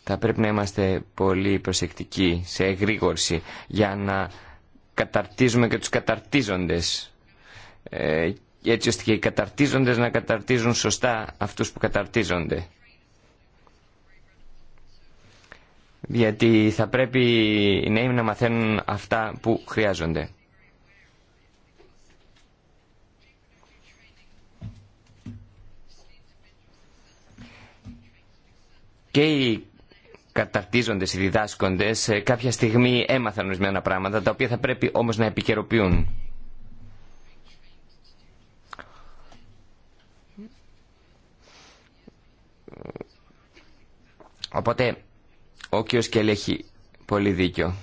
Θα πρέπει να είμαστε πολύ προσεκτικοί σε εγρήγορση για να καταρτίζουμε και τους καταρτίζοντες ε, έτσι ώστε και οι καταρτίζοντες να καταρτίζουν σωστά αυτούς που καταρτίζονται. Γιατί θα πρέπει οι νέοι να μαθαίνουν αυτά που χρειάζονται. Και οι καταρτίζοντες, οι διδάσκοντες ε, κάποια στιγμή έμαθαν ορισμένα πράγματα τα οποία θα πρέπει όμως να επικαιροποιούν. Οπότε ο κ. Σκέλη έχει πολύ δίκιο.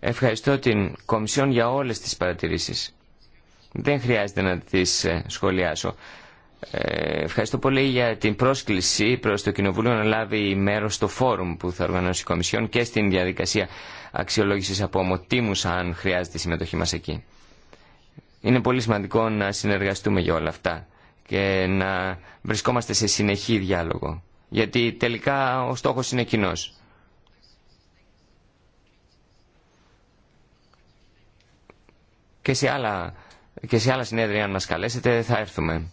Ευχαριστώ την Κομισιόν για όλες τις παρατηρήσεις. Δεν χρειάζεται να τις ε, σχολιάσω. Ε, ευχαριστώ πολύ για την πρόσκληση προς το Κοινοβούλιο να λάβει μέρος στο φόρουμ που θα οργανώσει η Κομισιόν και στην διαδικασία αξιολόγησης από ομοτήμους αν χρειάζεται η συμμετοχή μας εκεί. Είναι πολύ σημαντικό να συνεργαστούμε για όλα αυτά και να βρισκόμαστε σε συνεχή διάλογο. Γιατί τελικά ο στόχος είναι κοινό. Και σε άλλα, και σε άλλα συνέδρια αν μας καλέσετε θα έρθουμε.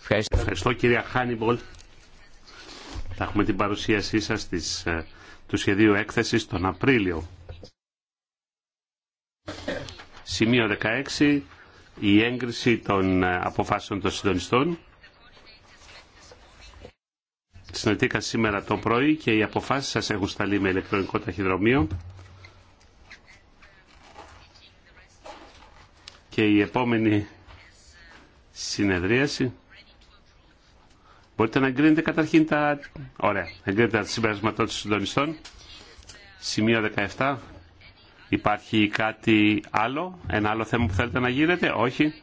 Ευχαριστώ. Ευχαριστώ κυρία Χάνιμπολ. Θα έχουμε την παρουσίασή σας της, ε, του σχεδίου έκθεσης τον Απρίλιο. Σημείο 16 η έγκριση των ε, αποφάσεων των συντονιστών. Συναντήκα σήμερα το πρωί και οι αποφάσεις σας έχουν σταλεί με ηλεκτρονικό ταχυδρομείο. Και η επόμενη συνεδρίαση. Μπορείτε να εγκρίνετε καταρχήν τα... Ωραία, εγκρίνετε τα συμπερασματών των συντονιστών. Σημείο 17. Υπάρχει κάτι άλλο, ένα άλλο θέμα που θέλετε να γίνετε. όχι.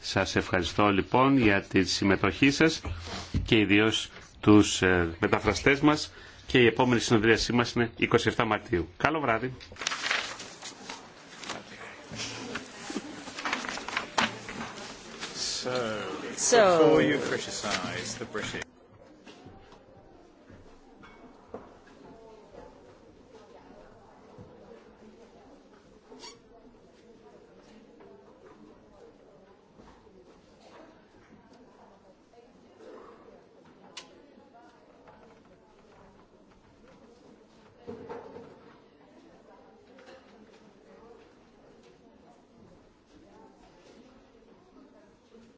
Σας ευχαριστώ λοιπόν για τη συμμετοχή σας και ιδίως τους ε, μεταφραστές μας και η επόμενη συνεδρίασή μας είναι 27 Μαρτίου. Καλό βράδυ. So,